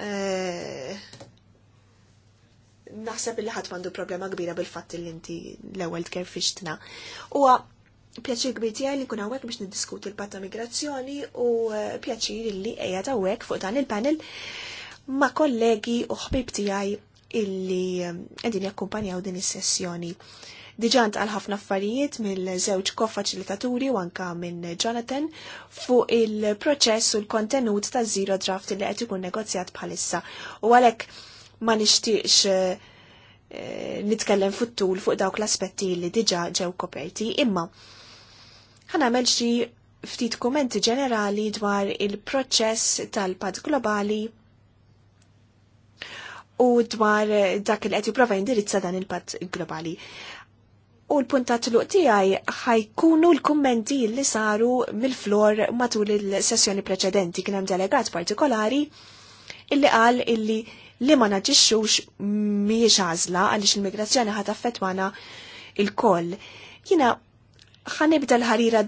Eh, naħseb li ħadd m'għandu problema kbira bil-fatt li inti l-ewwel fixtna. Huwa pjaċir kbir tiegħi li kun hawnhekk biex niddiskuti l-patta migrazzjoni u eh, pjaċir li qiegħed hawnhekk fuq dan il-panel ma' kollegi u ħbib tiegħi illi eh, qegħdin jakkumpanjaw din is-sessjoni. Diġant għal ħafna affarijiet mill-żewġ kofaċilitaturi u anka minn Jonathan fuq il-proċess u l-kontenut ta' zero draft li qed ikun negozjat bħalissa. U għalhekk ma nixtieqx eh, nitkellem fit-tul fuq dawk l-aspetti li diġa ġew koperti, imma ħanamel xi ftit kumenti ġenerali dwar il-proċess tal-pad globali u dwar dak il qed jipprova jindirizza dan il-patt globali. U l-puntat l tiegħi ħajkunu l-kummenti li saru mill-flor matul il-sessjoni preċedenti kien hemm delegat partikolari illi qal illi li ma naġixxux mhijiex għażla għaliex l-migrazzjoni ħad affettwana il-koll. Jiena ħanibda l-ħarira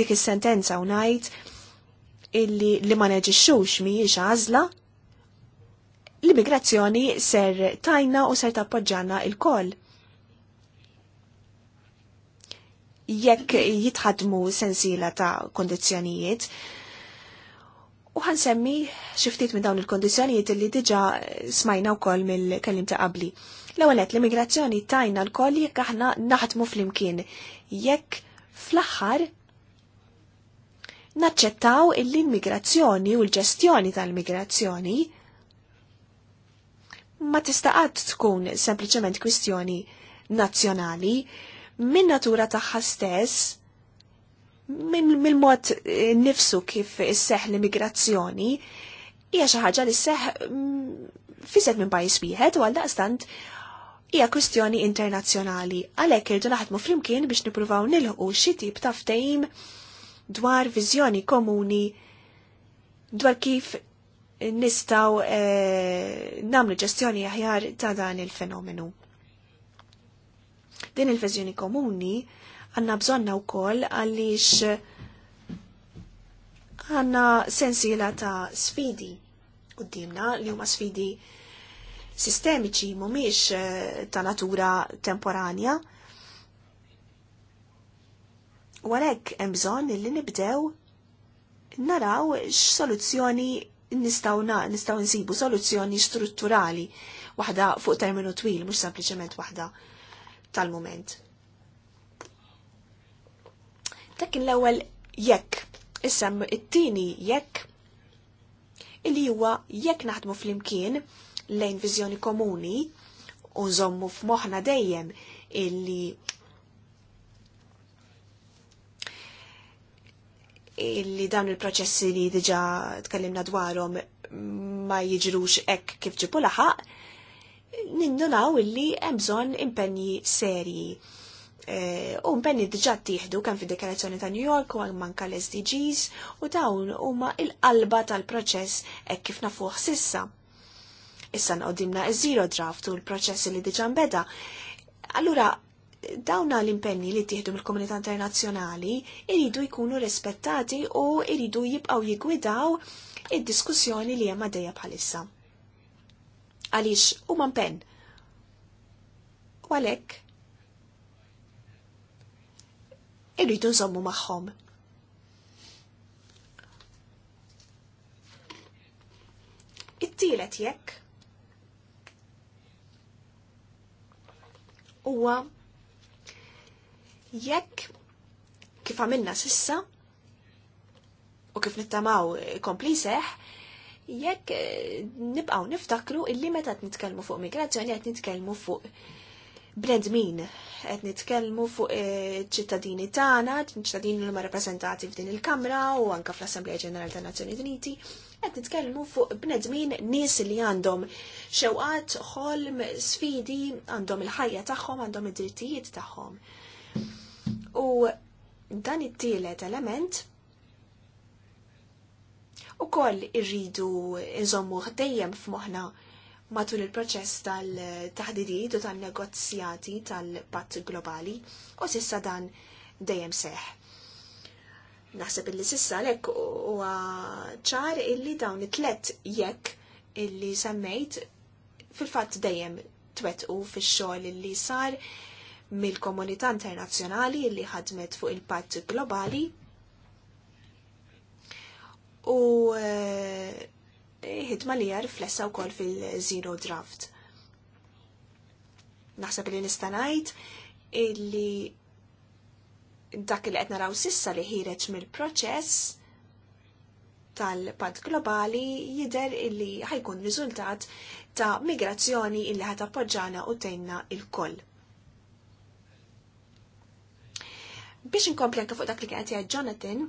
dik is-sentenza u ngħid illi li ma naġixxux mhijiex għażla l-immigrazzjoni ser tajna u ser tappoġġana il-koll. jekk jitħadmu sensiela ta' kondizjonijiet. U ħansemmi xiftit minn dawn il-kondizjonijiet li diġa smajna u koll mill-kellim ta' qabli. l għalet l-immigrazzjoni tajna l-koll jekk aħna naħdmu fl-imkien. Jekk fl-axħar naċċettaw l-immigrazzjoni u l-ġestjoni tal immigrazjoni ma tistaqat tkun sempliciment kwistjoni nazzjonali, minn natura tagħha stess, mill-mod eh, nifsu kif isseħ l-immigrazzjoni, hija xi ħaġa li seħ mm, fiset minn pajjiż wieħed u għal daqstant hija kwestjoni internazzjonali. Għalhekk irdu naħdmu flimkien biex nippruvaw nilħu xi tip ta' ftehim dwar viżjoni komuni dwar kif nistaw eh, namlu ġestjoni aħjar ta' dan il-fenomenu. Din il-verżjoni komuni għanna bżonna u koll għalix għanna sensiela ta' sfidi u dimna li huma sfidi sistemiċi mumiex eh, ta' natura temporanja. U għalek bżonn li nibdew naraw x-soluzzjoni nistaw, nistaw nsibu soluzzjoni strutturali waħda fuq terminu twil, mux sempliciment waħda tal-moment. Dak l-ewwel jekk, issem it-tieni jekk illi huwa jekk naħdmu fl-imkien lejn viżjoni komuni u nżommu f'moħħna dejjem illi illi dawn il-proċessi li diġa tkellimna dwarhom ma jiġrux hekk kif ġibu laħaq, nindunaw illi hemm bżonn impenji serji. E, u impenni diġa tiħdu kemm fi dekarazzjoni ta' New York u manka l-SDGs u dawn huma il-qalba tal-proċess hekk kif nafuh sissa. Issa nqoddimna iż-zero draft u l-proċess li diġa nbeda. Allura, dawna l-impenni li tieħdu mill-komunità internazzjonali iridu jkunu rispettati u iridu jibqgħu jigwidaw id-diskussjoni li hemm għaddejja bħalissa u huma pen. U għalhekk irridu nżommu magħhom. It-tielet jekk huwa jekk kif għamilna sissa u kif nittamaw kompli seħ, jekk eh, nibqaw niftakru illi meta qed nitkellmu fuq migrazzjoni qed nitkellmu fuq bnedmin, qed nitkellmu fuq eh, ċittadini tagħna, ċittadini li ma rappreżentati f'din il-Kamra u anke fl-Assembleja Ġenerali tan Nazzjonijiet Uniti, qed nitkellmu fuq bnedmin nies li għandhom xewqat, ħolm, sfidi, għandhom il-ħajja tagħhom, għandhom id-drittijiet tagħhom. U dan it-tielet element u koll irridu nżommu ħdejjem f'moħna matul il-proċess tal-taħdidiet u tal-negozjati tal-patt globali u sissa dan dejjem seħ. Naħseb illi sissa lek u ċar illi dawn it-tlet jekk illi semmejt fil-fatt dejjem u fix-xogħol illi sar mill-komunità internazzjonali illi ħadmet fuq il-patt globali u eh, ħidma li riflessa wkoll fil-zero draft. Naħseb li nista' ngħid illi dak li qed naraw sissa li ħireġ mill-proċess tal-pad globali jider illi ħajkun riżultat ta' migrazzjoni illi ħat appoġġana u tejna il-koll. Biex nkompli anke fuq dak li kienet Jonathan,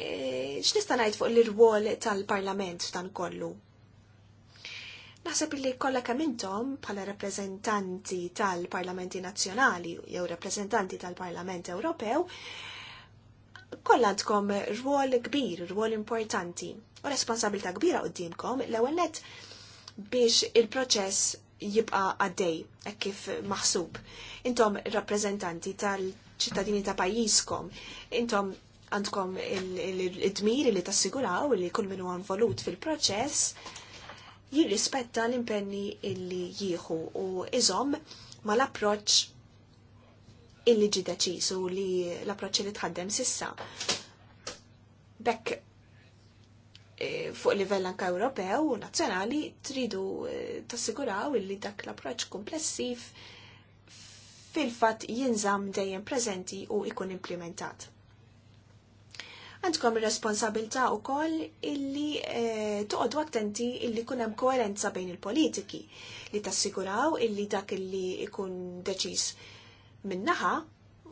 Eh, x'nista' ngħid fuq l-irwol tal-Parlament f'dan kollu? Naħseb li kollha kemm intom bħala rappreżentanti tal-Parlamenti Nazzjonali jew rappreżentanti tal-Parlament Ewropew kollha għandkom rwol kbir, rwol importanti u responsabilità kbira qudiemkom l-ewwel nett biex il-proċess jibqa għaddej kif maħsub. Intom rappreżentanti tal-ċittadini ta' pajjiżkom, intom għandkom il-dmir li tassiguraw li kull minu huwa involut fil-proċess jirrispetta l-impenni illi jieħu u iżom ma l-approċ illi ġi deċisu li l-approċ li tħaddem sissa. Bekk e, fuq livell anka Ewropew u nazzjonali tridu e, tassiguraw illi dak l-approċ komplessiv fil-fat jinżam dejjem preżenti u ikun implementat għandkom ir-responsabilità wkoll illi eh, toqgħodu attenti illi jkun hemm koerenza bejn il-politiki li tassiguraw illi dak illi jkun deċiż minnaħa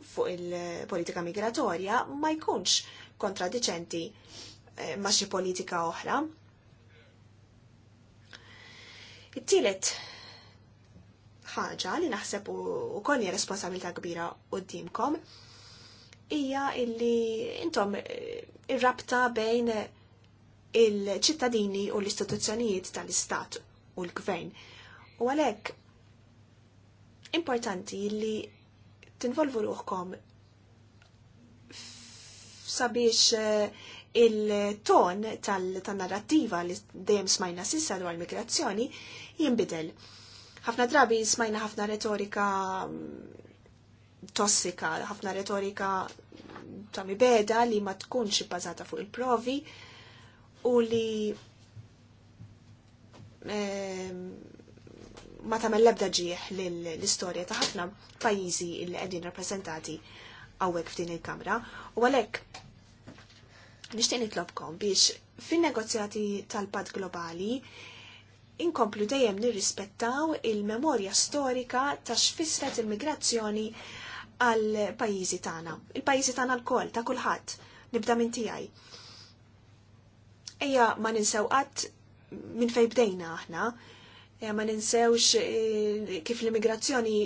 fuq il-politika migratorja ma jkunx kontradiċenti eh, ma' xi politika oħra. It-tielet ħaġa li naħseb u kolli responsabilità kbira u d-dimkom hija illi intom eh, irrabta rabta bejn il-ċittadini u l-istituzzjonijiet tal-istat u l-gvern. U għalek, importanti li tinvolvu ruħkom sabiex eh, il-ton tal-narrativa li dejjem smajna sissa dwar migrazzjoni jinbidel. ħafna drabi smajna ħafna retorika mm, tossika, ħafna retorika ta' beda li ma tkunx bazata fuq il-provi u li ehm, ma tagħmel l-ebda ġieħ l-istorja ta' ħafna pajjiżi li qegħdin rappresentati hawnhekk f'din il-Kamra. U għalhekk nixtieq nitlobkom biex fin-negozjati tal-pad globali inkomplu dejjem nirrispettaw il-memorja storika ta' xfisret il-migrazzjoni għal pajjiżi tagħna. Il-pajjiżi tagħna l-koll ta' kulħadd. Nibda minn tiegħi. Ejja ma ninsew qatt minn fejn bdejna aħna. Ejja ma ninsewx eh, kif l-immigrazzjoni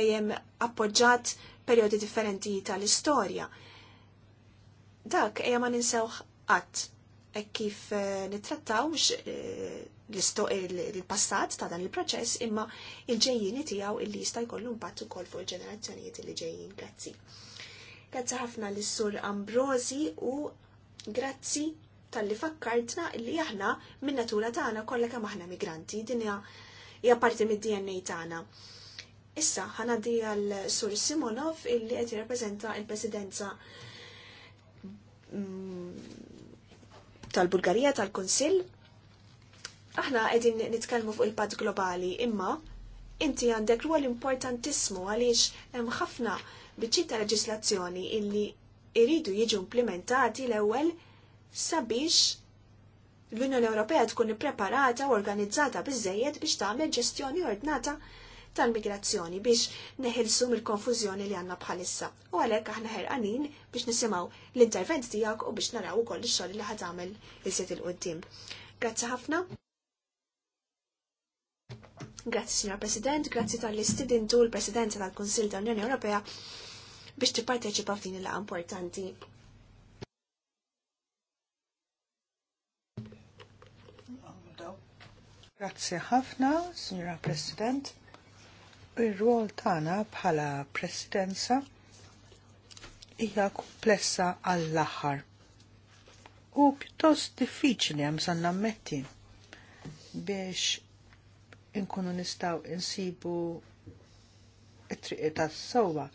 dejjem appoġġat perjodi differenti tal-istorja. Dak eja ma ninsew għat. E kif e, nittrattawx e, il-passat ta' dan il-proċess imma il-ġejjini tiegħu illi jista' jkollu impatt ukoll fuq il-ġenerazzjonijiet li ġejjin. Grazzi. Grazzi ħafna l sur Ambrosi u grazzi tal-li fakkartna illi aħna minn natura tagħna kollha kemm aħna migranti, din hija parti mid-DNA tagħna. Issa ħanaddi għal sur Simonov illi qed jirrappreżenta l-Presidenza mm, tal-Bulgarija tal-Kunsill. Aħna qegħdin nitkellmu fuq il pad globali, imma inti għandek rwol importantissimu għaliex hemm ħafna biċċiet ta' leġislazzjoni illi iridu jiġu implementati l-ewwel sabiex l-Unjoni Ewropea tkun ippreparata u organizzata biżejjed biex tagħmel ġestjoni ordnata tal-migrazzjoni biex neħilsu mill-konfużjoni li għanna bħalissa. U għalhekk aħna ħerqanin biex nisimgħu l-intervent tiegħek u biex naraw ukoll ix-xogħol li ħad tagħmel iżjed il-qudiem. Grazzi ħafna. Grazzi Signor President, grazzi tal tu l-Presidenza tal konsil tal-Unjoni Ewropea biex tipparteċipa f'din il-laqa importanti. Grazie ħafna, Signora President ir-rol tagħna bħala presidenza hija komplessa għall-aħħar. U pjuttost diffiċli hemm san nammetti biex inkunu nistgħu insibu it-triqi tas sowa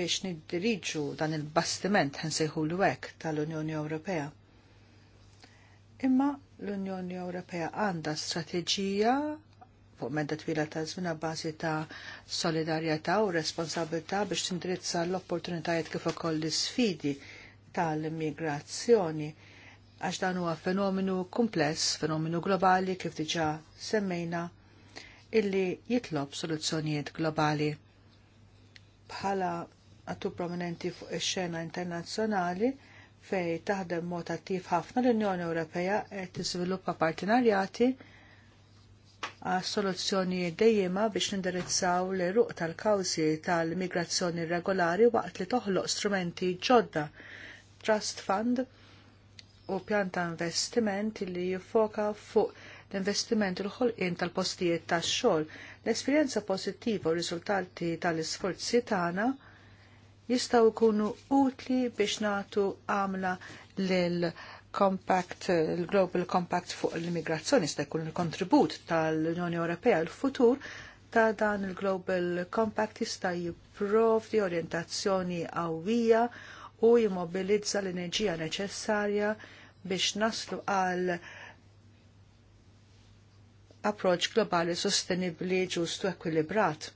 biex niddiriġu dan il-bastiment ħansejħu l-wek tal-Unjoni Ewropea. Imma l-Unjoni Ewropea għandha strateġija medda twila ta' zmina bażi ta' solidarjetà u responsabilità biex tindrizza l-opportunitajiet kif ukoll l-isfidi tal-immigrazzjoni għax dan huwa fenomenu kumpless, fenomenu globali kif diġà semmejna illi jitlob soluzzjonijiet globali. Bħala għattu prominenti fuq ix-xena internazzjonali fej taħdem mod attiv ħafna l-Unjoni Ewropea qed tiżviluppa partenarjati għas soluzzjoni dejjema biex nindirizzaw l ruq tal-kawzi tal-migrazzjoni regolari waqt li toħloq strumenti ġodda, trust fund u pjan ta' investiment li jiffoka fuq l-investiment l ħolqien tal-postijiet tax xogħol. L-esperjenza pożittiva u riżultati tal-isforzi tagħna jistgħu jkunu utli biex nagħtu għamla lil compact, eh, il-Global Compact fuq l-immigrazzjoni sta jkun il-kontribut tal-Unjoni Ewropea l-futur ta' dan il-Global Compact jista' jipprovdi orientazzjoni qawwija u jimmobilizza l-enerġija neċessarja biex naslu għal approċ globali sostenibli ġustu ekwilibrat.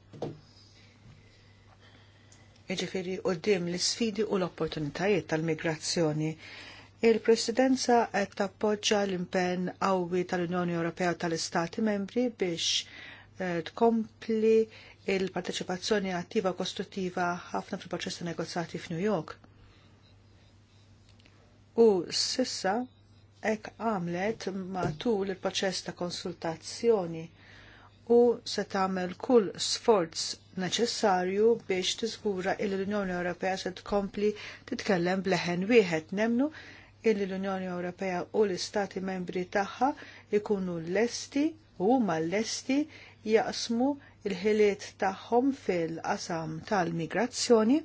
Iġifiri u dim l-sfidi u l-opportunitajiet tal-migrazzjoni Il-Presidenza qed tappoġġa l-impenn qawwi tal-Unjoni Ewropea u tal-Istati Membri biex eh, tkompli il-parteċipazzjoni attiva u kostruttiva ħafna fil-proċess ta' negozjati f'New York. U sissa hekk għamlet matul il-proċess ta' konsultazzjoni u se tagħmel kull sforz neċessarju biex tiżgura il l-Unjoni Ewropea se tkompli titkellem bleħen wieħed nemnu illi l-Unjoni Ewropea u l-Istati membri tagħha ikunu lesti u huma lesti jaqsmu il-ħiliet tagħhom fil-qasam tal-migrazzjoni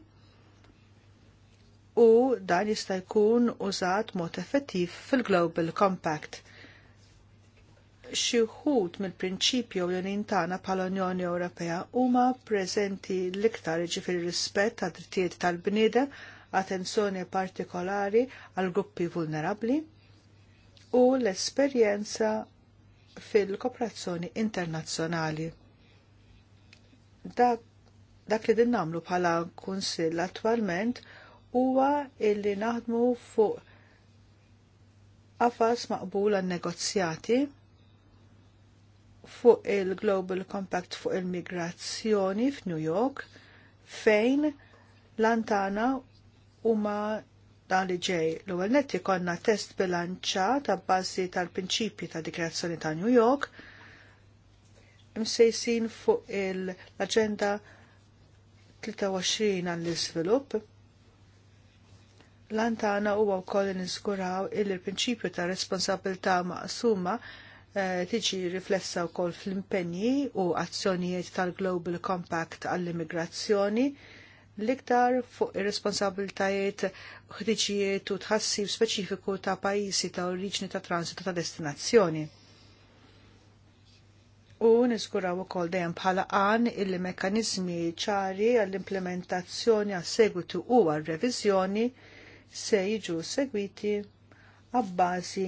u dan jista' jkun użat mod effettiv fil-Global Compact. Xi wħud mill-prinċipju ewlenin tagħna bħala unjoni Ewropea huma preżenti l-iktar ġifir rispett tad drittijiet tal-bniedem attenzjoni partikolari għal gruppi vulnerabli u l-esperjenza fil-kooperazzjoni internazzjonali. Dak, dak li din namlu bħala kunsill attualment huwa illi naħdmu fuq qafas maqbul għan-negozjati fuq il-Global Compact fuq il-migrazzjoni f'New York fejn lantana huma dan li ġej. L-ewwel netti konna test bilanċa ta' bażi tal-prinċipji ta' dikrazzjoni ta' New York msejsin fuq l-Aġenda 23 għall L-antana huwa wkoll niżguraw il l-prinċipju ta' responsabilità maqsuma eh, tiġi riflessa wkoll fl-impenji u azzjonijiet tal-Global Compact għall-immigrazzjoni l-iktar fuq ir-responsabiltajiet ħtiġijiet u tħassib speċifiku ta' pajjiżi ta' oriġni ta' transitu ta' destinazzjoni. U niskuraw ukoll dejjem bħala għan illi mekkaniżmi ċari għall-implementazzjoni għas segwitu u għall-reviżjoni se jiġu segwiti għabbażi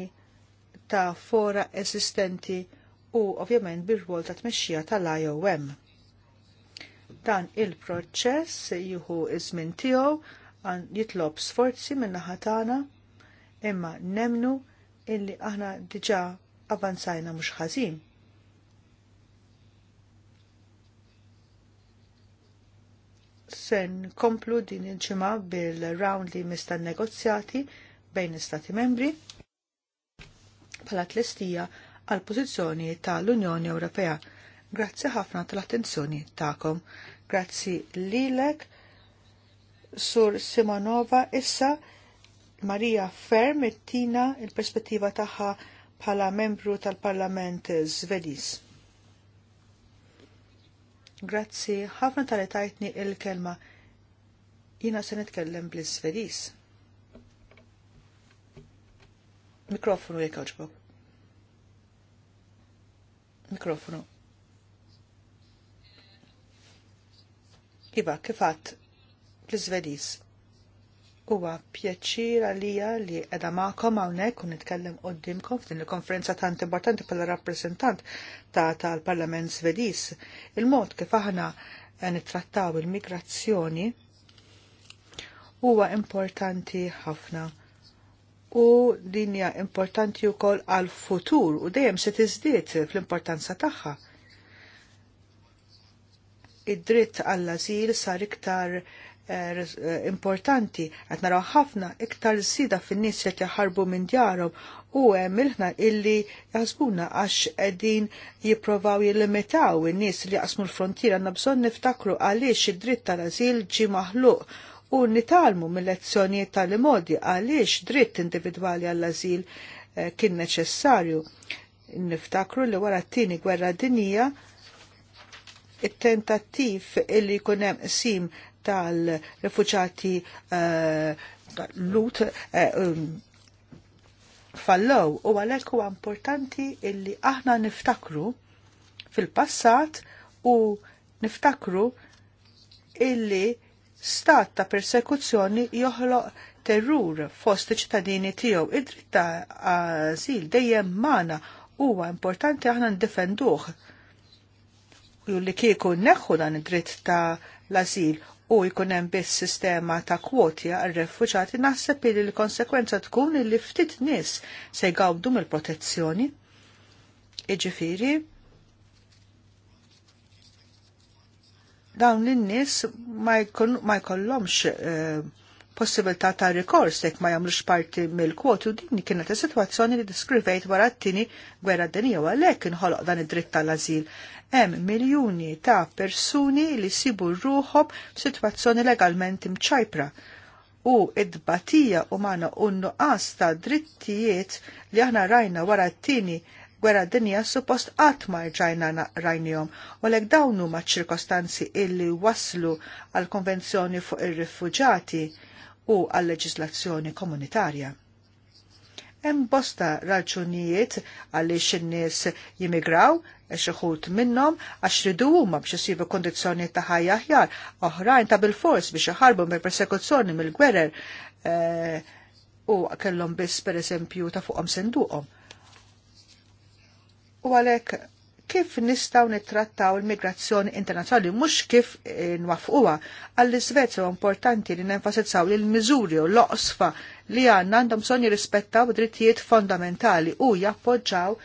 ta' fora esistenti u ovvjament bir-rwol ta' tmexxija tal-IOM dan il-proċess jieħu iż-żmien tiegħu jitlob sforzi minn naħa tagħna imma nemnu illi aħna diġà avanzajna mhux ħażin. Sen komplu din il-ġimgħa bil-round li mista negozjati bejn istati membri bħala tlestija għal pożizzjoni tal-Unjoni Ewropea Grazzi ħafna tal-attenzjoni ta'kom. Grazzi lilek, Sur Simonova, issa Marija Ferm e tina il-perspettiva tagħha bħala membru tal-Parlament Zvediż. Grazzi ħafna tal tajtni il-kelma. Jina se nitkellem bl-Svediż. Mikrofonu jekk Mikrofonu. Iva, kifat, l-Izvedis. Huwa pjaċir għalija li edha ma'kom hawnhekk u nitkellem qoddimkom f'din il-konferenza tant importanti bħala rappreżentant ta' tal-Parlament Svediż. Il-mod kif aħna eh, nittrattaw il-migrazzjoni huwa importanti ħafna u dinja importanti u kol għal futur u dejjem se tiżdiet fl-importanza tagħha id-dritt għall-azil sar iktar eh, eh, importanti għat naraw ħafna iktar sida fin-nies qed jaħarbu minn djarhom u hemm illi jaħsbuna għax qegħdin jipprovaw jillimitaw in-nies li jaqsmu l-frontiera għandna bżonn niftakru għaliex id-dritt tal-azil ġi maħluq u nitalmu mill-lezzjonijiet tal-modi għaliex dritt individwali għall-azil eh, kien neċessarju. Niftakru li wara t-tieni gwerra dinija il-tentattiv illi kunem sim tal-refuġati uh, eh, lut uh, eh, um, fallow u għalek huwa importanti illi aħna niftakru fil-passat u niftakru illi stat ta' persekuzzjoni joħloq terrur fost ċittadini tiegħu id-dritt ta' dejjem mana huwa importanti aħna ndefenduh li kieku neħħu dan id-dritt ta' l-azil u jkun hemm biss sistema ta' kwoti għal refuġati naħseb li l-konsekwenza tkun li ftit nies se jgawdu mill-protezzjoni. Iġifiri, dawn l nies ma jkollhomx eh, possibilità ta' rikors jekk ma jagħmlux parti mill-kwotu din kienet is-sitwazzjoni li diskrivejt wara t-tieni gwerra dinija u għalhekk inħoloq dan id-dritt tal-ażil. Hemm miljuni ta' persuni li sibu rruħhom f'sitwazzjoni legalment imċajpra u id-batija umana u nuqqas ta' drittijiet li aħna rajna wara t-tieni gwerra dinja suppost qatt ma rġajna rajnijom, u l dawn huma ċirkostanzi illi waslu għal konvenzjoni fuq ir rifugġati il u għal leġislazzjoni komunitarja. Hemm bosta raġunijiet għaliex in-nies jimigraw xeħut minnom għax ridu huma biex isibu kondizzjoni ta' ħajja aħjar, oħrajn ta' bil-fors biex iħarbu mill persekuzzjoni mill-gwerer eh, u kellhom biss pereżempju ta' fuqhom senduqhom. U għalhekk kif nistaw nittrattaw il-migrazzjoni internazzjonali mhux kif eh, nwafquwa. Għall-Iżvezja importanti li nenfasizzaw li l-miżuri u l-oqsfa li għandna għandhom bżonn jirrispettaw drittijiet fondamentali u jappoġġaw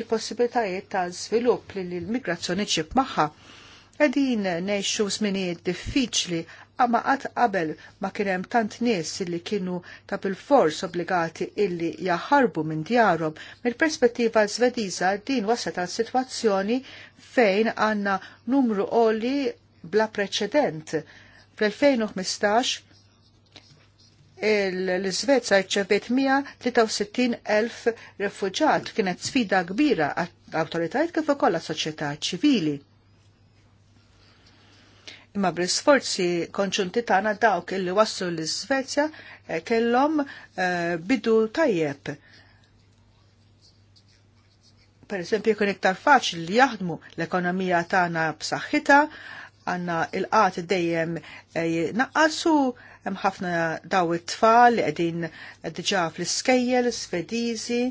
il-possibilitajiet ta' żvilupp li l-migrazzjoni ġib magħha. Qegħdin ngħixu żminijiet diffiċli Amma qatt qabel ma kien hemm tant nies li kienu ta' bil-fors obbligati illi jaħarbu minn djarhom, mill-perspettiva Svediża din waslet għal sitwazzjoni fejn għandna numru oli bla preċedent. Fl-2015 l-Svezza rċevet 163.000 refuġat kienet sfida kbira għat autoritajt kif ukoll soċjetà ċivili imma bl-sforzi konċunti tagħna dawk illi wassu l-Svezja eh, kellhom eh, bidu tajjeb. Per esempio, jkun iktar faċli li jaħdmu l-ekonomija tagħna b'saħħitha, għandna il-qat dejjem eh, naqqasu hemm ħafna daw it-tfal li qegħdin diġà fl-iskejjel, Svediżi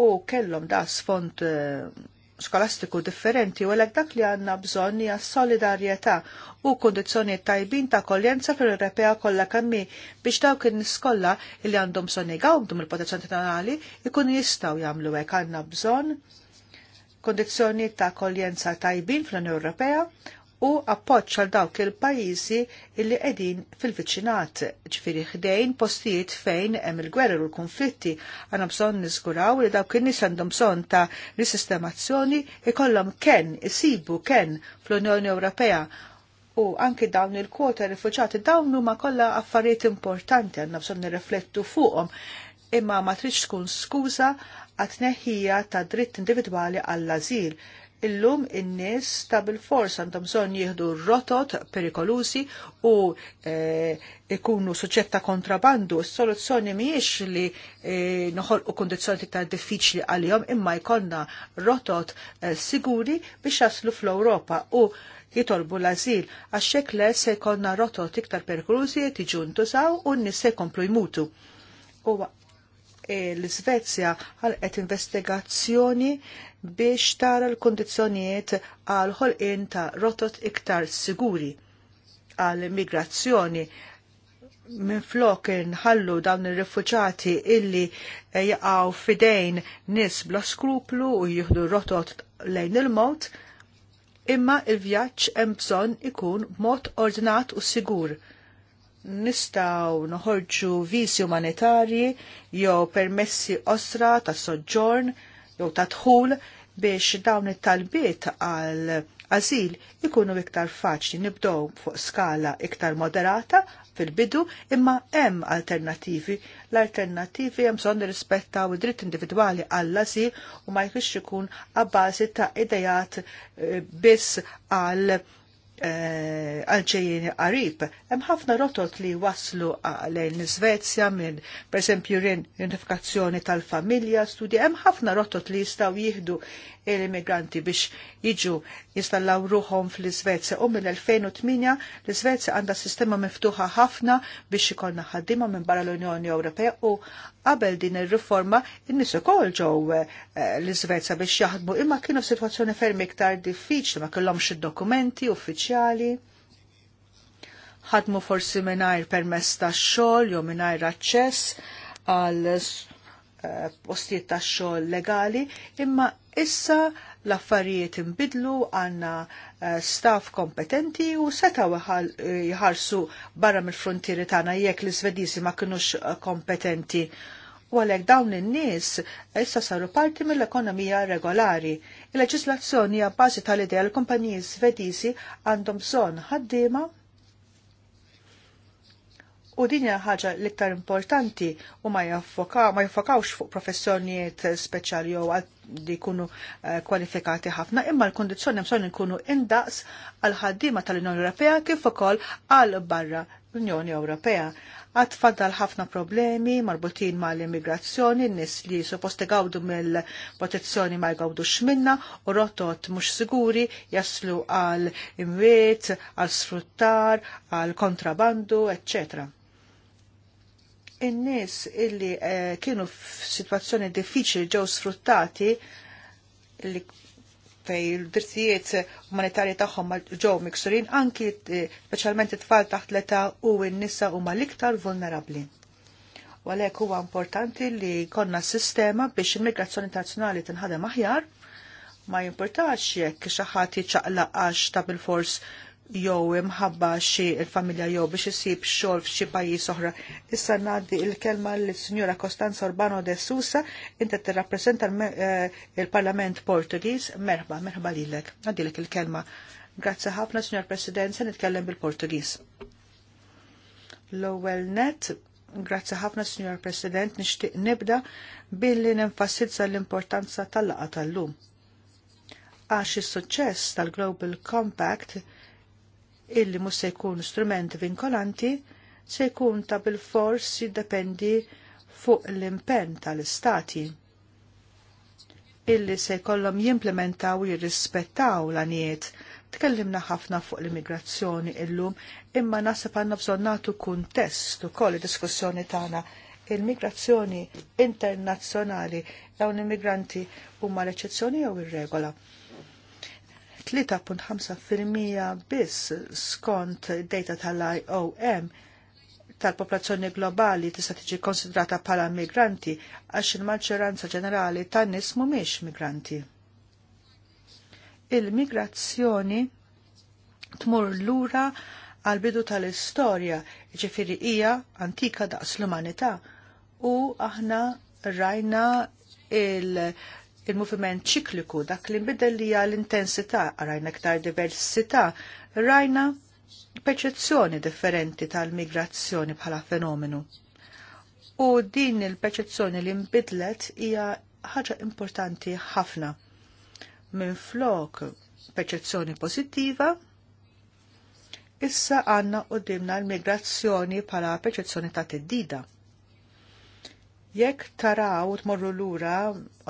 u kellhom da sfond skolastiku differenti u għalek dak li għanna bżon hija solidarjetà u kondizjoni tajbin ta' koljenza fl-Ewropea kollha kammi biex dawk in il li għandhom bżonn għawdum il-protezzjoni tonali ikun jistgħu jagħmlu hekk għandna bżonn kondizjoni ta' koljenza tajbin fl-Unjoni Ewropea u appoġġ għal dawk il-pajjiżi illi qegħdin fil-viċinat, ġifieri ħdejn postijiet fejn hemm il-gwerra u l-konflitti. Għandna bżonn niżguraw li dawk in-nies għandhom bżonn ta' risistemazzjoni ikollhom ken, isibu ken fl-Unjoni Ewropea u anki dawn il-kwota rifuġati dawn huma kollha affarijiet importanti għandna bżonn nirriflettu fuqhom imma ma tridx tkun skuża għat tneħħija ta' dritt individwali għall-azil illum in-nies ta' bil-fors għandhom bżonn jieħdu rotot perikolusi u e, ikunu e, suġġett ta' kontrabandu. S-soluzzjoni mhijiex li e, noħolqu kondizzjoni ta' diffiċli għalihom imma jkollna rotot e, siguri biex jaslu fl-Ewropa u jitolbu l-azil għax xekle se jkollna rotot iktar perikolusi tiġu ntużaw u n-nies se jkomplu jmutu. U e, l-Svezja għalqet investigazzjoni biex tara l-kondizjonijiet għal ħolqien ta' rotot iktar siguri għal immigrazzjoni minn flok nħallu dawn ir-rifuġati illi eh, jaqgħu fidejn nis bla skruplu u jieħdu rotot lejn il-mod, imma il-vjaġġ hemm bżonn ikun mod ordinat u sigur. Nistgħu noħorġu viżi umanitarji jew permessi osra ta' soġġorn jew ta' biex dawn it-talbiet għal azil ikunu iktar faċli nibdow fuq skala iktar moderata fil-bidu imma hemm alternativi. L-alternativi hemm bżonn rispettaw id-dritt individwali għall-azil u ma jkunx ikun għabbażi ta' idejat eh, biss għal Eh, għalċejjini qarib, hemm ħafna rotot li waslu lejn Svezja minn esempio identifikazzjoni tal-familja, studi, hemm ħafna rotot li jistgħu jieħdu l immigranti biex jiġu jistallaw ruħom fl-Svezja u mill-2008 l-Svezja għandha sistema miftuħa ħafna biex ikollna ħaddima minn barra l-Unjoni Ewropea u qabel din ir-riforma n nies ukoll ġew eh, l-Svezja biex jaħdmu imma kienu situazzjoni ferm iktar diffiċli ma kellhomx id-dokumenti uffiċjali ħadmu forsi mingħajr permess tax-xogħol jew mingħajr aċċess għal eh, postijiet ta' xogħol legali, imma Issa l-affarijiet imbidlu għanna eh, staff kompetenti u setaw jħarsu barra mill-frontieri tagħna jekk l-Svediżi ma kinux eh, kompetenti u għalek dawn in-nies issa saru parti mill-ekonomija regolari. Il-leġislazzjoni hija bażi tal-idea l-kumpaniji Svediżi għandhom bżonn ħaddiema U din hija ħaġa l-iktar importanti u ma jaffokaw, ma jaffokawx fuq professjonijiet speċjali jew li jkunu eh, kwalifikati ħafna, imma l-kondizzjoni bżonn ikunu indaqs għal ħaddiema tal-Unjoni Ewropea kif ukoll għal barra l-Unjoni Ewropea. Għatfaddal ħafna problemi marbutin ma l-immigrazzjoni, nis li supposti gawdu mill-protezzjoni ma jgawdu xminna u rotot mux siguri jaslu għal imwiet, għal sfruttar, għal kontrabandu, eccetera in-nies illi eh, kienu kienu f'sitwazzjoni diffiċli ġew sfruttati li fej l drittijiet umanitarji tagħhom ġew miksurin anki eh, speċjalment it-tfal taħt l-età u n-nisa huma l-iktar vulnerabbli. U għalhekk huwa importanti li konna sistema biex immigrazzjoni internazzjonali tinħadem aħjar ma jimportax jekk xi ħadd jiċċaqlaq għax ta' bilfors jew imħabba xi il-familja jew biex isib xogħol f'xi pajjiż oħra. Issa ngħaddi l-kelma lis-Sinjura Costanza Urbano de Sousa, inti tirrappreżenta eh, il-Parlament Portugiż. Merħba, merħba lilek. Ngħaddilek il-kelma. Grazzi ħafna, Signor President, se nitkellem bil-Portugiż. L-ewwel net, grazzi ħafna, Sinjor President, nixtieq nibda billi nenfasizza l-importanza tal-laqgħa tal-lum. Għax is-suċċess tal-Global Compact illi mhux se jkun strument vinkolanti se jkun ta' bil-fors jiddependi fuq l-impenn tal-istati illi se jkollhom jimplementaw u jirrispettaw l għanijiet Tkellimna ħafna fuq l-immigrazzjoni illum, imma nasib għandna bżonn nagħtu kuntest ukoll id-diskussjoni tagħna il-migrazzjoni internazzjonali dawn l-immigranti huma l-eċezzjoni jew ir-regola. 3.5% biss skont data tal-IOM tal-popolazzjoni globali tista' tiġi konsidrata bħala migranti għax il-maġġoranza ġenerali tan-nies mhumiex migranti. Il-migrazzjoni tmur lura għal bidu tal-istorja, ġifiri hija antika daqs l-umanità u aħna rajna il- il-moviment ċikliku dak li nbidel li l-intensità, rajna ktar diversità, rajna perċezzjoni differenti tal-migrazzjoni bħala fenomenu. U din il-perċezzjoni li nbidlet hija ħaġa importanti ħafna. Minn flok perċezzjoni pozittiva, issa għanna u dimna l-migrazzjoni bħala perċezzjoni ta' teddida. Jekk taraw u tmorru lura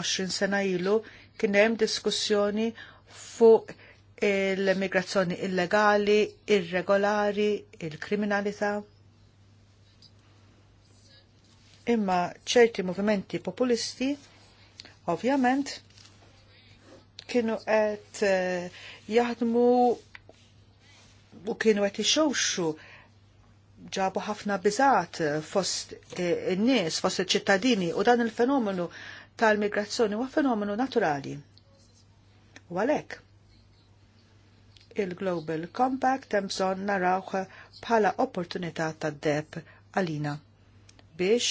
20 sena ilu kien hemm diskussjoni fuq l-immigrazzjoni illegali, irregolari, il-kriminalità. Imma ċerti movimenti populisti ovvjament kienu qed eh, jaħdmu u kienu qed ixewxu ġabu ħafna biżat fost eh, in-nies, fost il ċittadini u dan il-fenomenu tal-migrazzjoni huwa fenomenu naturali. U għalhekk il-Global Compact hemm bżonn narawh bħala opportunità tad-deb għalina biex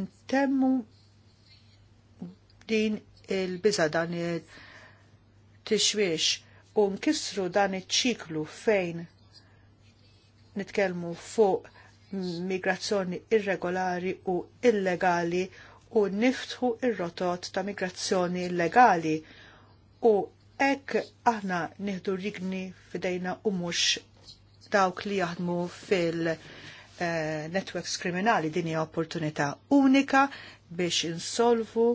intemmu din il biza dan il-tixwiex u nkissru dan iċ-ċiklu fejn nitkellmu fuq migrazzjoni irregolari u illegali u niftħu ir-rotot ta' migrazzjoni legali u ekk aħna nieħdu rigni fidejna u mhux dawk li jaħdmu fil- eh, networks kriminali din hija opportunità unika biex insolvu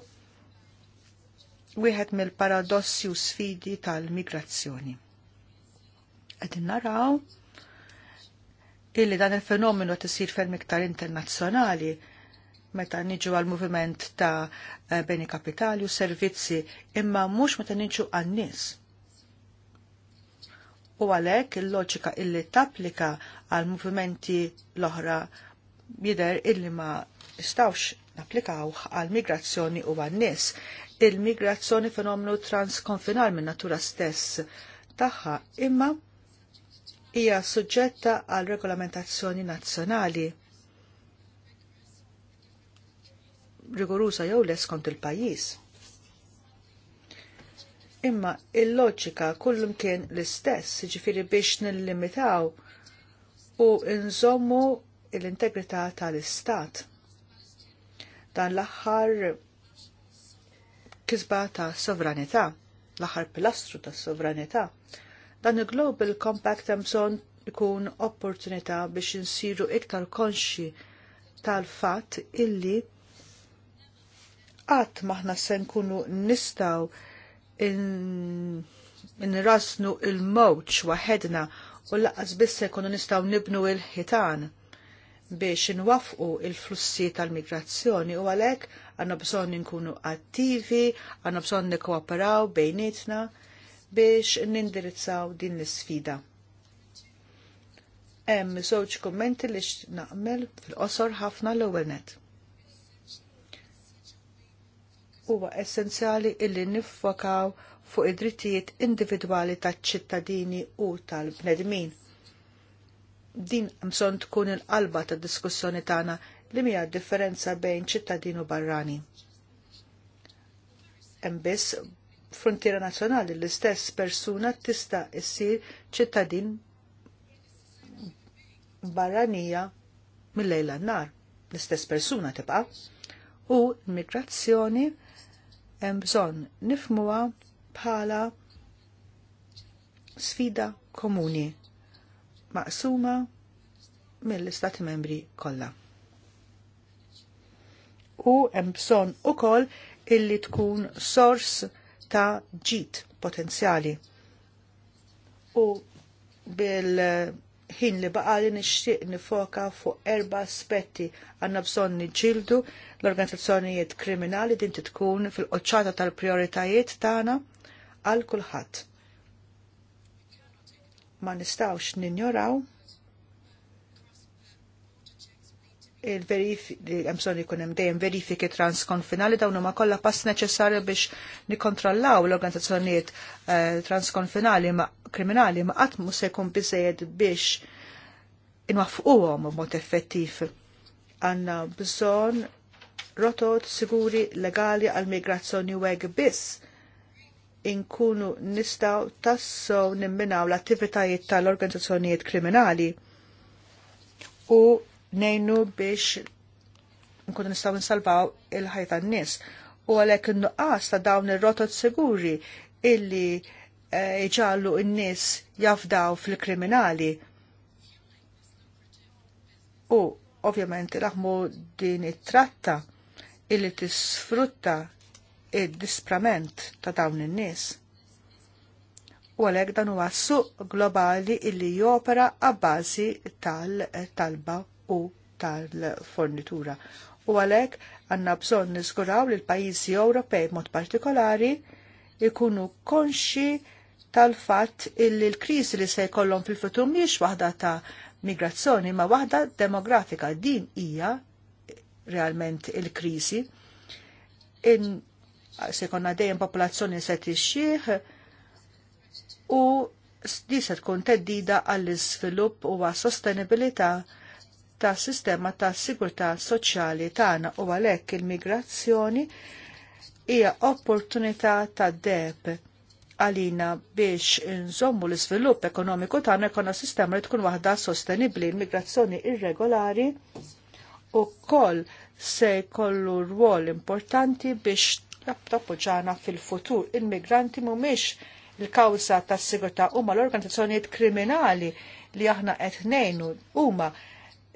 wieħed mill-paradossi u sfidi tal-migrazzjoni. Qegħdin naraw illi dan il-fenomenu isir ferm iktar internazzjonali meta niġu għal moviment ta' eh, beni kapitali u servizzi imma mhux meta niġu għan-nies. U għalhekk il-loġika illi tapplika għal movimenti l-oħra jidher illi ma stawx napplikawh għal migrazzjoni u għan nies il-migrazzjoni fenomenu transkonfinal minn natura stess tagħha imma hija suġġetta għal regolamentazzjoni nazzjonali rigorusa jew le skont il-pajjiż. Imma il-loġika kullum kien l-istess, ġifiri biex nillimitaw u nżommu l-integrità tal-istat. Dan l-aħħar kisba ta' sovranità, l-aħħar pilastru ta' sovranità. Dan il-Global Compact hemm bżonn ikun opportunità biex insiru iktar konxi tal-fatt illi għat maħna se nkunu nistgħu nrasnu il-mowċ waħedna u laqqas biss kunu nistgħu nibnu il-ħitan biex nwafqu il-flussi tal-migrazzjoni u għalhekk għanna bżon nkunu attivi, għanna bżon nikkooperaw bejnietna biex nindirizzaw din l-sfida. Hemm żewġ kummenti li naqmel fil-qosor ħafna l-ewwel net. Huwa essenzjali illi niffokaw fuq id-drittijiet individwali taċ-ċittadini u tal-bnedmin. Din mson tkun il-qalba ta' diskussjoni tagħna li mija differenza bejn ċittadin u barrani. Embis, frontiera nazzjonali l-istess persuna tista' issir ċittadin barranija mill-lejla nar. L-istess persuna tibqa' u l-migrazzjoni hemm bżonn nifmuha bħala sfida komuni maqsuma mill-Istati membri kollha u hemm bżonn ukoll illi tkun sors ta' ġid potenzjali. U bil-ħin li baqali nixtieq nifoka fuq erba' aspetti għandna bżonn niġġieldu l-organizzazzjonijiet kriminali din tkun fil-qoċċata tal-prioritajiet tagħna għal kulħadd. Ma nistgħux ninjoraw il-verifiki, transkonfinali dawnu ma kolla pass neċessarju biex nikontrollaw l-organizzazzjonijiet eh, transkonfinali ma' kriminali ma' għatmu se jkun biżejjed biex inwaffquhom b'mod effettiv. Għanna bżonn rotot siguri legali għal-migrazzjoni weg biss inkunu nistaw tasso nimminaw l-attivitajiet tal-organizzazzjonijiet kriminali u nejnu biex nkunu nistaw nsalvaw il-ħajta n-nis. U għalek n-nuqqas ta' dawn ir-rotot siguri illi iġallu eh, n-nis jafdaw fil-kriminali. U ovvjament laħmu din it-tratta illi tisfrutta id-disprament ta' dawn in-nies u għalek dan huwa suq globali illi jopera għabbażi tal-talba u tal-fornitura. U għalek għanna bżon niskuraw li l-pajizi Ewropej mod partikolari ikunu konxi tal-fatt illi l-krizi li se jkollhom fil-futur miex waħda ta' migrazzjoni ma waħda demografika din hija realment il-krizi. In sekonna dejjem popolazzjoni se tixxih u di se tkun teddida għall-iżvilupp u għas-sostenibilità ta' sistema ta' sigurtà soċjali tagħna u għalhekk il-migrazzjoni hija opportunità ta' deb għalina biex nżommu l-iżvilupp ekonomiku tagħna jkollna sistema li tkun waħda sostenibbli l-migrazzjoni irregolari u koll se jkollu rwol importanti biex tappoġġana fil-futur. Il-migranti mhumiex il-kawża tas-sigurtà huma l-organizzazzjonijiet kriminali li aħna qed ngħinu huma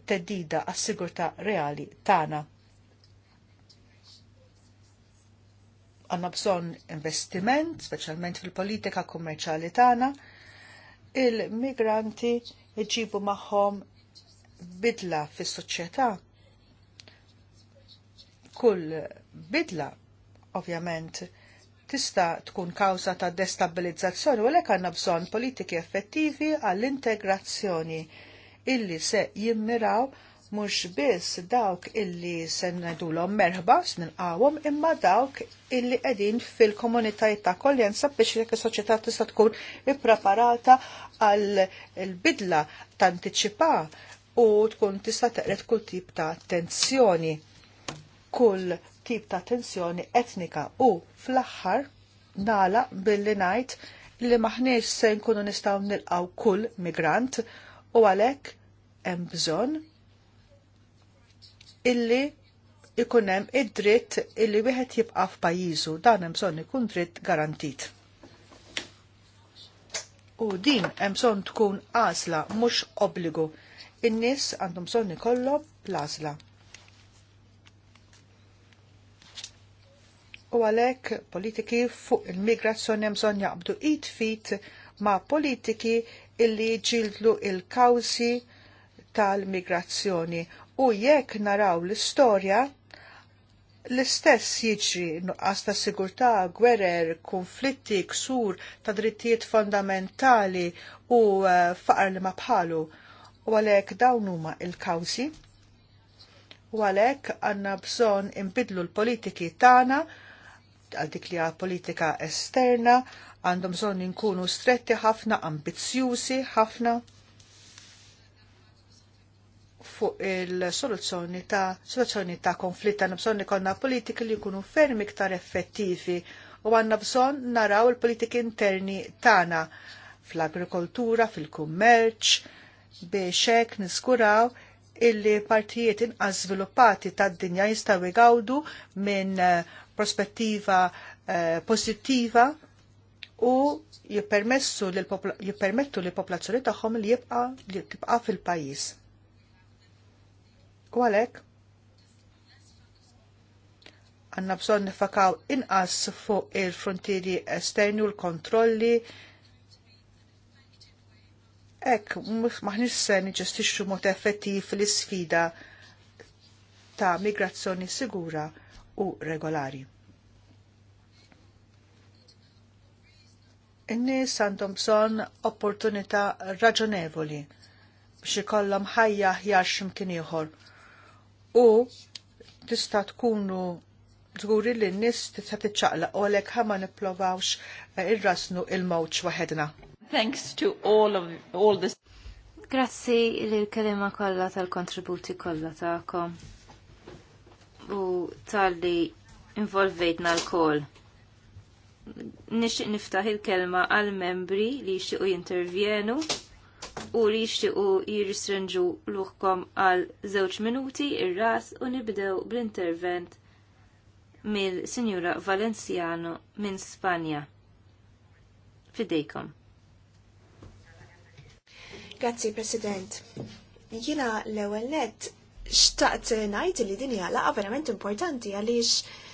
teddida għas-sigurtà reali tagħna. Għanna bżonn investiment, speċjalment fil-politika kummerċali tagħna, il-migranti jġibu magħhom bidla fis-soċjetà. Kull bidla, ovvjament, tista tkun kawza ta' destabilizzazzjoni u lek għanna bżon politiki effettivi għall-integrazzjoni illi se jimmiraw mhux biss dawk illi se ngħidulhom merħba sminqawhom imma dawk illi qegħdin fil-komunitajiet ta' kolljenza biex jekk is-soċjetà tista' tkun ippreparata għal bidla tantiċipa u tkun tista' teqret kull tip ta' tensjoni kull tip ta' tensjoni etnika u fl-aħħar nala billi ngħid li maħniex se nkunu nistgħu nilqgħu kull migrant u għalhekk hemm bżonn illi ikun hemm id-dritt illi wieħed jibqa' f'pajjiżu dan hemm bżonn ikun dritt garantit. U din hemm bżonn tkun għażla mhux obbligu. In-nies għandhom bżonn ikollhom l-għażla. U għalhekk politiki fuq il-migrazzjoni hemm bżonn jaqbdu it fit ma' politiki illi ġildlu il-kawsi il kawsi il tal-migrazzjoni u jekk naraw l-istorja l-istess jiġri nuqqas ta' sigurtà, gwerer, konflitti, ksur ta' drittijiet fondamentali u eh, faqar li ma bħalu. U għalhekk dawn huma il kawzi U għalhekk għandna bżonn inbidlu l-politiki tagħna għal dik li politika esterna, għandhom bżonn inkunu stretti ħafna, ambizzjużi ħafna fuq il-soluzzjoni ta' soluzzjoni ta' konflitt għandna bżonn ikollna politiki li jkunu fermi iktar effettivi u għandna bżonn naraw il-politiki interni tagħna fl-agrikoltura, fil-kummerċ, biex hekk niskuraw illi partijiet inqas sviluppati tad-dinja jistgħu jgawdu minn eh, prospettiva pozittiva eh, pożittiva u jippermettu li l-popolazzjoni tagħhom li jibqa' li tibqa' fil-pajjiż. U għalek, għanna bżon nifakaw inqas fuq il-frontieri esterni u l-kontrolli. Ek, maħnix se niġestixxu mod effettiv l-isfida ta' migrazzjoni sigura u regolari. In-nies għandhom bżonn opportunità raġonevoli biex ikollhom ħajja aħjar x'imkien ieħor u tista' tkunu żguri li n-nis tista' tiċċaqlaq u għalhekk ħama nipprovawx eh, irrasnu il-mowġ waħedna. Thanks to all of all this. Grazzi lill l-kelima kollha tal-kontributi kollha tagħkom u tal-li involvejtna l nixtieq niftaħ il-kelma għal membri li jixtiequ jintervjenu u li jixtiequ jirrestrenġu luħkom għal żewġ minuti ir-ras u nibdew bl-intervent mill-Sinjura Valenciano minn Spanja. Fidejkom. Grazzi, President. Jina l-ewel net xtaqt najt li dinja laqa verament importanti għaliex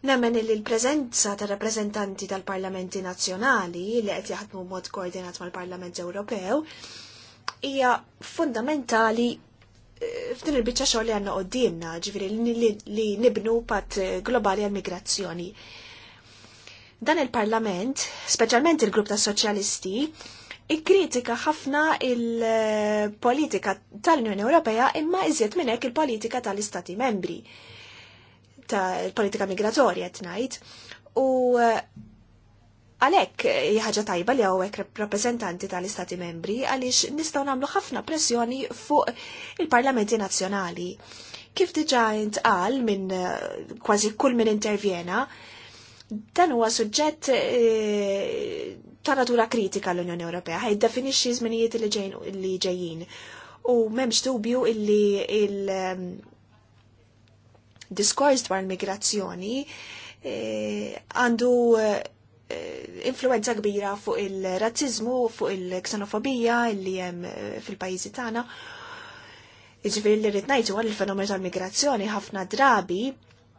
Nemmen li l-prezenza ta' rappresentanti tal-parlamenti nazzjonali li qed jaħdmu mod koordinat mal-Parlament Ewropew hija fundamentali eh, f'din il-biċċa xogħol li għandna qudiemna, ġifieri li nibnu pat globali għall-migrazzjoni. Dan il-Parlament, speċjalment il-grupp ta' soċjalisti, ikkritika ħafna il-politika tal-Unjoni Ewropea imma iżjed minn hekk il-politika tal-Istati Membri tal-politika migratorja qed ngħid. U eh, għalek eh, ħaġa tajba li għawek rappresentanti tal-Istati membri għalix nistaw namlu ħafna pressjoni fuq il-Parlamenti Nazzjonali. Kif diġa għal minn eh, kważi kull minn intervjena, dan huwa suġġett ta' natura kritika l-Unjoni Ewropea, ħaj definixxi żminijiet li ġejjin u m'hemmx dubju illi il- diskors dwar migrazzjoni eh, għandu eh, influenza kbira fuq il-razzizmu, fuq il-ksenofobija li jem eh, fil-pajizi tagħna. Iġifir li rrid għal il-fenomen tal-migrazzjoni ħafna drabi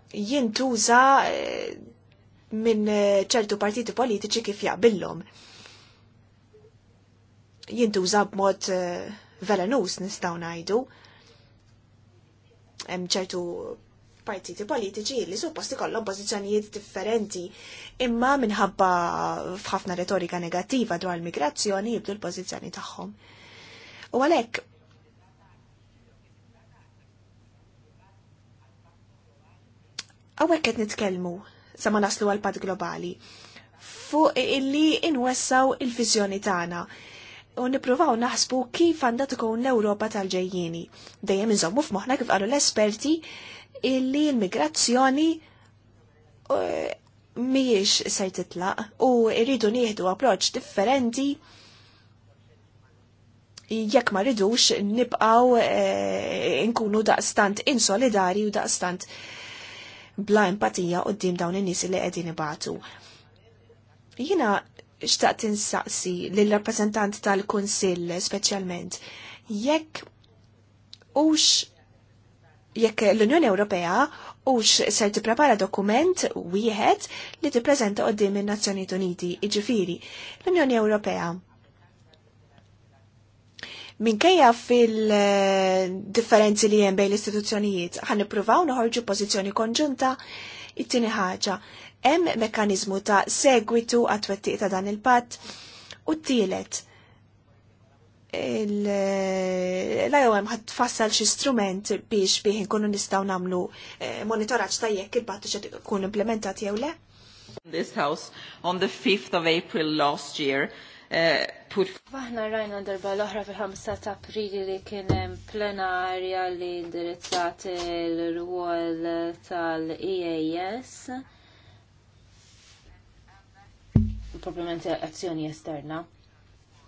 jintuża minn ċertu partiti politiċi kif jaqbillhom. Jintuża b'mod velenus nistgħu ngħidu. Hemm ċertu partiti politiċi li supposti kollhom pożizzjonijiet differenti imma minħabba f'ħafna retorika negattiva dwar l-migrazzjoni jibdu l-pożizzjoni tagħhom. U għalhekk Għawek qed nitkellmu sa ma naslu għal pad globali fuq illi inwessaw il-viżjoni tagħna u nipruvaw naħsbu kif għandha tkun l-Ewropa tal-ġejjini. Dejjem inżommu f'moħħna kif qalu l-esperti illi l-migrazzjoni eh, miex ser titlaq u rridu nieħdu approċ differenti jekk ma ridux nibqaw e, eh, nkunu daqstant insolidari u daqstant bla empatija qoddim dawn in-nies li qegħdin ibatu. Jiena xtaqt insaqsi lill rappresentant tal-Kunsill speċjalment jekk hux jekk l-Unjoni Ewropea ux ser tipprepara dokument wieħed li tippreżenta qoddim in-Nazzjonijiet Uniti, iġifieri l-Unjoni Ewropea. Minkejja fil-differenzi li hemm bejn l-istituzzjonijiet, ħan nippruvaw noħorġu pożizzjoni konġunta it-tieni ħaġa. Hemm mekkaniżmu ta' segwitu għat-twettiq ta' dan il-patt u t-tielet l-IOM ħad fassal xie strument biex biex nkunu nistaw namlu eh, monitoraċ ta' jekk il-battu xed ikun implementat jew le? This house on the 5th of April last year eh, put Waħna rajna darba l ohra fil-5 ta' aprili li kienem hemm plenarja li indirizzat il-rwol tal-EAS probablement azzjoni esterna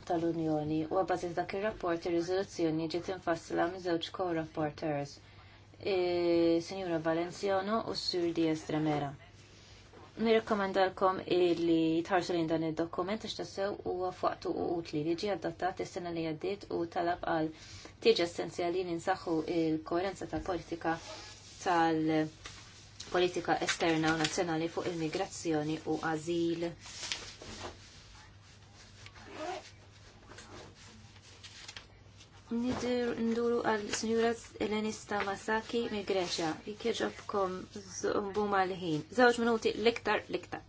tal-Unjoni u għabbażi dak ir-rapport ir-riżoluzzjoni ġiet infassla minn żewġ co-rapporters, Sinjura Valenzjano u Sur Diaz Tremera. Nirrekomendalkom li tħarsu lejn dan id-dokument għax tassew huwa fuqtu u utli li ġie adattat is-sena li għaddiet u talab għal tiġi essenzjali li nsaħħu il-koerenza tal-politika tal-politika esterna u nazzjonali fuq il-migrazzjoni u għażil Nduru għal Sinjura Elenista Masaki mill Greċja. Ikieġobkom zumbu mal-ħin. Zawġ minuti liktar liktar.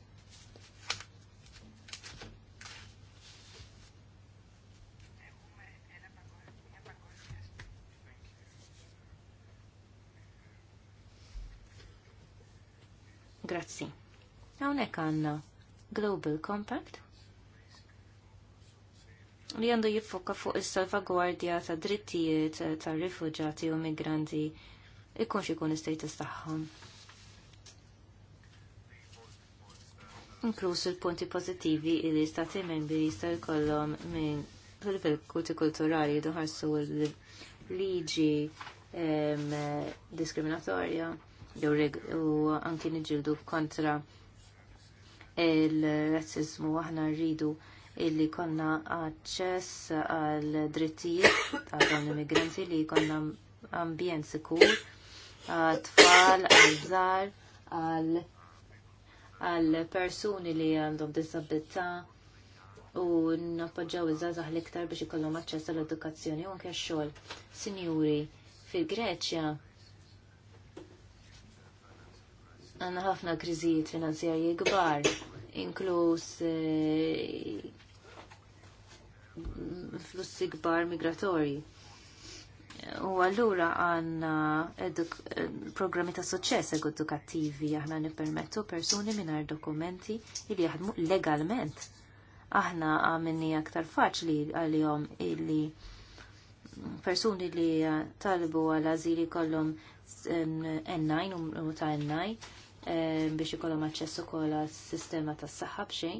Grazzi. Hawnhekk għanna Global Compact li għandu jiffoka fuq is-salvagwardja ta' drittijiet ta' rifuġati u migranti ikunx ikun istatus tagħhom. Inkluż il-punti pożittivi li stati membri jista' jkollhom minn livell kulturali jduħarsu l-liġi diskriminatorja jew anki niġildu kontra il-razzizmu aħna rridu illi konna aċċess għal drittijiet għal dawn l-immigranti li konna ambjent sikur għal tfal, għal żgħar, għal persuni li għandhom disabilità u nappoġġaw iż-żgħażagħ l-iktar biex ikollhom aċċess għall edukazzjoni u anke x-xogħol. Sinjuri, fil-Greċja għandna ħafna kriżijiet finanzjarji kbar inkluż eh, flussi kbar migratorji. U allura għanna programmi ta' soċċess edukattivi aħna nippermettu persuni mingħajr dokumenti li jaħdmu legalment. Aħna għamenni aktar faċli għalihom illi persuni li talbu għal azili kollhom N9 u ta' N9 biex ikollhom aċċess ukoll għas-sistema tas-saħħa b'xejn.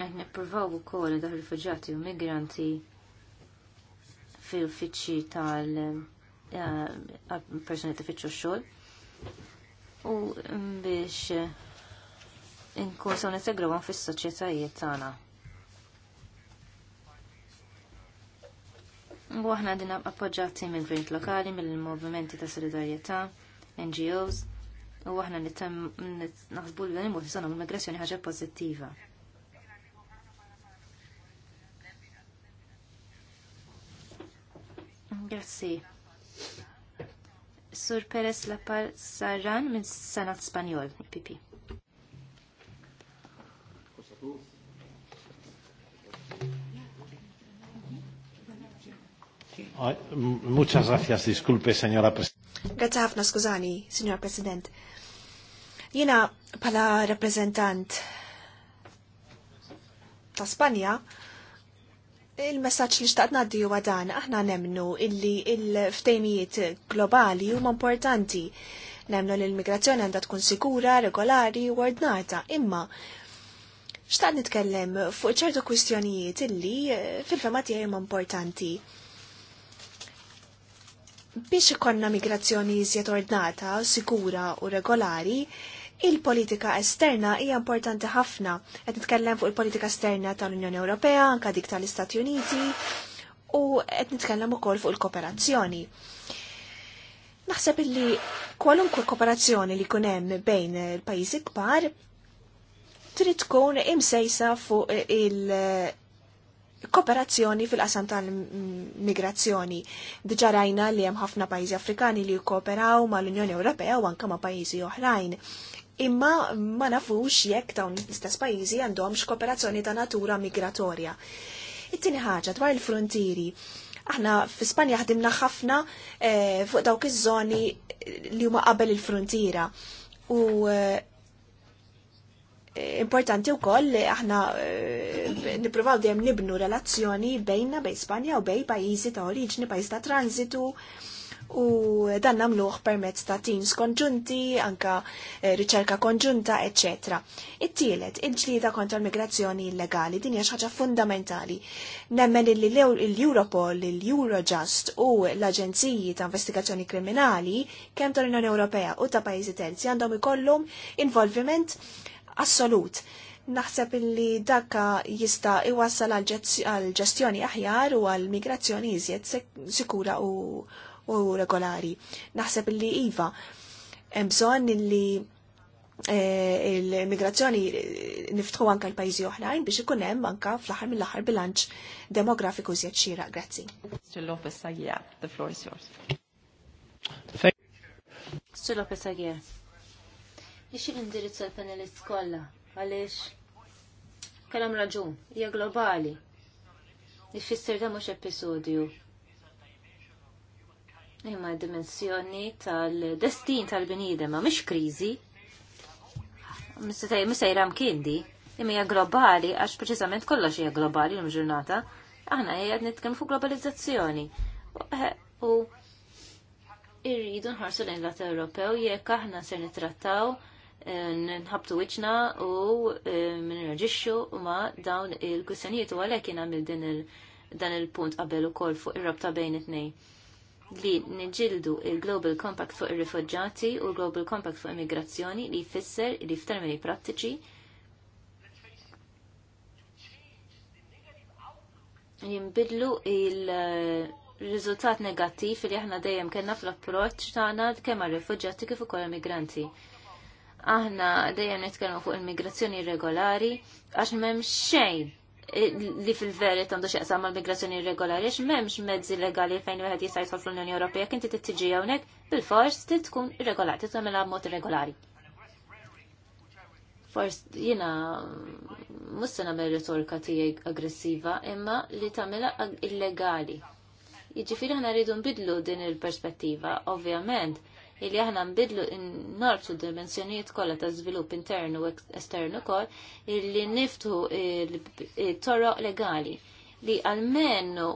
Għed nippruvaw ukoll daħ rifuġati u migranti fil uffiċċji tal-personi eh, ta' x xol u biex inkun saw nisegrawhom fis-soċjetajiet tagħna. U dina din appoġġati mill gvern lokali, mill-movimenti ta' solidarjetà, NGOs, u aħna naħsbu li dan il-mod jisana mill migrazjoni ħagġa pozittiva. Grazzi. Sur Perez Lapal Sarran minn Senat Spanjol, PP. Muchas gracias, disculpe, signora Presidente. Grazie ħafna, skużani, signor President. Jena pala rappresentant ta' Spanja, il-messagġ li xtaqt naddi u dan, aħna nemnu illi il-ftejmijiet globali huma importanti. Nemnu li l-migrazzjoni għandha tkun sikura, regolari u ordnata, imma xtaqt nitkellem fuq ċertu kwistjonijiet illi eh, fil-fema tiegħi huma importanti Biex ikonna migrazzjoni iżjed ordnata, sikura u regolari, il-politika esterna hija importanti ħafna. Qed nitkellem fuq il-politika esterna tal-Unjoni Ewropea, anka dik tal-Istati Uniti, u qed nitkellem ukoll fuq il-kooperazzjoni. Naħseb illi kwalunkwe kooperazzjoni li kun hemm bejn il-pajjiżi kbar trid tkun imsejsa fuq il- kooperazzjoni fil-qasam tal-migrazzjoni. Diġa rajna li hemm ħafna pajjiżi Afrikani li jkooperaw mal-Unjoni Ewropea u anke ma' pajjiżi oħrajn. Imma ma nafux jekk dawn l-istess pajjiżi għandhomx x'kooperazzjoni ta' natura migratorja. It-tieni ħaġa dwar il-frontieri. Aħna f'Ispanja ħdimna ħafna eh, fuq dawk iż-żoni li huma qabel il-frontiera. U eh, importanti wkoll li aħna eh, nippruvaw dejjem nibnu relazzjoni bejna bejn Spanja u bejn pajjiżi ta' oriġni, pajjiż ta' transitu u dan namluħ permezz ta' teams konġunti, anka eh, riċerka konġunta, ecc. It-tielet, il-ġlida kontra l-migrazzjoni illegali, din hija ħaġa fundamentali. Nemmen li l-Europol, l-Eurojust u l-Aġenziji ta' Investigazzjoni Kriminali kemm tal-Unjoni Ewropea u ta' pajjiżi terzi għandhom ikollhom involviment assolut. Naħseb li dakka jista' iwassal għal ġestjoni aħjar u għal migrazzjoni iżjed sikura u, u regolari. Naħseb li iva hemm bżonn illi eh, il-migrazzjoni niftħu anka l-pajzi oħrajn biex ikun hemm anka fl-aħħar mill-aħħar bilanċ demografiku żjed xira. Grazzi. Mr. Lopez the floor is yours. Mr. Lopez l indirizzu l-panelist kolla, għalix kalam raġun, hija globali. Nifisser da mux episodju. Imma dimensjoni tal-destin tal-bnidem, ma mux krizi. Mista jram kindi, imma hija globali, għax preċizament kollox hija globali l-ġurnata. Aħna hija nitkellmu fuq globalizzazzjoni. U irridu nħarsu l-Inglat Ewropew jekk aħna se nittrattaw nħabtu wiċna u nirraġixxu ma dawn il kussanijiet u għalhekk jien għamil din dan il-punt qabel ukoll fuq ir-rabta bejn it-tnejn li nġildu il-Global Compact fuq ir rifugġati u l-Global Compact fuq immigrazzjoni li jfisser li f'termini prattiċi jimbidlu il- riżultat negattiv li aħna dejjem kellna fl-approċċ tagħna kemm għar rifugġati kif ukoll immigranti. migranti aħna dejjem nitkellmu fuq il-migrazzjoni regolari għax m'hemm xejn li fil-verit għandu ma mal migrazzjoni regolari għax m'hemmx mezzi legali fejn wieħed jista' jidħol fl-Unjoni Ewropea kien t-tġi hawnhekk bil-fors t tkun irregolati mela b'mod irregolari. Fors jiena mhux se nagħmel retorika tiegħi aggressiva imma li tamela illegali. Jiġifieri aħna rridu nbidlu din il-perspettiva, ovvjament illi aħna nbidlu n-nartu nortu dimensjonijiet kollha ta' żvilupp internu u esternu kol illi niftu il-toroq legali li għalmenu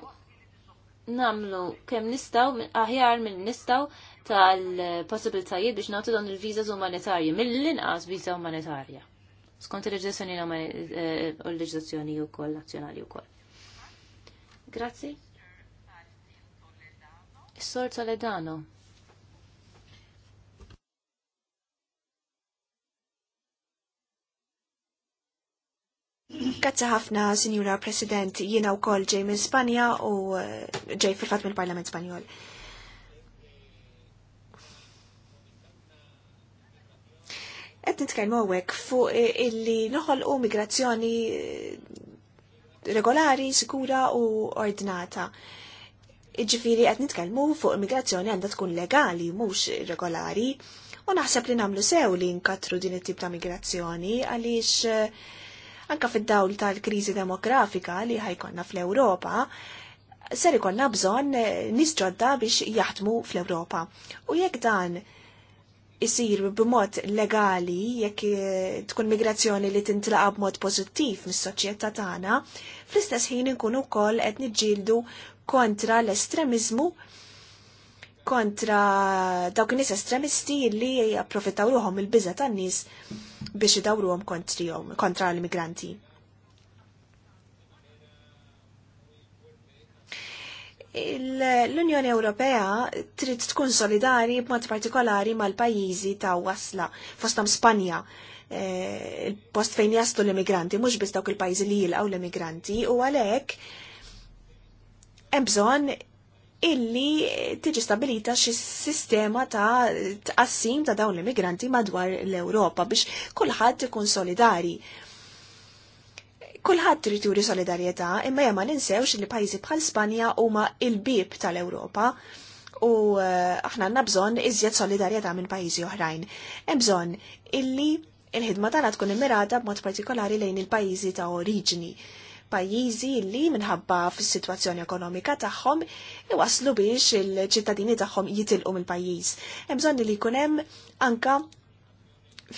namlu kem nistaw aħjar minn nistaw tal-possibilitajiet biex nagħtu dawn il-viżas umanitarji, mill-inqas viża umanitarja. Skont il-leġizzazzjoni eh, u l-leġizzazzjoni wkoll nazzjonali wkoll. Grazzi. Is-sor Toledano. Grazzi ħafna, Sinjura President, jiena u kol ġej minn Spanja u eh, ġej fil-fat mill parlament Spanjol. Qed nitkellmu hawnhekk fuq eh, illi noħolqu migrazzjoni eh, regolari, sikura u ordnata. Iġifiri qed nitkellmu fuq immigrazzjoni għandha tkun legali mhux regolari u naħseb li nagħmlu sew li nkatru din it-tip ta' migrazzjoni għaliex anka fid-dawl tal-kriżi demografika li ħajkonna fl-Ewropa, ser ikonna bżonn eh, nisġodda biex jaħdmu fl-Ewropa. U jekk dan isir b'mod legali jekk eh, tkun migrazzjoni li tintlaqa b'mod pożittiv mis-soċjetà tagħna, fl-istess ħin inkunu wkoll qed niġġieldu kontra l-estremizmu kontra dawk nies estremisti li japprofittaw ruhom il-biża tan-nies biex idawruhom kontrihom kontra l immigranti L-Unjoni Ewropea trid tkun solidari b'mod partikolari mal-pajjiżi ta' wasla fostom Spanja e, il-post fejn jastu l-immigranti, mhux biss dawk il-pajjiżi li jilgħu l-immigranti u għalhekk hemm bżonn illi tiġi stabilita xi sistema ta' tqassim ta' dawn l-immigranti madwar l-Ewropa biex kulħadd ikun solidari. Kulħadd trid juri solidarjetà, imma jemma ninsewx li pajjiżi bħal Spanja huma il-bib tal-Ewropa u eh, aħna għandna bżonn iżjed solidarjetà minn pajjiżi oħrajn. Hemm bżonn illi il-ħidma tagħna tkun immirata b'mod partikolari lejn il-pajjiżi ta' oriġini pajjiżi li minħabba fis-sitwazzjoni ekonomika tagħhom iwaslu biex il-ċittadini tagħhom jitilqu mill-pajjiż. Hemm bżonn li jkun hemm anke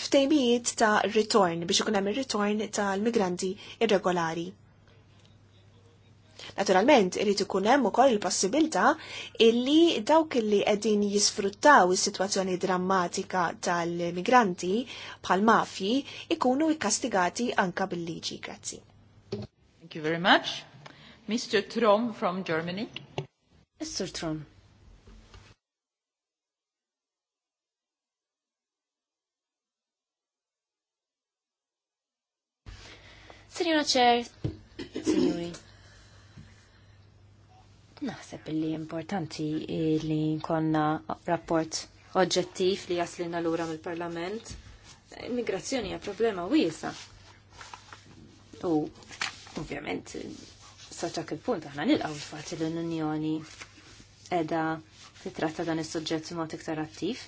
ftejmijiet ta' return biex ikun hemm ir-return tal-migranti irregolari. Naturalment, irrid ikun hemm ukoll il-possibilità illi dawk illi qegħdin jisfruttaw is-sitwazzjoni drammatika tal-migranti bħal mafji ikunu ikkastigati anka bil-liġi. Grazzi. Thank you very much. Mr. Trom from Germany. Mr. Trom. Signora Chair, signori, naħseb li importanti li nkonna rapport oġġettiv li jaslina l-ura mill-parlament. Immigrazzjoni hija problema wiesa. U Ovvjament, saċak il-punt, aħna nilqaw il-fat li l-Unjoni edha titratta dan is-suġġett mod iktar attiv.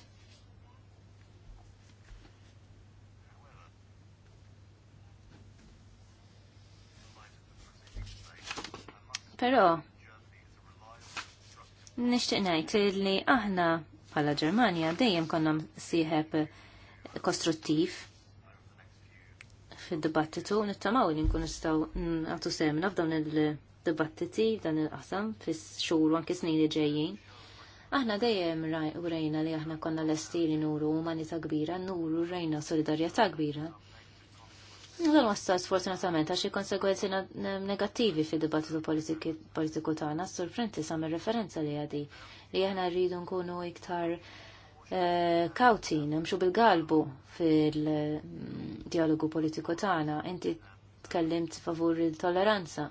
Però nixtieq ngħid li aħna bħala Ġermanja dejjem konna sieħeb kostruttiv fil-dibattitu, nittamaw li nkun nistaw għatu semna f'dawn il-dibattiti, f'dan il-qasam, fis xur anke snin li ġejjin. Aħna dejjem rejna li aħna konna l-esti li nuru umanita kbira, nuru rejna solidarjetà kbira. Dan wassal sfortunatament għax konsegwenzi negattivi fi dibattitu politiku tagħna, sorprenti sam referenza li għadi li aħna rridu nkunu iktar Eh, kawti, mxu bil-galbu fil-dialogu politiku tagħna. Inti tkellimt favur il-toleranza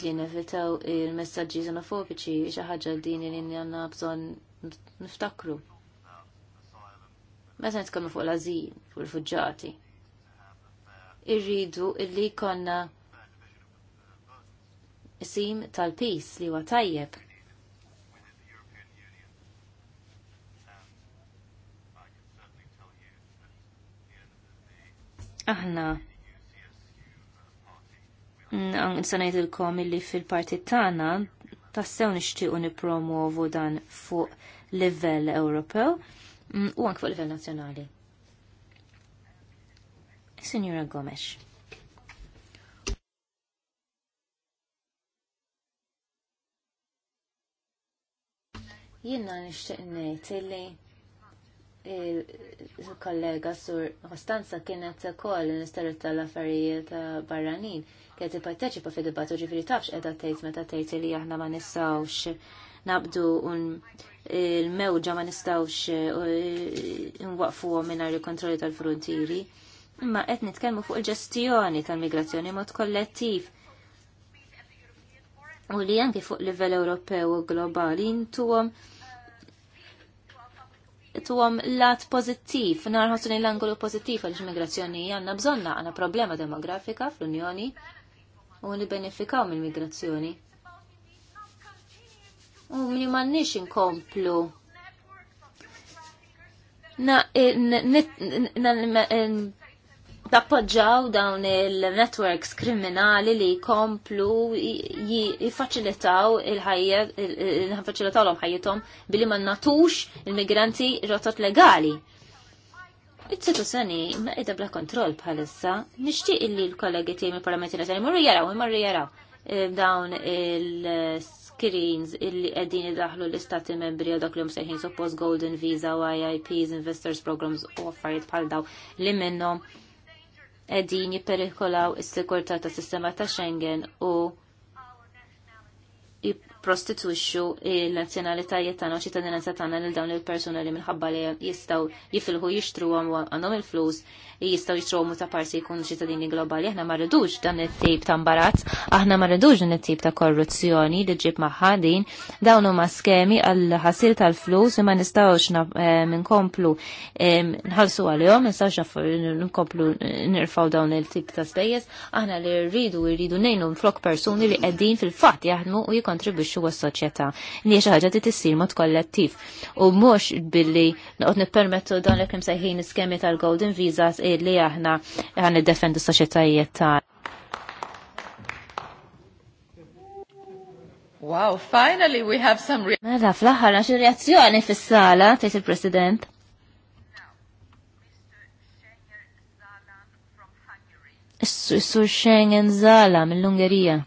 li nevitaw il-messagġi xenofobiċi xi ħaġa din li għandna bżonn niftakru. Meta nitkellmu fuq l-azil, fuq il-fuġġati, irridu illi konna isim tal-pis li huwa tajjeb Aħna n-sanajt il-kom illi fil parti tagħna tassew nixtiequ nipromuovu dan fuq livell Ewropew mm, u anke fuq livell nazzjonali. Signora Gomes. Jiena nixtieq ngħid illi il-kollega sur Kostanza kienet ukoll l ministeru tal-Affarijiet Barranin kienet ipparteċipa fi dibattu ġifieri tafx qiegħda tgħid meta tejt li aħna ma nistgħux nabdu il-mewġa ma nistgħux uh, nwaqfuhom mingħajr il-kontrolli tal-frontieri. Imma qed nitkellmu fuq il-ġestjoni tal-migrazzjoni mod kollettiv. U li anke fuq livell Ewropew u globali intuhom tuwom lat pozittif, narħosu li l-angolu pozittiv għal migrazzjoni għanna bżonna għanna problema demografika fl-Unjoni u li benefikaw mill-migrazzjoni. U minni mannix inkomplu na eh, tappoġġaw dawn il-networks kriminali li komplu jifaċilitaw il-ħajja, jifaċilitaw l ħajjitom billi ma natux il-migranti rotot legali. il sani, ma edha bla kontroll bħalissa, nishtiq illi l-kollegi tiegħi mill-Parlamenti nazjoni, marru jaraw, marru jaraw eh, dawn il-screens illi qegħdin idaħlu l-istati membri u dak li msejħin suppost Golden Visa, YIPs, Investors Programs u affarijiet bħal daw li minnhom edin jiperikolaw is-sigurtà tas sistema ta' Schengen u prostituxxu l-nazzjonalitajiet tagħna u ċittadinanza tagħna lil dawn il-persuna li minħabba li jistgħu jifilħu jixtruhom għandhom il-flus jistgħu jixtruhom ta' parsi jkunu ċittadini globali. Aħna ma rridux dan it-tip ta' imbarazz, aħna ma rridux dan it-tip ta' korruzzjoni li ġib magħha din dawn huma skemi għal ħasil tal-flus li ma nistgħux eh, nkomplu eh, nħallsu għalihom, nistgħux nkomplu nirfaw dawn il-tip ta' spejjeż. aħna li rridu rridu ngħinu flok persuni li qegħdin fil-fatt jaħdmu u jikontribwix jinteraġixxu għas-soċjetà. Ni xi ħaġa li tissir mod kollettiv. U mhux billi noqgħod nippermettu dan li kemm sejħin skemi tal-Golden Visas li aħna ħan niddefendu s-soċjetajiet tagħna. Wow, finally we have some re- Mela, fl-aħħar xi reazzjoni fis-sala, tgħid il-President. Is-sur Schengen Zala mill-Ungerija.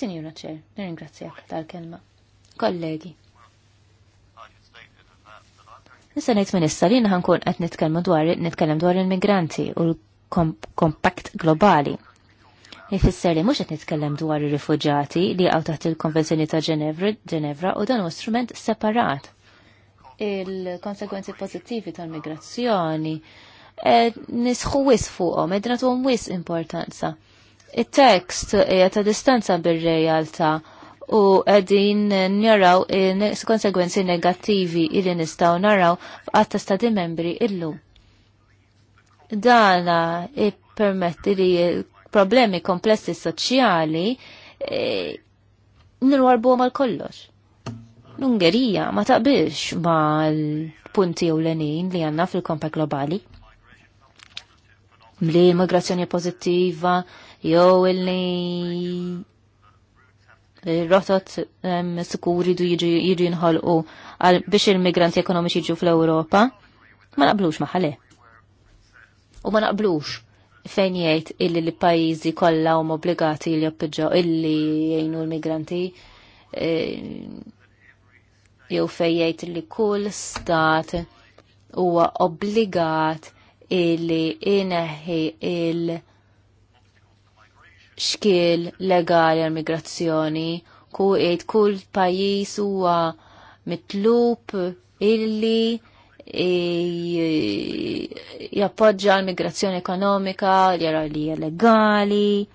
Sinjura ċer, nirringrazzjak tal-kelma. Kollegi. Nisa ngħid minissa, li li kun qed nitkellmu dwar nitkellem dwar il-migranti u l-kompakt globali. Nifisser li mhux qed nitkellem dwar ir rifugġati li għaw taħt il-Konvenzjoni ta' Ġenevra u dan huwa strument separat. Il-konsekwenzi pożittivi tal-migrazzjoni eh, nisħu wis fuqhom, id-nagħtuhom wis importanza it-tekst hija ta' distanza bir-realtà u qegħdin njaraw konsegwenzi negattivi illi nistgħu naraw f'qatt ta' stati membri illum. Dana ippermetti li problemi komplessi soċjali e, nirwarbu mal kollox. L-Ungerija ma taqbilx ma l-punti u l-enin li għanna fil-kompa globali bli immigrazzjoni pozittiva jew illi rotot sikuri du jiġu jinħolqu biex il-migranti ekonomiċi jiġu fl-Ewropa, ma naqblux maħale. U ma naqblux fejn jgħid illi l-pajjiżi kollha hum obbligati li jappoġġaw illi jgħinu l-migranti e, jew fejn jgħid li kull stat huwa obbligat illi ineħħi il xkiel legali għal migrazzjoni ku id kull pajis huwa mitlub illi jappoġġa l-migrazzjoni ekonomika, jara li legali.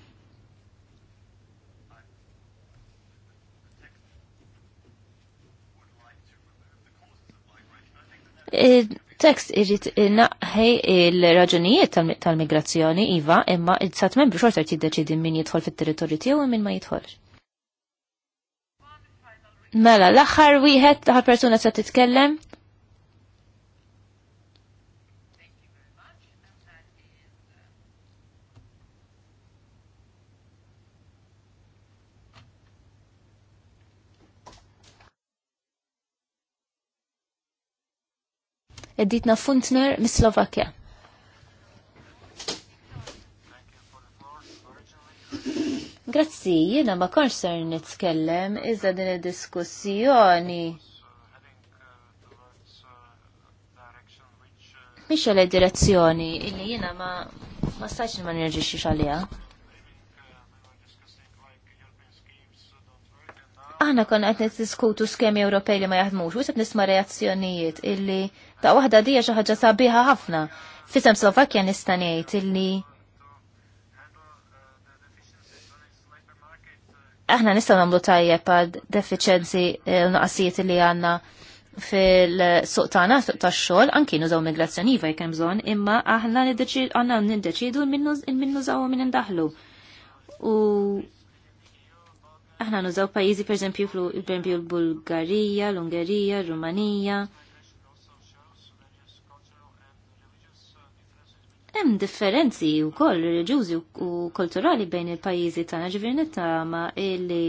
Id e- Tekst irrit naqħej il-raġunijiet tal-migrazzjoni iva imma id sat membru xorta jiddeċidi min jidħol fit-territorju tiegħu u min ma jidħolx. Mela, l-aħħar wieħed ta-ħal persuna se titkellem Editna Funtner mis-Slovakkja. Grazzi, jiena ma konser nitkellem iżda din id-diskussjoni. Mhix direzzjoni illi jiena ma ma stax ma nirġixxix għaliha. Aħna konna qed niddiskutu skemi Ewropej li ma jaħdmux, u nisma' reazzjonijiet illi ta' waħda dija xaħġa sabiħa ħafna. Fisem Slovakja nista' ngħid illi aħna nistgħu nagħmlu tajjeb għal deficienzi l eh, naqasijiet li għandna fil-suq tagħna suq tax-xogħol anki nużaw migrazzjoni iva jekk hemm bżonn, imma aħna għandna niddeċidu minnu żaw minn indaħlu. U aħna nużaw pajizi per esempio il l-Bulgarija, l-Ungerija, l-Rumanija. Hemm differenzi wkoll reliġjużi u kulturali bejn il-pajjiżi tagħna ġifieri nittama illi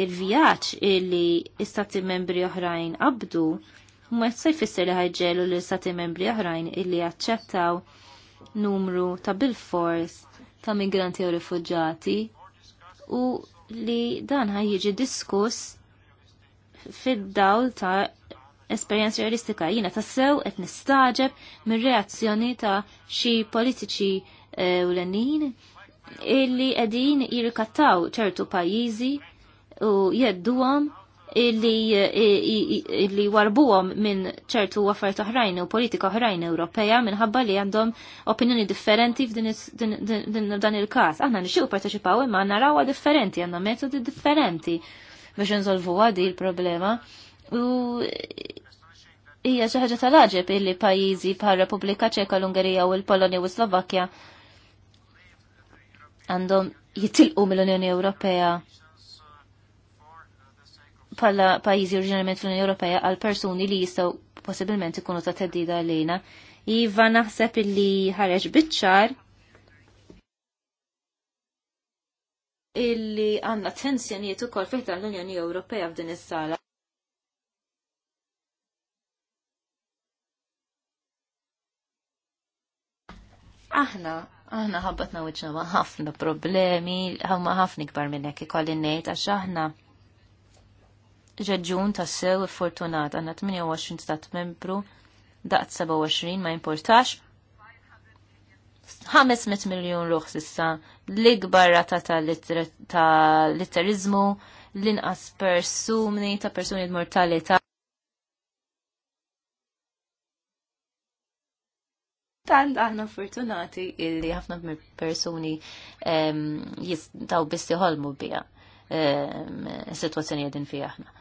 il-vjaġġ illi istati membri oħrajn qabdu ma se jfisser li ħajġelu l istati membri oħrajn illi jaċċettaw numru ta' bilfors ta' migranti u rifuġġati u li dan ħajjiġi diskuss fid-dawl ta' esperienza realistika jina ta' sew qed nistaġeb mir reazzjoni ta' xi politiċi u eh, l illi qegħdin jirrikattaw ċertu pajjiżi u jedduhom illi warbuhom minn ċertu affarijiet oħrajn u politika oħrajn Ewropea minħabba li għandhom opinjoni differenti f'dan il-każ. Aħna nixtiequ parteċipaw imma narawha differenti, għandna metodi differenti biex nżolvu għadi il-problema. U hija xi ħaġa tal-aġeb illi pajjiżi bħal Repubblika Ċeka l-Ungerija u l-Polonja u Slovakkja għandhom jitilqu mill-Unjoni Ewropea pala pajizi oriġinarjament fl-Unjoni Ewropea għal persuni li jistaw possibilment ikunu ta' teddida għalina. Iva naħseb li ħareġ bitċar illi għanna tensjonijiet ukoll fiħta l-Unjoni Ewropea f'din is-sala. Aħna, aħna ħabbatna wiċċna ma' ħafna problemi, ħafna ħafna kbar minnek ikolli ngħid għax aħna Ġeġun ta' sew fortunat għanna 28 stat membru daqt 27 ma' importax 500 miljon ruħ sissa l-ikbar rata ta' litterizmu l-inqas persuni ta' persuni d-mortalità tant aħna fortunati illi ħafna persuni jistaw bisti ħolmu bija situazzjoni din fija aħna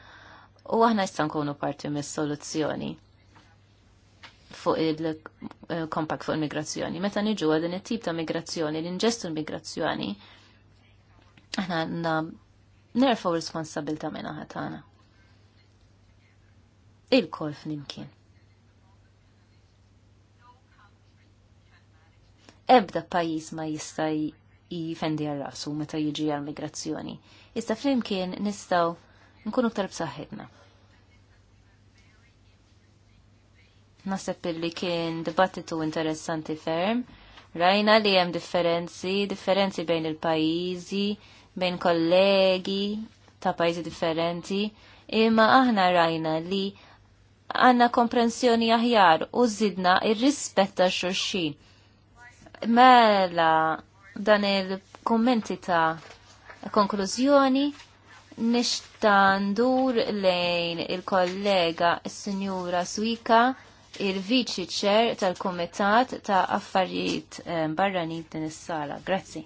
u aħna jista' nkunu parti mis-soluzzjoni fuq il-kompakt fuq il-migrazzjoni. Meta niġu għadin it-tip ta' migrazzjoni, l-inġestu l-migrazzjoni, aħna għanna nerfaw responsabilta minna ħatana. Il-kol flimkien. Ebda pajis ma jista' jifendi għal rasu meta jiġi għal migrazzjoni. Iżda flimkien nistaw nkunu ktar b'saħħitna. Nasib li kien dibattitu interessanti ferm, rajna li hemm differenzi, differenzi bejn il-pajjiżi, bejn kollegi ta' pajjiżi differenti, imma aħna rajna li għanna komprensjoni aħjar u zidna ir-rispett ta' xurxin. Mela dan il-kommenti ta' konklużjoni nishtandur lejn il-kollega s-Sinjura Swika il vici ċer tal-Komitat ta' Affarijiet eh, Barranin din is-sala. Grazzi.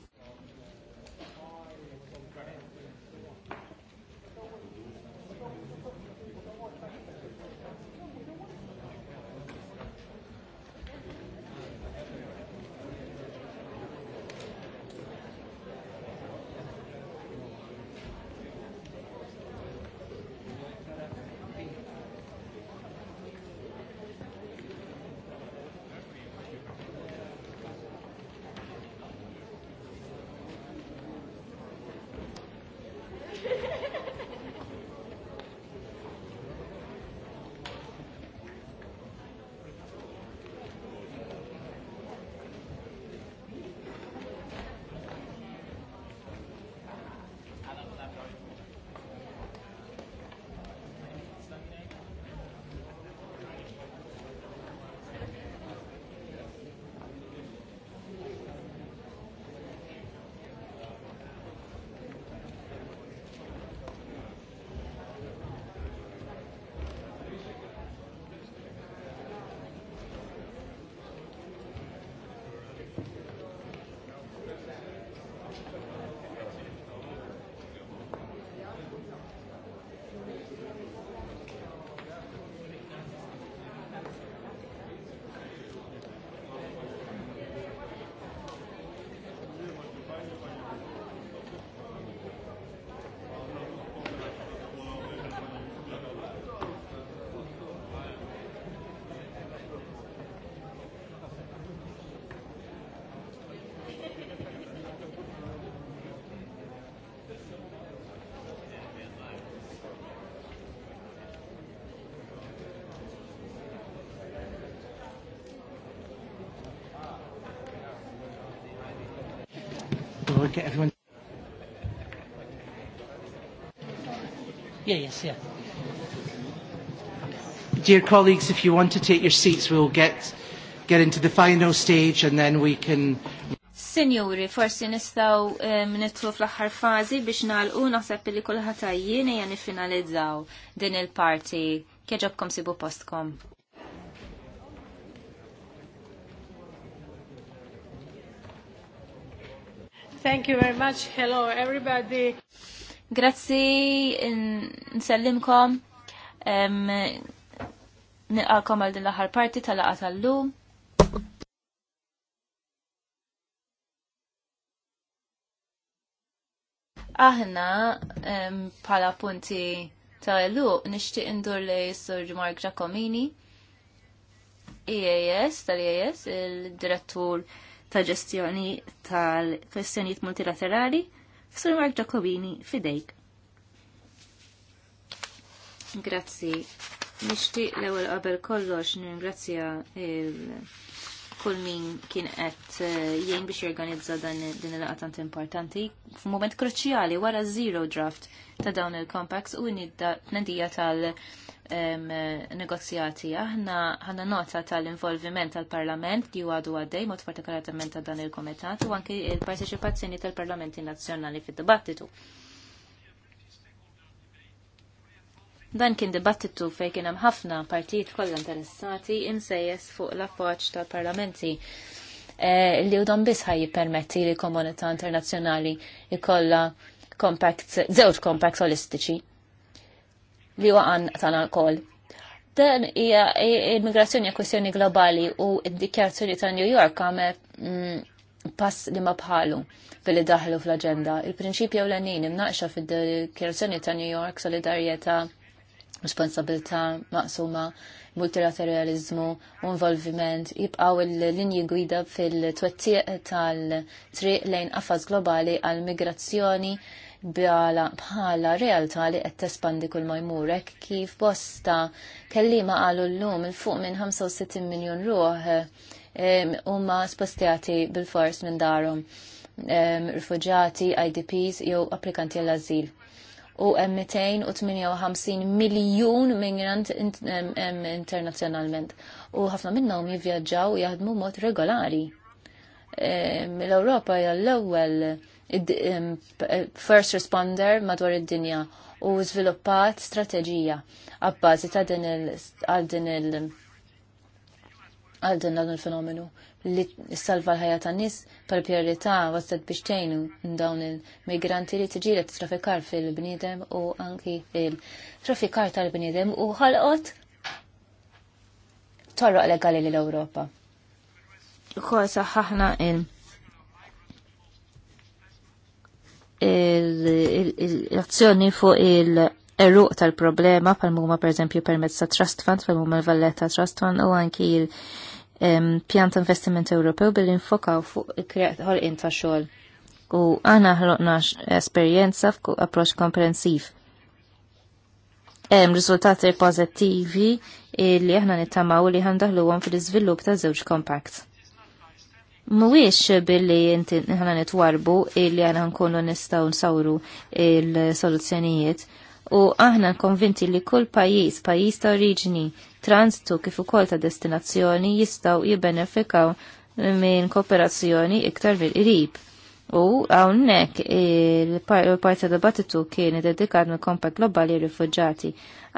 everyone. Yeah, yes, yeah. Dear colleagues, if you want to take your seats, we'll get, get into the final stage and then we can... Signori, forsi nistaw ehm, nitlu fl-axar fazi biex nalqu naħseb li kullħat għajjini jani finalizzaw din il-parti. Kieġobkom sibu postkom. Thank you very much. Hello everybody. Grazzi, nsellimkom. Nilqakom għal din l-aħħar parti tal laqgħa tal-lum. Aħna pala punti ta' luq nixtieq indur lej Sur Mark Giacomini, EAS tal-EAS, il-direttur ta' ġestjoni tal-kwestjonijiet multilaterali f'Sur Mark Giacobini fidejk. Grazzi. Nixtieq l-ewwel qabel kollox ningrazzja il- kull min kien qed eh, jgħin biex jorganizza dan din il tant importanti f'mument kruċjali wara zero draft ta' dawn il-compacts u nidija tal-negozjati. Eh, Aħna ħanna nota tal-involviment tal-Parlament li għadu għaddej mod partikolarment ta' dan il-Komitat u anki il-parteċipazzjoni tal-Parlamenti Nazzjonali fid-dibattitu. Dan kien dibattitu fej kien hemm ħafna partijiet kollha interessati insejjes fuq l-appoġġ tal-parlamenti eh, li u dom biss jippermetti li komunità internazzjonali ikollha kompakt, żewġ kompakt holistiċi li huwa għan tal-alkohol. Dan hija immigrazzjoni hija kwestjoni globali u d dikjarzjoni ta' New York għame mm, pass li ma bħalu billi daħlu fl-agenda. Il-prinċipju l-għanin imnaqxa fil dikjarzjoni ta' New York solidarjeta responsabilità maqsuma, multilateralizmu involviment jibqaw il-linji gwida fil twettiq tal-triq lejn qafas globali għal-migrazzjoni bħala bħala realtà li qed tespandi kull majmurek kif bosta kellima qalu llum il fuq minn 65 miljun ruħ huma spostjati bil-fors minn darhom rifuġati, IDPs jew applikanti għall-azil u 258 miljun migrant internazjonalment. u ħafna minnhom jivvjaġġaw u jaħdmu mod regolari. L-Ewropa hija l-ewwel eh, first responder madwar id-dinja u żviluppat strateġija għabbażi ta' din il- għal din il- għal din fenomenu li salva l-ħajja ta' nis per priorità waslet biex tgħinu dawn il-migranti li tiġilet trafikar fil-bniedem u anki il-trafikar tal-bniedem u ħalqot torroq legali l ewropa Ukoll saħħaħna il- l-azzjoni fuq il erruq tal-problema pal-mumma per eżempju permezz ta' trust fund, pal-mumma l-valletta trust fund u anki il- pjan ta' investiment Ewropew billi nfokaw fuq ħolqien ta' xogħol. U għana ħloqna esperjenza approċċ komprensiv. Hemm riżultati pożittivi li aħna nittamaw li ħandaħluhom fil-iżvilupp ta' żewġ kompakt. Mwix billi inti ħana nitwarbu illi għana nkunu nistaw nsawru il-soluzzjonijiet, u aħna konvinti li kull pajjiż, pajjiż ta' oriġni, transitu kif ukoll ta' destinazzjoni jistgħu jibbenefikaw minn kooperazzjoni iktar mill-qrib. U hawnhekk il-parti dibattitu kien dedikat mill kompet globali rifugġati.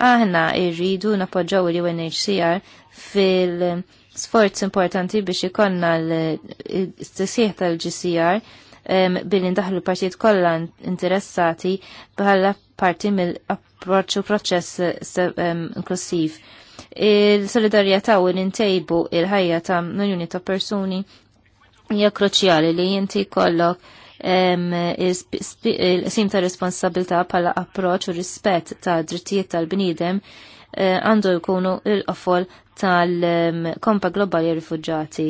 Aħna rridu napoġġaw il-UNHCR fil- sforz importanti biex ikonna l-istisieħ tal-GCR billi ndaħlu partijiet kollha interessati bħala parti mill-approċċu proċess inklusiv. Il-solidarjetà u l-intejbu il-ħajja ta' miljoni ta' persuni hija kruċjali li jinti kollok il-sim ta' responsabilta bħala approċċ u rispett ta' drittijiet tal-bniedem eh, għandu jkunu il-qofol tal-kompa globali rifugġati.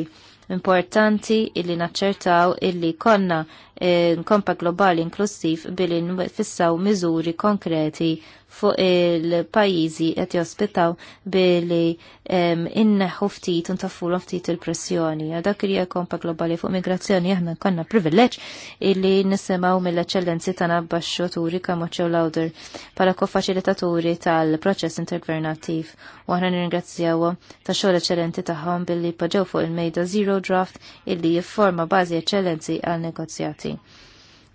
Importanti illi naċċertaw illi konna nkompa eh, globali inklusiv billi nfissaw miżuri konkreti fuq il-pajjiżi qed jospitaw billi inneħħu ftit u ntaffulhom ftit il-pressjoni. Dak li hija kompa globali fuq migrazzjoni jahna konna privileġġ illi nisimgħu mill-eċċellenzi tagħna baxxoturi kamoċċew lawder bħala kofaċilitaturi tal-proċess intergvernattiv u aħna nirringrazzjawhom ta' xogħol eċellenti tagħhom billi poġġew fuq il-mejda Zero Draft illi jifforma bażi eċċellenzi għal negozjati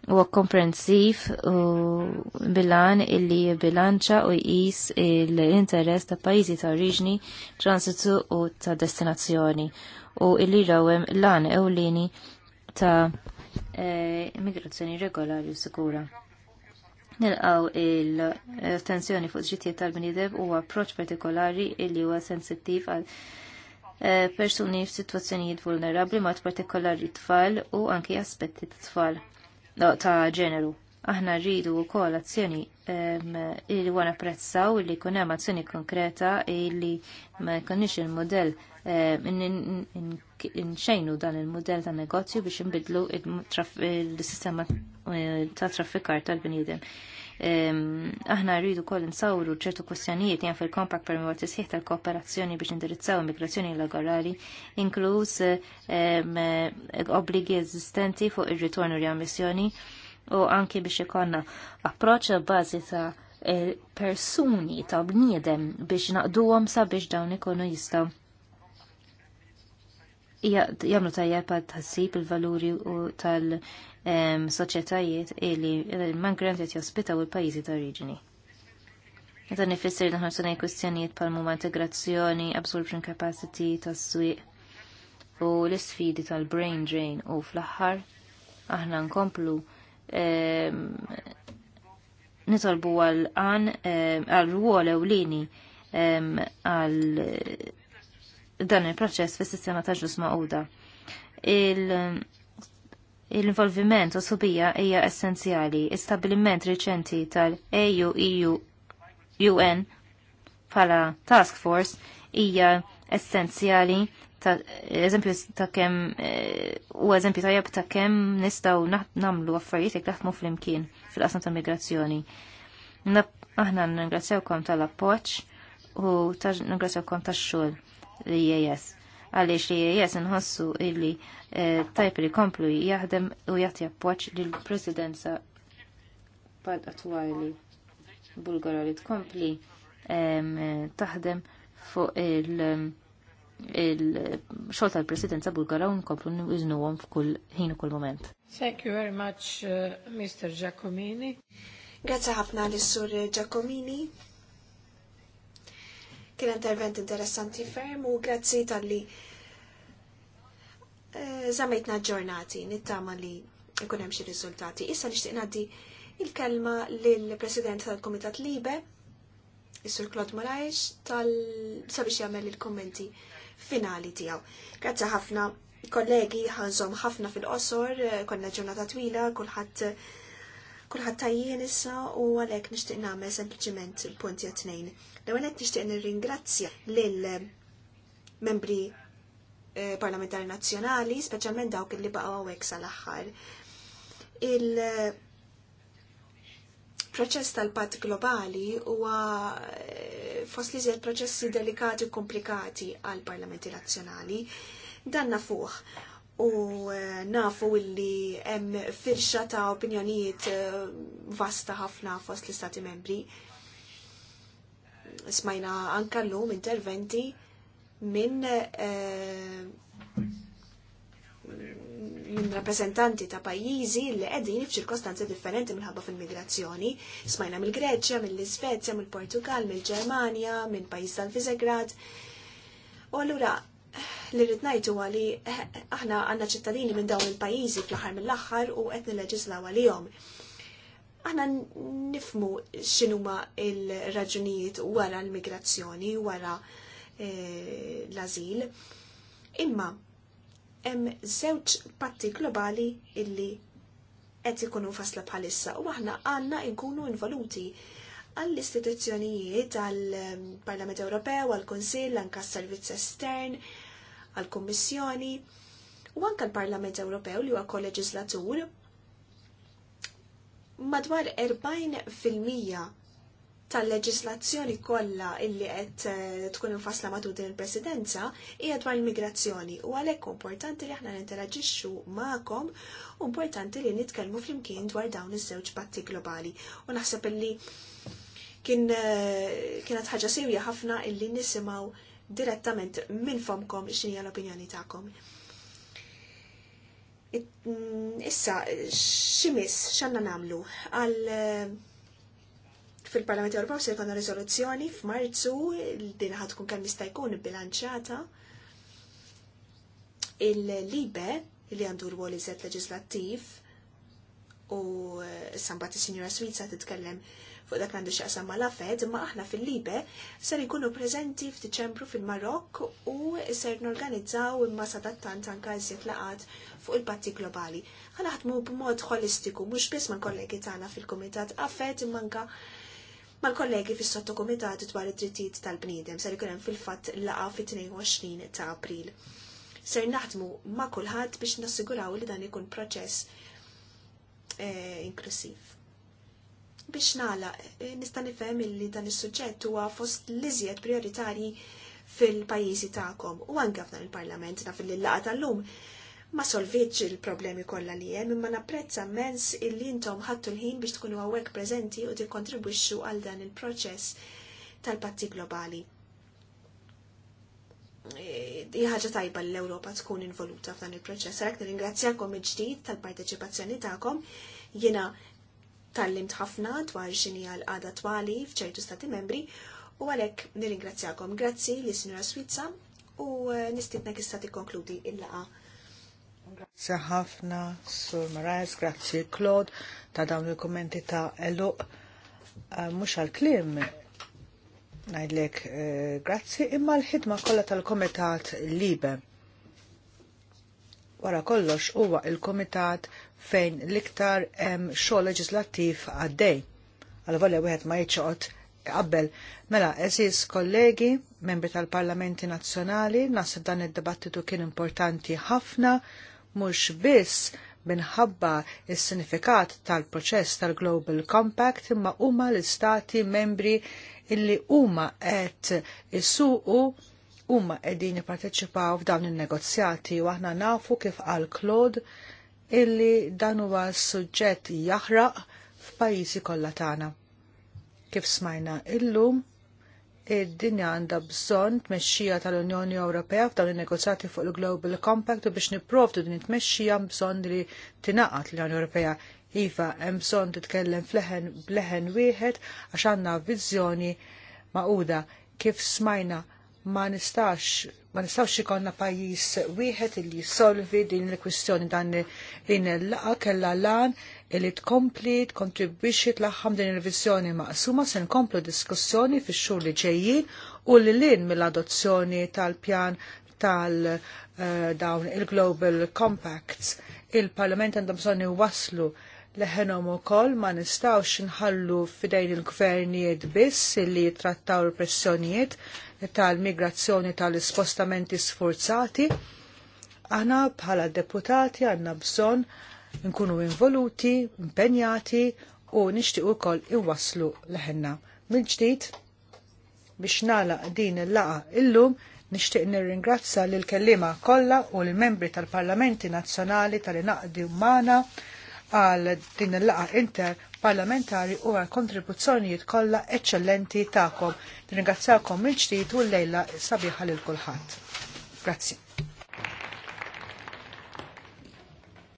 huwa komprensiv u bilan illi bilanċa u jqis l-interess ta' pajjiżi ta' oriġni, transitu u ta' destinazzjoni u illi rawem lan ewlini ta' eh, immigrazzjoni regolari u sikura. Nilqaw il-attenzjoni fuq ġittijiet tal-bnideb u approċ partikolari illi huwa sensittiv għal eh, persuni f'sitwazzjonijiet vulnerabli mat partikolari tfal u anki aspetti t-tfal ta' ġeneru. Aħna rridu wkoll azzjoni li għana prezzaw li jkun hemm azzjoni konkreta li ma jkunniex il-modell nxejnu dan il-modell ta' negozju biex inbidlu il-sistema eh, ta' traffikar tal-bniedem aħna rridu koll nsawru ċertu kwestjonijiet jen fil kompak per mwart isħiħ tal-kooperazzjoni biex indirizzaw immigrazzjoni illegali, inkluż obbligi eżistenti fuq ir-ritorn u riammissjoni u anki biex ikonna approċċ bażi ta' e, persuni ta' bniedem biex naqduhom sabiex dawn ikonu jistaw jamlu tajjeb għad tħassib il-valuri u tal soċjetajiet li l-migranti qed jospitaw il-pajjiżi ta' oriġini. Meta nifisser li ħarsu ngħid kwistjonijiet bħal huma integrazzjoni, absorption capacity tas-swieq u l-isfidi tal-brain drain u fl-aħħar aħna nkomplu nitolbu għal għan għal ruol ewlieni għal dan il-proċess fis sistema ta' ġus ma'uda l-involviment u subija hija essenzjali. Istabiliment riċenti tal eu eu un bħala task force hija essenzjali ta' eżempju ta' kem eh, u eżempju tajab ta' kem nistaw namlu affarijiet jek naħdmu fl-imkien fil-qasam ta' migrazzjoni. Aħna ningrazzjawkom tal-appoċ u ningrazzjawkom tax-xogħol li jajas. E għaliex li jes nħossu illi eh, tajp li komplu jaħdem u jagħti li l presidenza bad attwali Bulgara li tkompli taħdem fuq il- il-xol tal-presidenza bulgara komplu n f'kull ħin u kull moment. Thank you very much, uh, Mr. Giacomini. Grazie ħafna l-sur Giacomini. Kien intervent interessanti ferm u grazzi tal-li eh, zamejtna ġornati, nittama li ikun hemm xi riżultati. Issa nixtieq ngħaddi il-kelma lill-President tal-Kumitat Libe, is-Sur Claude Moraes, tal sabiex jagħmel il-kummenti finali tiegħu. Grazzi ħafna kollegi ħanżom ħafna fil-qosor, eh, konna ġurnata twila, kulħadd Kulħadd tajjien issa u għalhekk nixtieq nagħmel il punti għat tnejn. L-ewwel qed nixtieq nirringrazzja lil eh, membri eh, parlamentari nazzjonali, speċjalment dawk li baqgħu hawnhekk sal-aħħar. Il eh, proċess tal-pat globali huwa fost li proċessi delikati u komplikati għal parlamenti nazzjonali. Dan nafuh u eh, nafu illi hemm firxa ta' opinjonijiet eh, vasta ħafna fost l-istati membri. Smajna anka l-lum interventi minn eh, minn rappresentanti ta' pajjiżi li qegħdin f'ċirkostanzi differenti minħabba fil-migrazzjoni. Smajna mill-Greċja, mill-Iżvezja, mill-Portugal, mill-Ġermanja, minn pajjiż tal-Visegrad. U allura li rrid għali eh, aħna għandna ċittadini minn dawn il-pajjiżi fl-aħħar mill-aħħar u qed nileġislaw għalihom. Aħna nifmu x'inhuma il-raġunijiet wara l-migrazzjoni, wara eh, l-azil. Imma hemm żewġ patti globali illi qed ikunu fasla bħalissa u aħna għandna jkunu involuti għall-istituzzjonijiet għall-Parlament Ewropew, għall-Kunsill, anka s-Servizz Estern, għal-Kummissjoni u anke l-Parlament Ewropew li huwa kolleġislatur. madwar 40% tal-leġislazzjoni kollha illi qed eh, tkun infassla matul din il-Presidenza hija dwar l-migrazzjoni u għalhekk importanti li aħna ninteraġixxu magħkom u importanti li nitkellmu flimkien dwar dawn iż-żewġ patti globali. U naħseb illi kien eh, kienet ħaġa sewja ħafna illi nisimgħu direttament minn fomkom xini l-opinjoni ta'kom. Mm, issa, ximis, xanna namlu? Għal eh, fil-Parlament Ewropew se jkollna rizoluzzjoni f'Marzu din ħad tkun kemm jista' jkun bilanċata il-libe li għandu rwol iżet leġislattiv u eh, sambat is-Sinjora Swizza titkellem fuq dak għandu xaqsam ma' lafed, ma' aħna fil-Libe ser ikunu prezenti f'Diċembru fil-Marokk u ser norganizzaw imma sadattant anka jżiet laqat fuq il-patti globali. Ħanaħdmu b'mod holistiku, mhux biss mal-kollegi tagħna fil-Kumitat Afed imma anka mal-kollegi fis sottokomitat dwar id-drittijiet tal-bniedem ser ikun hemm fil-fatt laqa fit-22 ta' April. Ser naħdmu ma' kulħadd biex nassiguraw li dan ikun proċess eh, inklusiv. Biex nala, eh, nista' nifhem illi dan is-suġġett huwa fost l-iżjed prioritarji fil-pajjiżi tagħkom u anke f'dan il-Parlament naf li l-laqa tal-lum ma solvitx il-problemi kollha li hemm imma napprezza immens illi intom ħadtu l-ħin biex tkunu hawnhekk preżenti u tikkontribwixxu għal dan il-proċess tal-patti globali. Eh, ħaġa tajba l-Ewropa tkun involuta f'dan il-proċess. Għalhekk nirringrazzjakom il-ġdid tal-parteċipazzjoni tagħkom jiena tallimt ħafna dwar xini għal-għada twali fċertu stati membri u għalek nir-ingrazzjakom. Grazzi li sinjora Swizza u eh, nistitna kistati konkludi il-laqa. Grazzi ħafna, Sur Marajs, grazzi Claude, ta' dawn il-kommenti ta' eluq. Eh, Mux għal-klim, najdlek eh, grazzi, imma l-ħidma kollha tal-komitat Libem wara kollox huwa il-komitat fejn l-iktar hemm xogħol leġislattiv għaddej. Għal-volja wieħed ma jiċċoqgħod qabel. Mela, eżis kollegi, membri tal-Parlamenti Nazzjonali, nasib dan id-dibattitu kien importanti ħafna, mhux biss minħabba is-sinifikat tal-proċess tal-Global Compact imma huma l-istati membri illi huma qed isuqu huma qegħdin jipparteċipaw f'dawn in-negozjati u aħna nafu kif qal Claude illi dan huwa suġġett jaħraq f'pajjiżi kollha tagħna. Kif smajna illum id-dinja għandha bżonn tmexxija tal-Unjoni Ewropea f'dawn in-negozjati fuq il-Global Compact u biex nipprovdu din it-tmexxija bżonn li tingħaqad l-Unjoni Ewropea Iva, hemm bżonn titkellem fleħen bleħen wieħed għax għandna viżjoni maquda kif smajna ma nistax ma nistax ikonna pajjiż wieħed li jissolvi din il-kwistjoni dan din il-laqa kella lan li tkompli tkontribwixxi tlaħħam din ir-reviżjoni maqsuma se nkomplu diskussjoni fix-xhur li ġejjin u li lin mill-adozzjoni tal-pjan tal-dawn eh, il-Global Compacts. Il-Parlament għandhom bżonn waslu leħenom u koll ma nistawx nħallu fidejn il-gvernijiet biss li jitrattaw il-pressjonijiet tal-migrazzjoni tal-ispostamenti sforzati. Aħna bħala deputati għanna bżon nkunu involuti, impenjati u nishtiq ukoll iwaslu leħenna. Mill-ġdid biex nala din il-laqa illum nixtieq nirringrazza l kellima kollha u l-membri tal-Parlamenti Nazzjonali tal-inaqdi Umana għal din il-laqa interparlamentari u għal kontribuzzjonijiet kollha eċċellenti tagħkom. Ringrazzjakom mill-ġdid u l-lejla sabiħa lil kulħadd. Grazzi.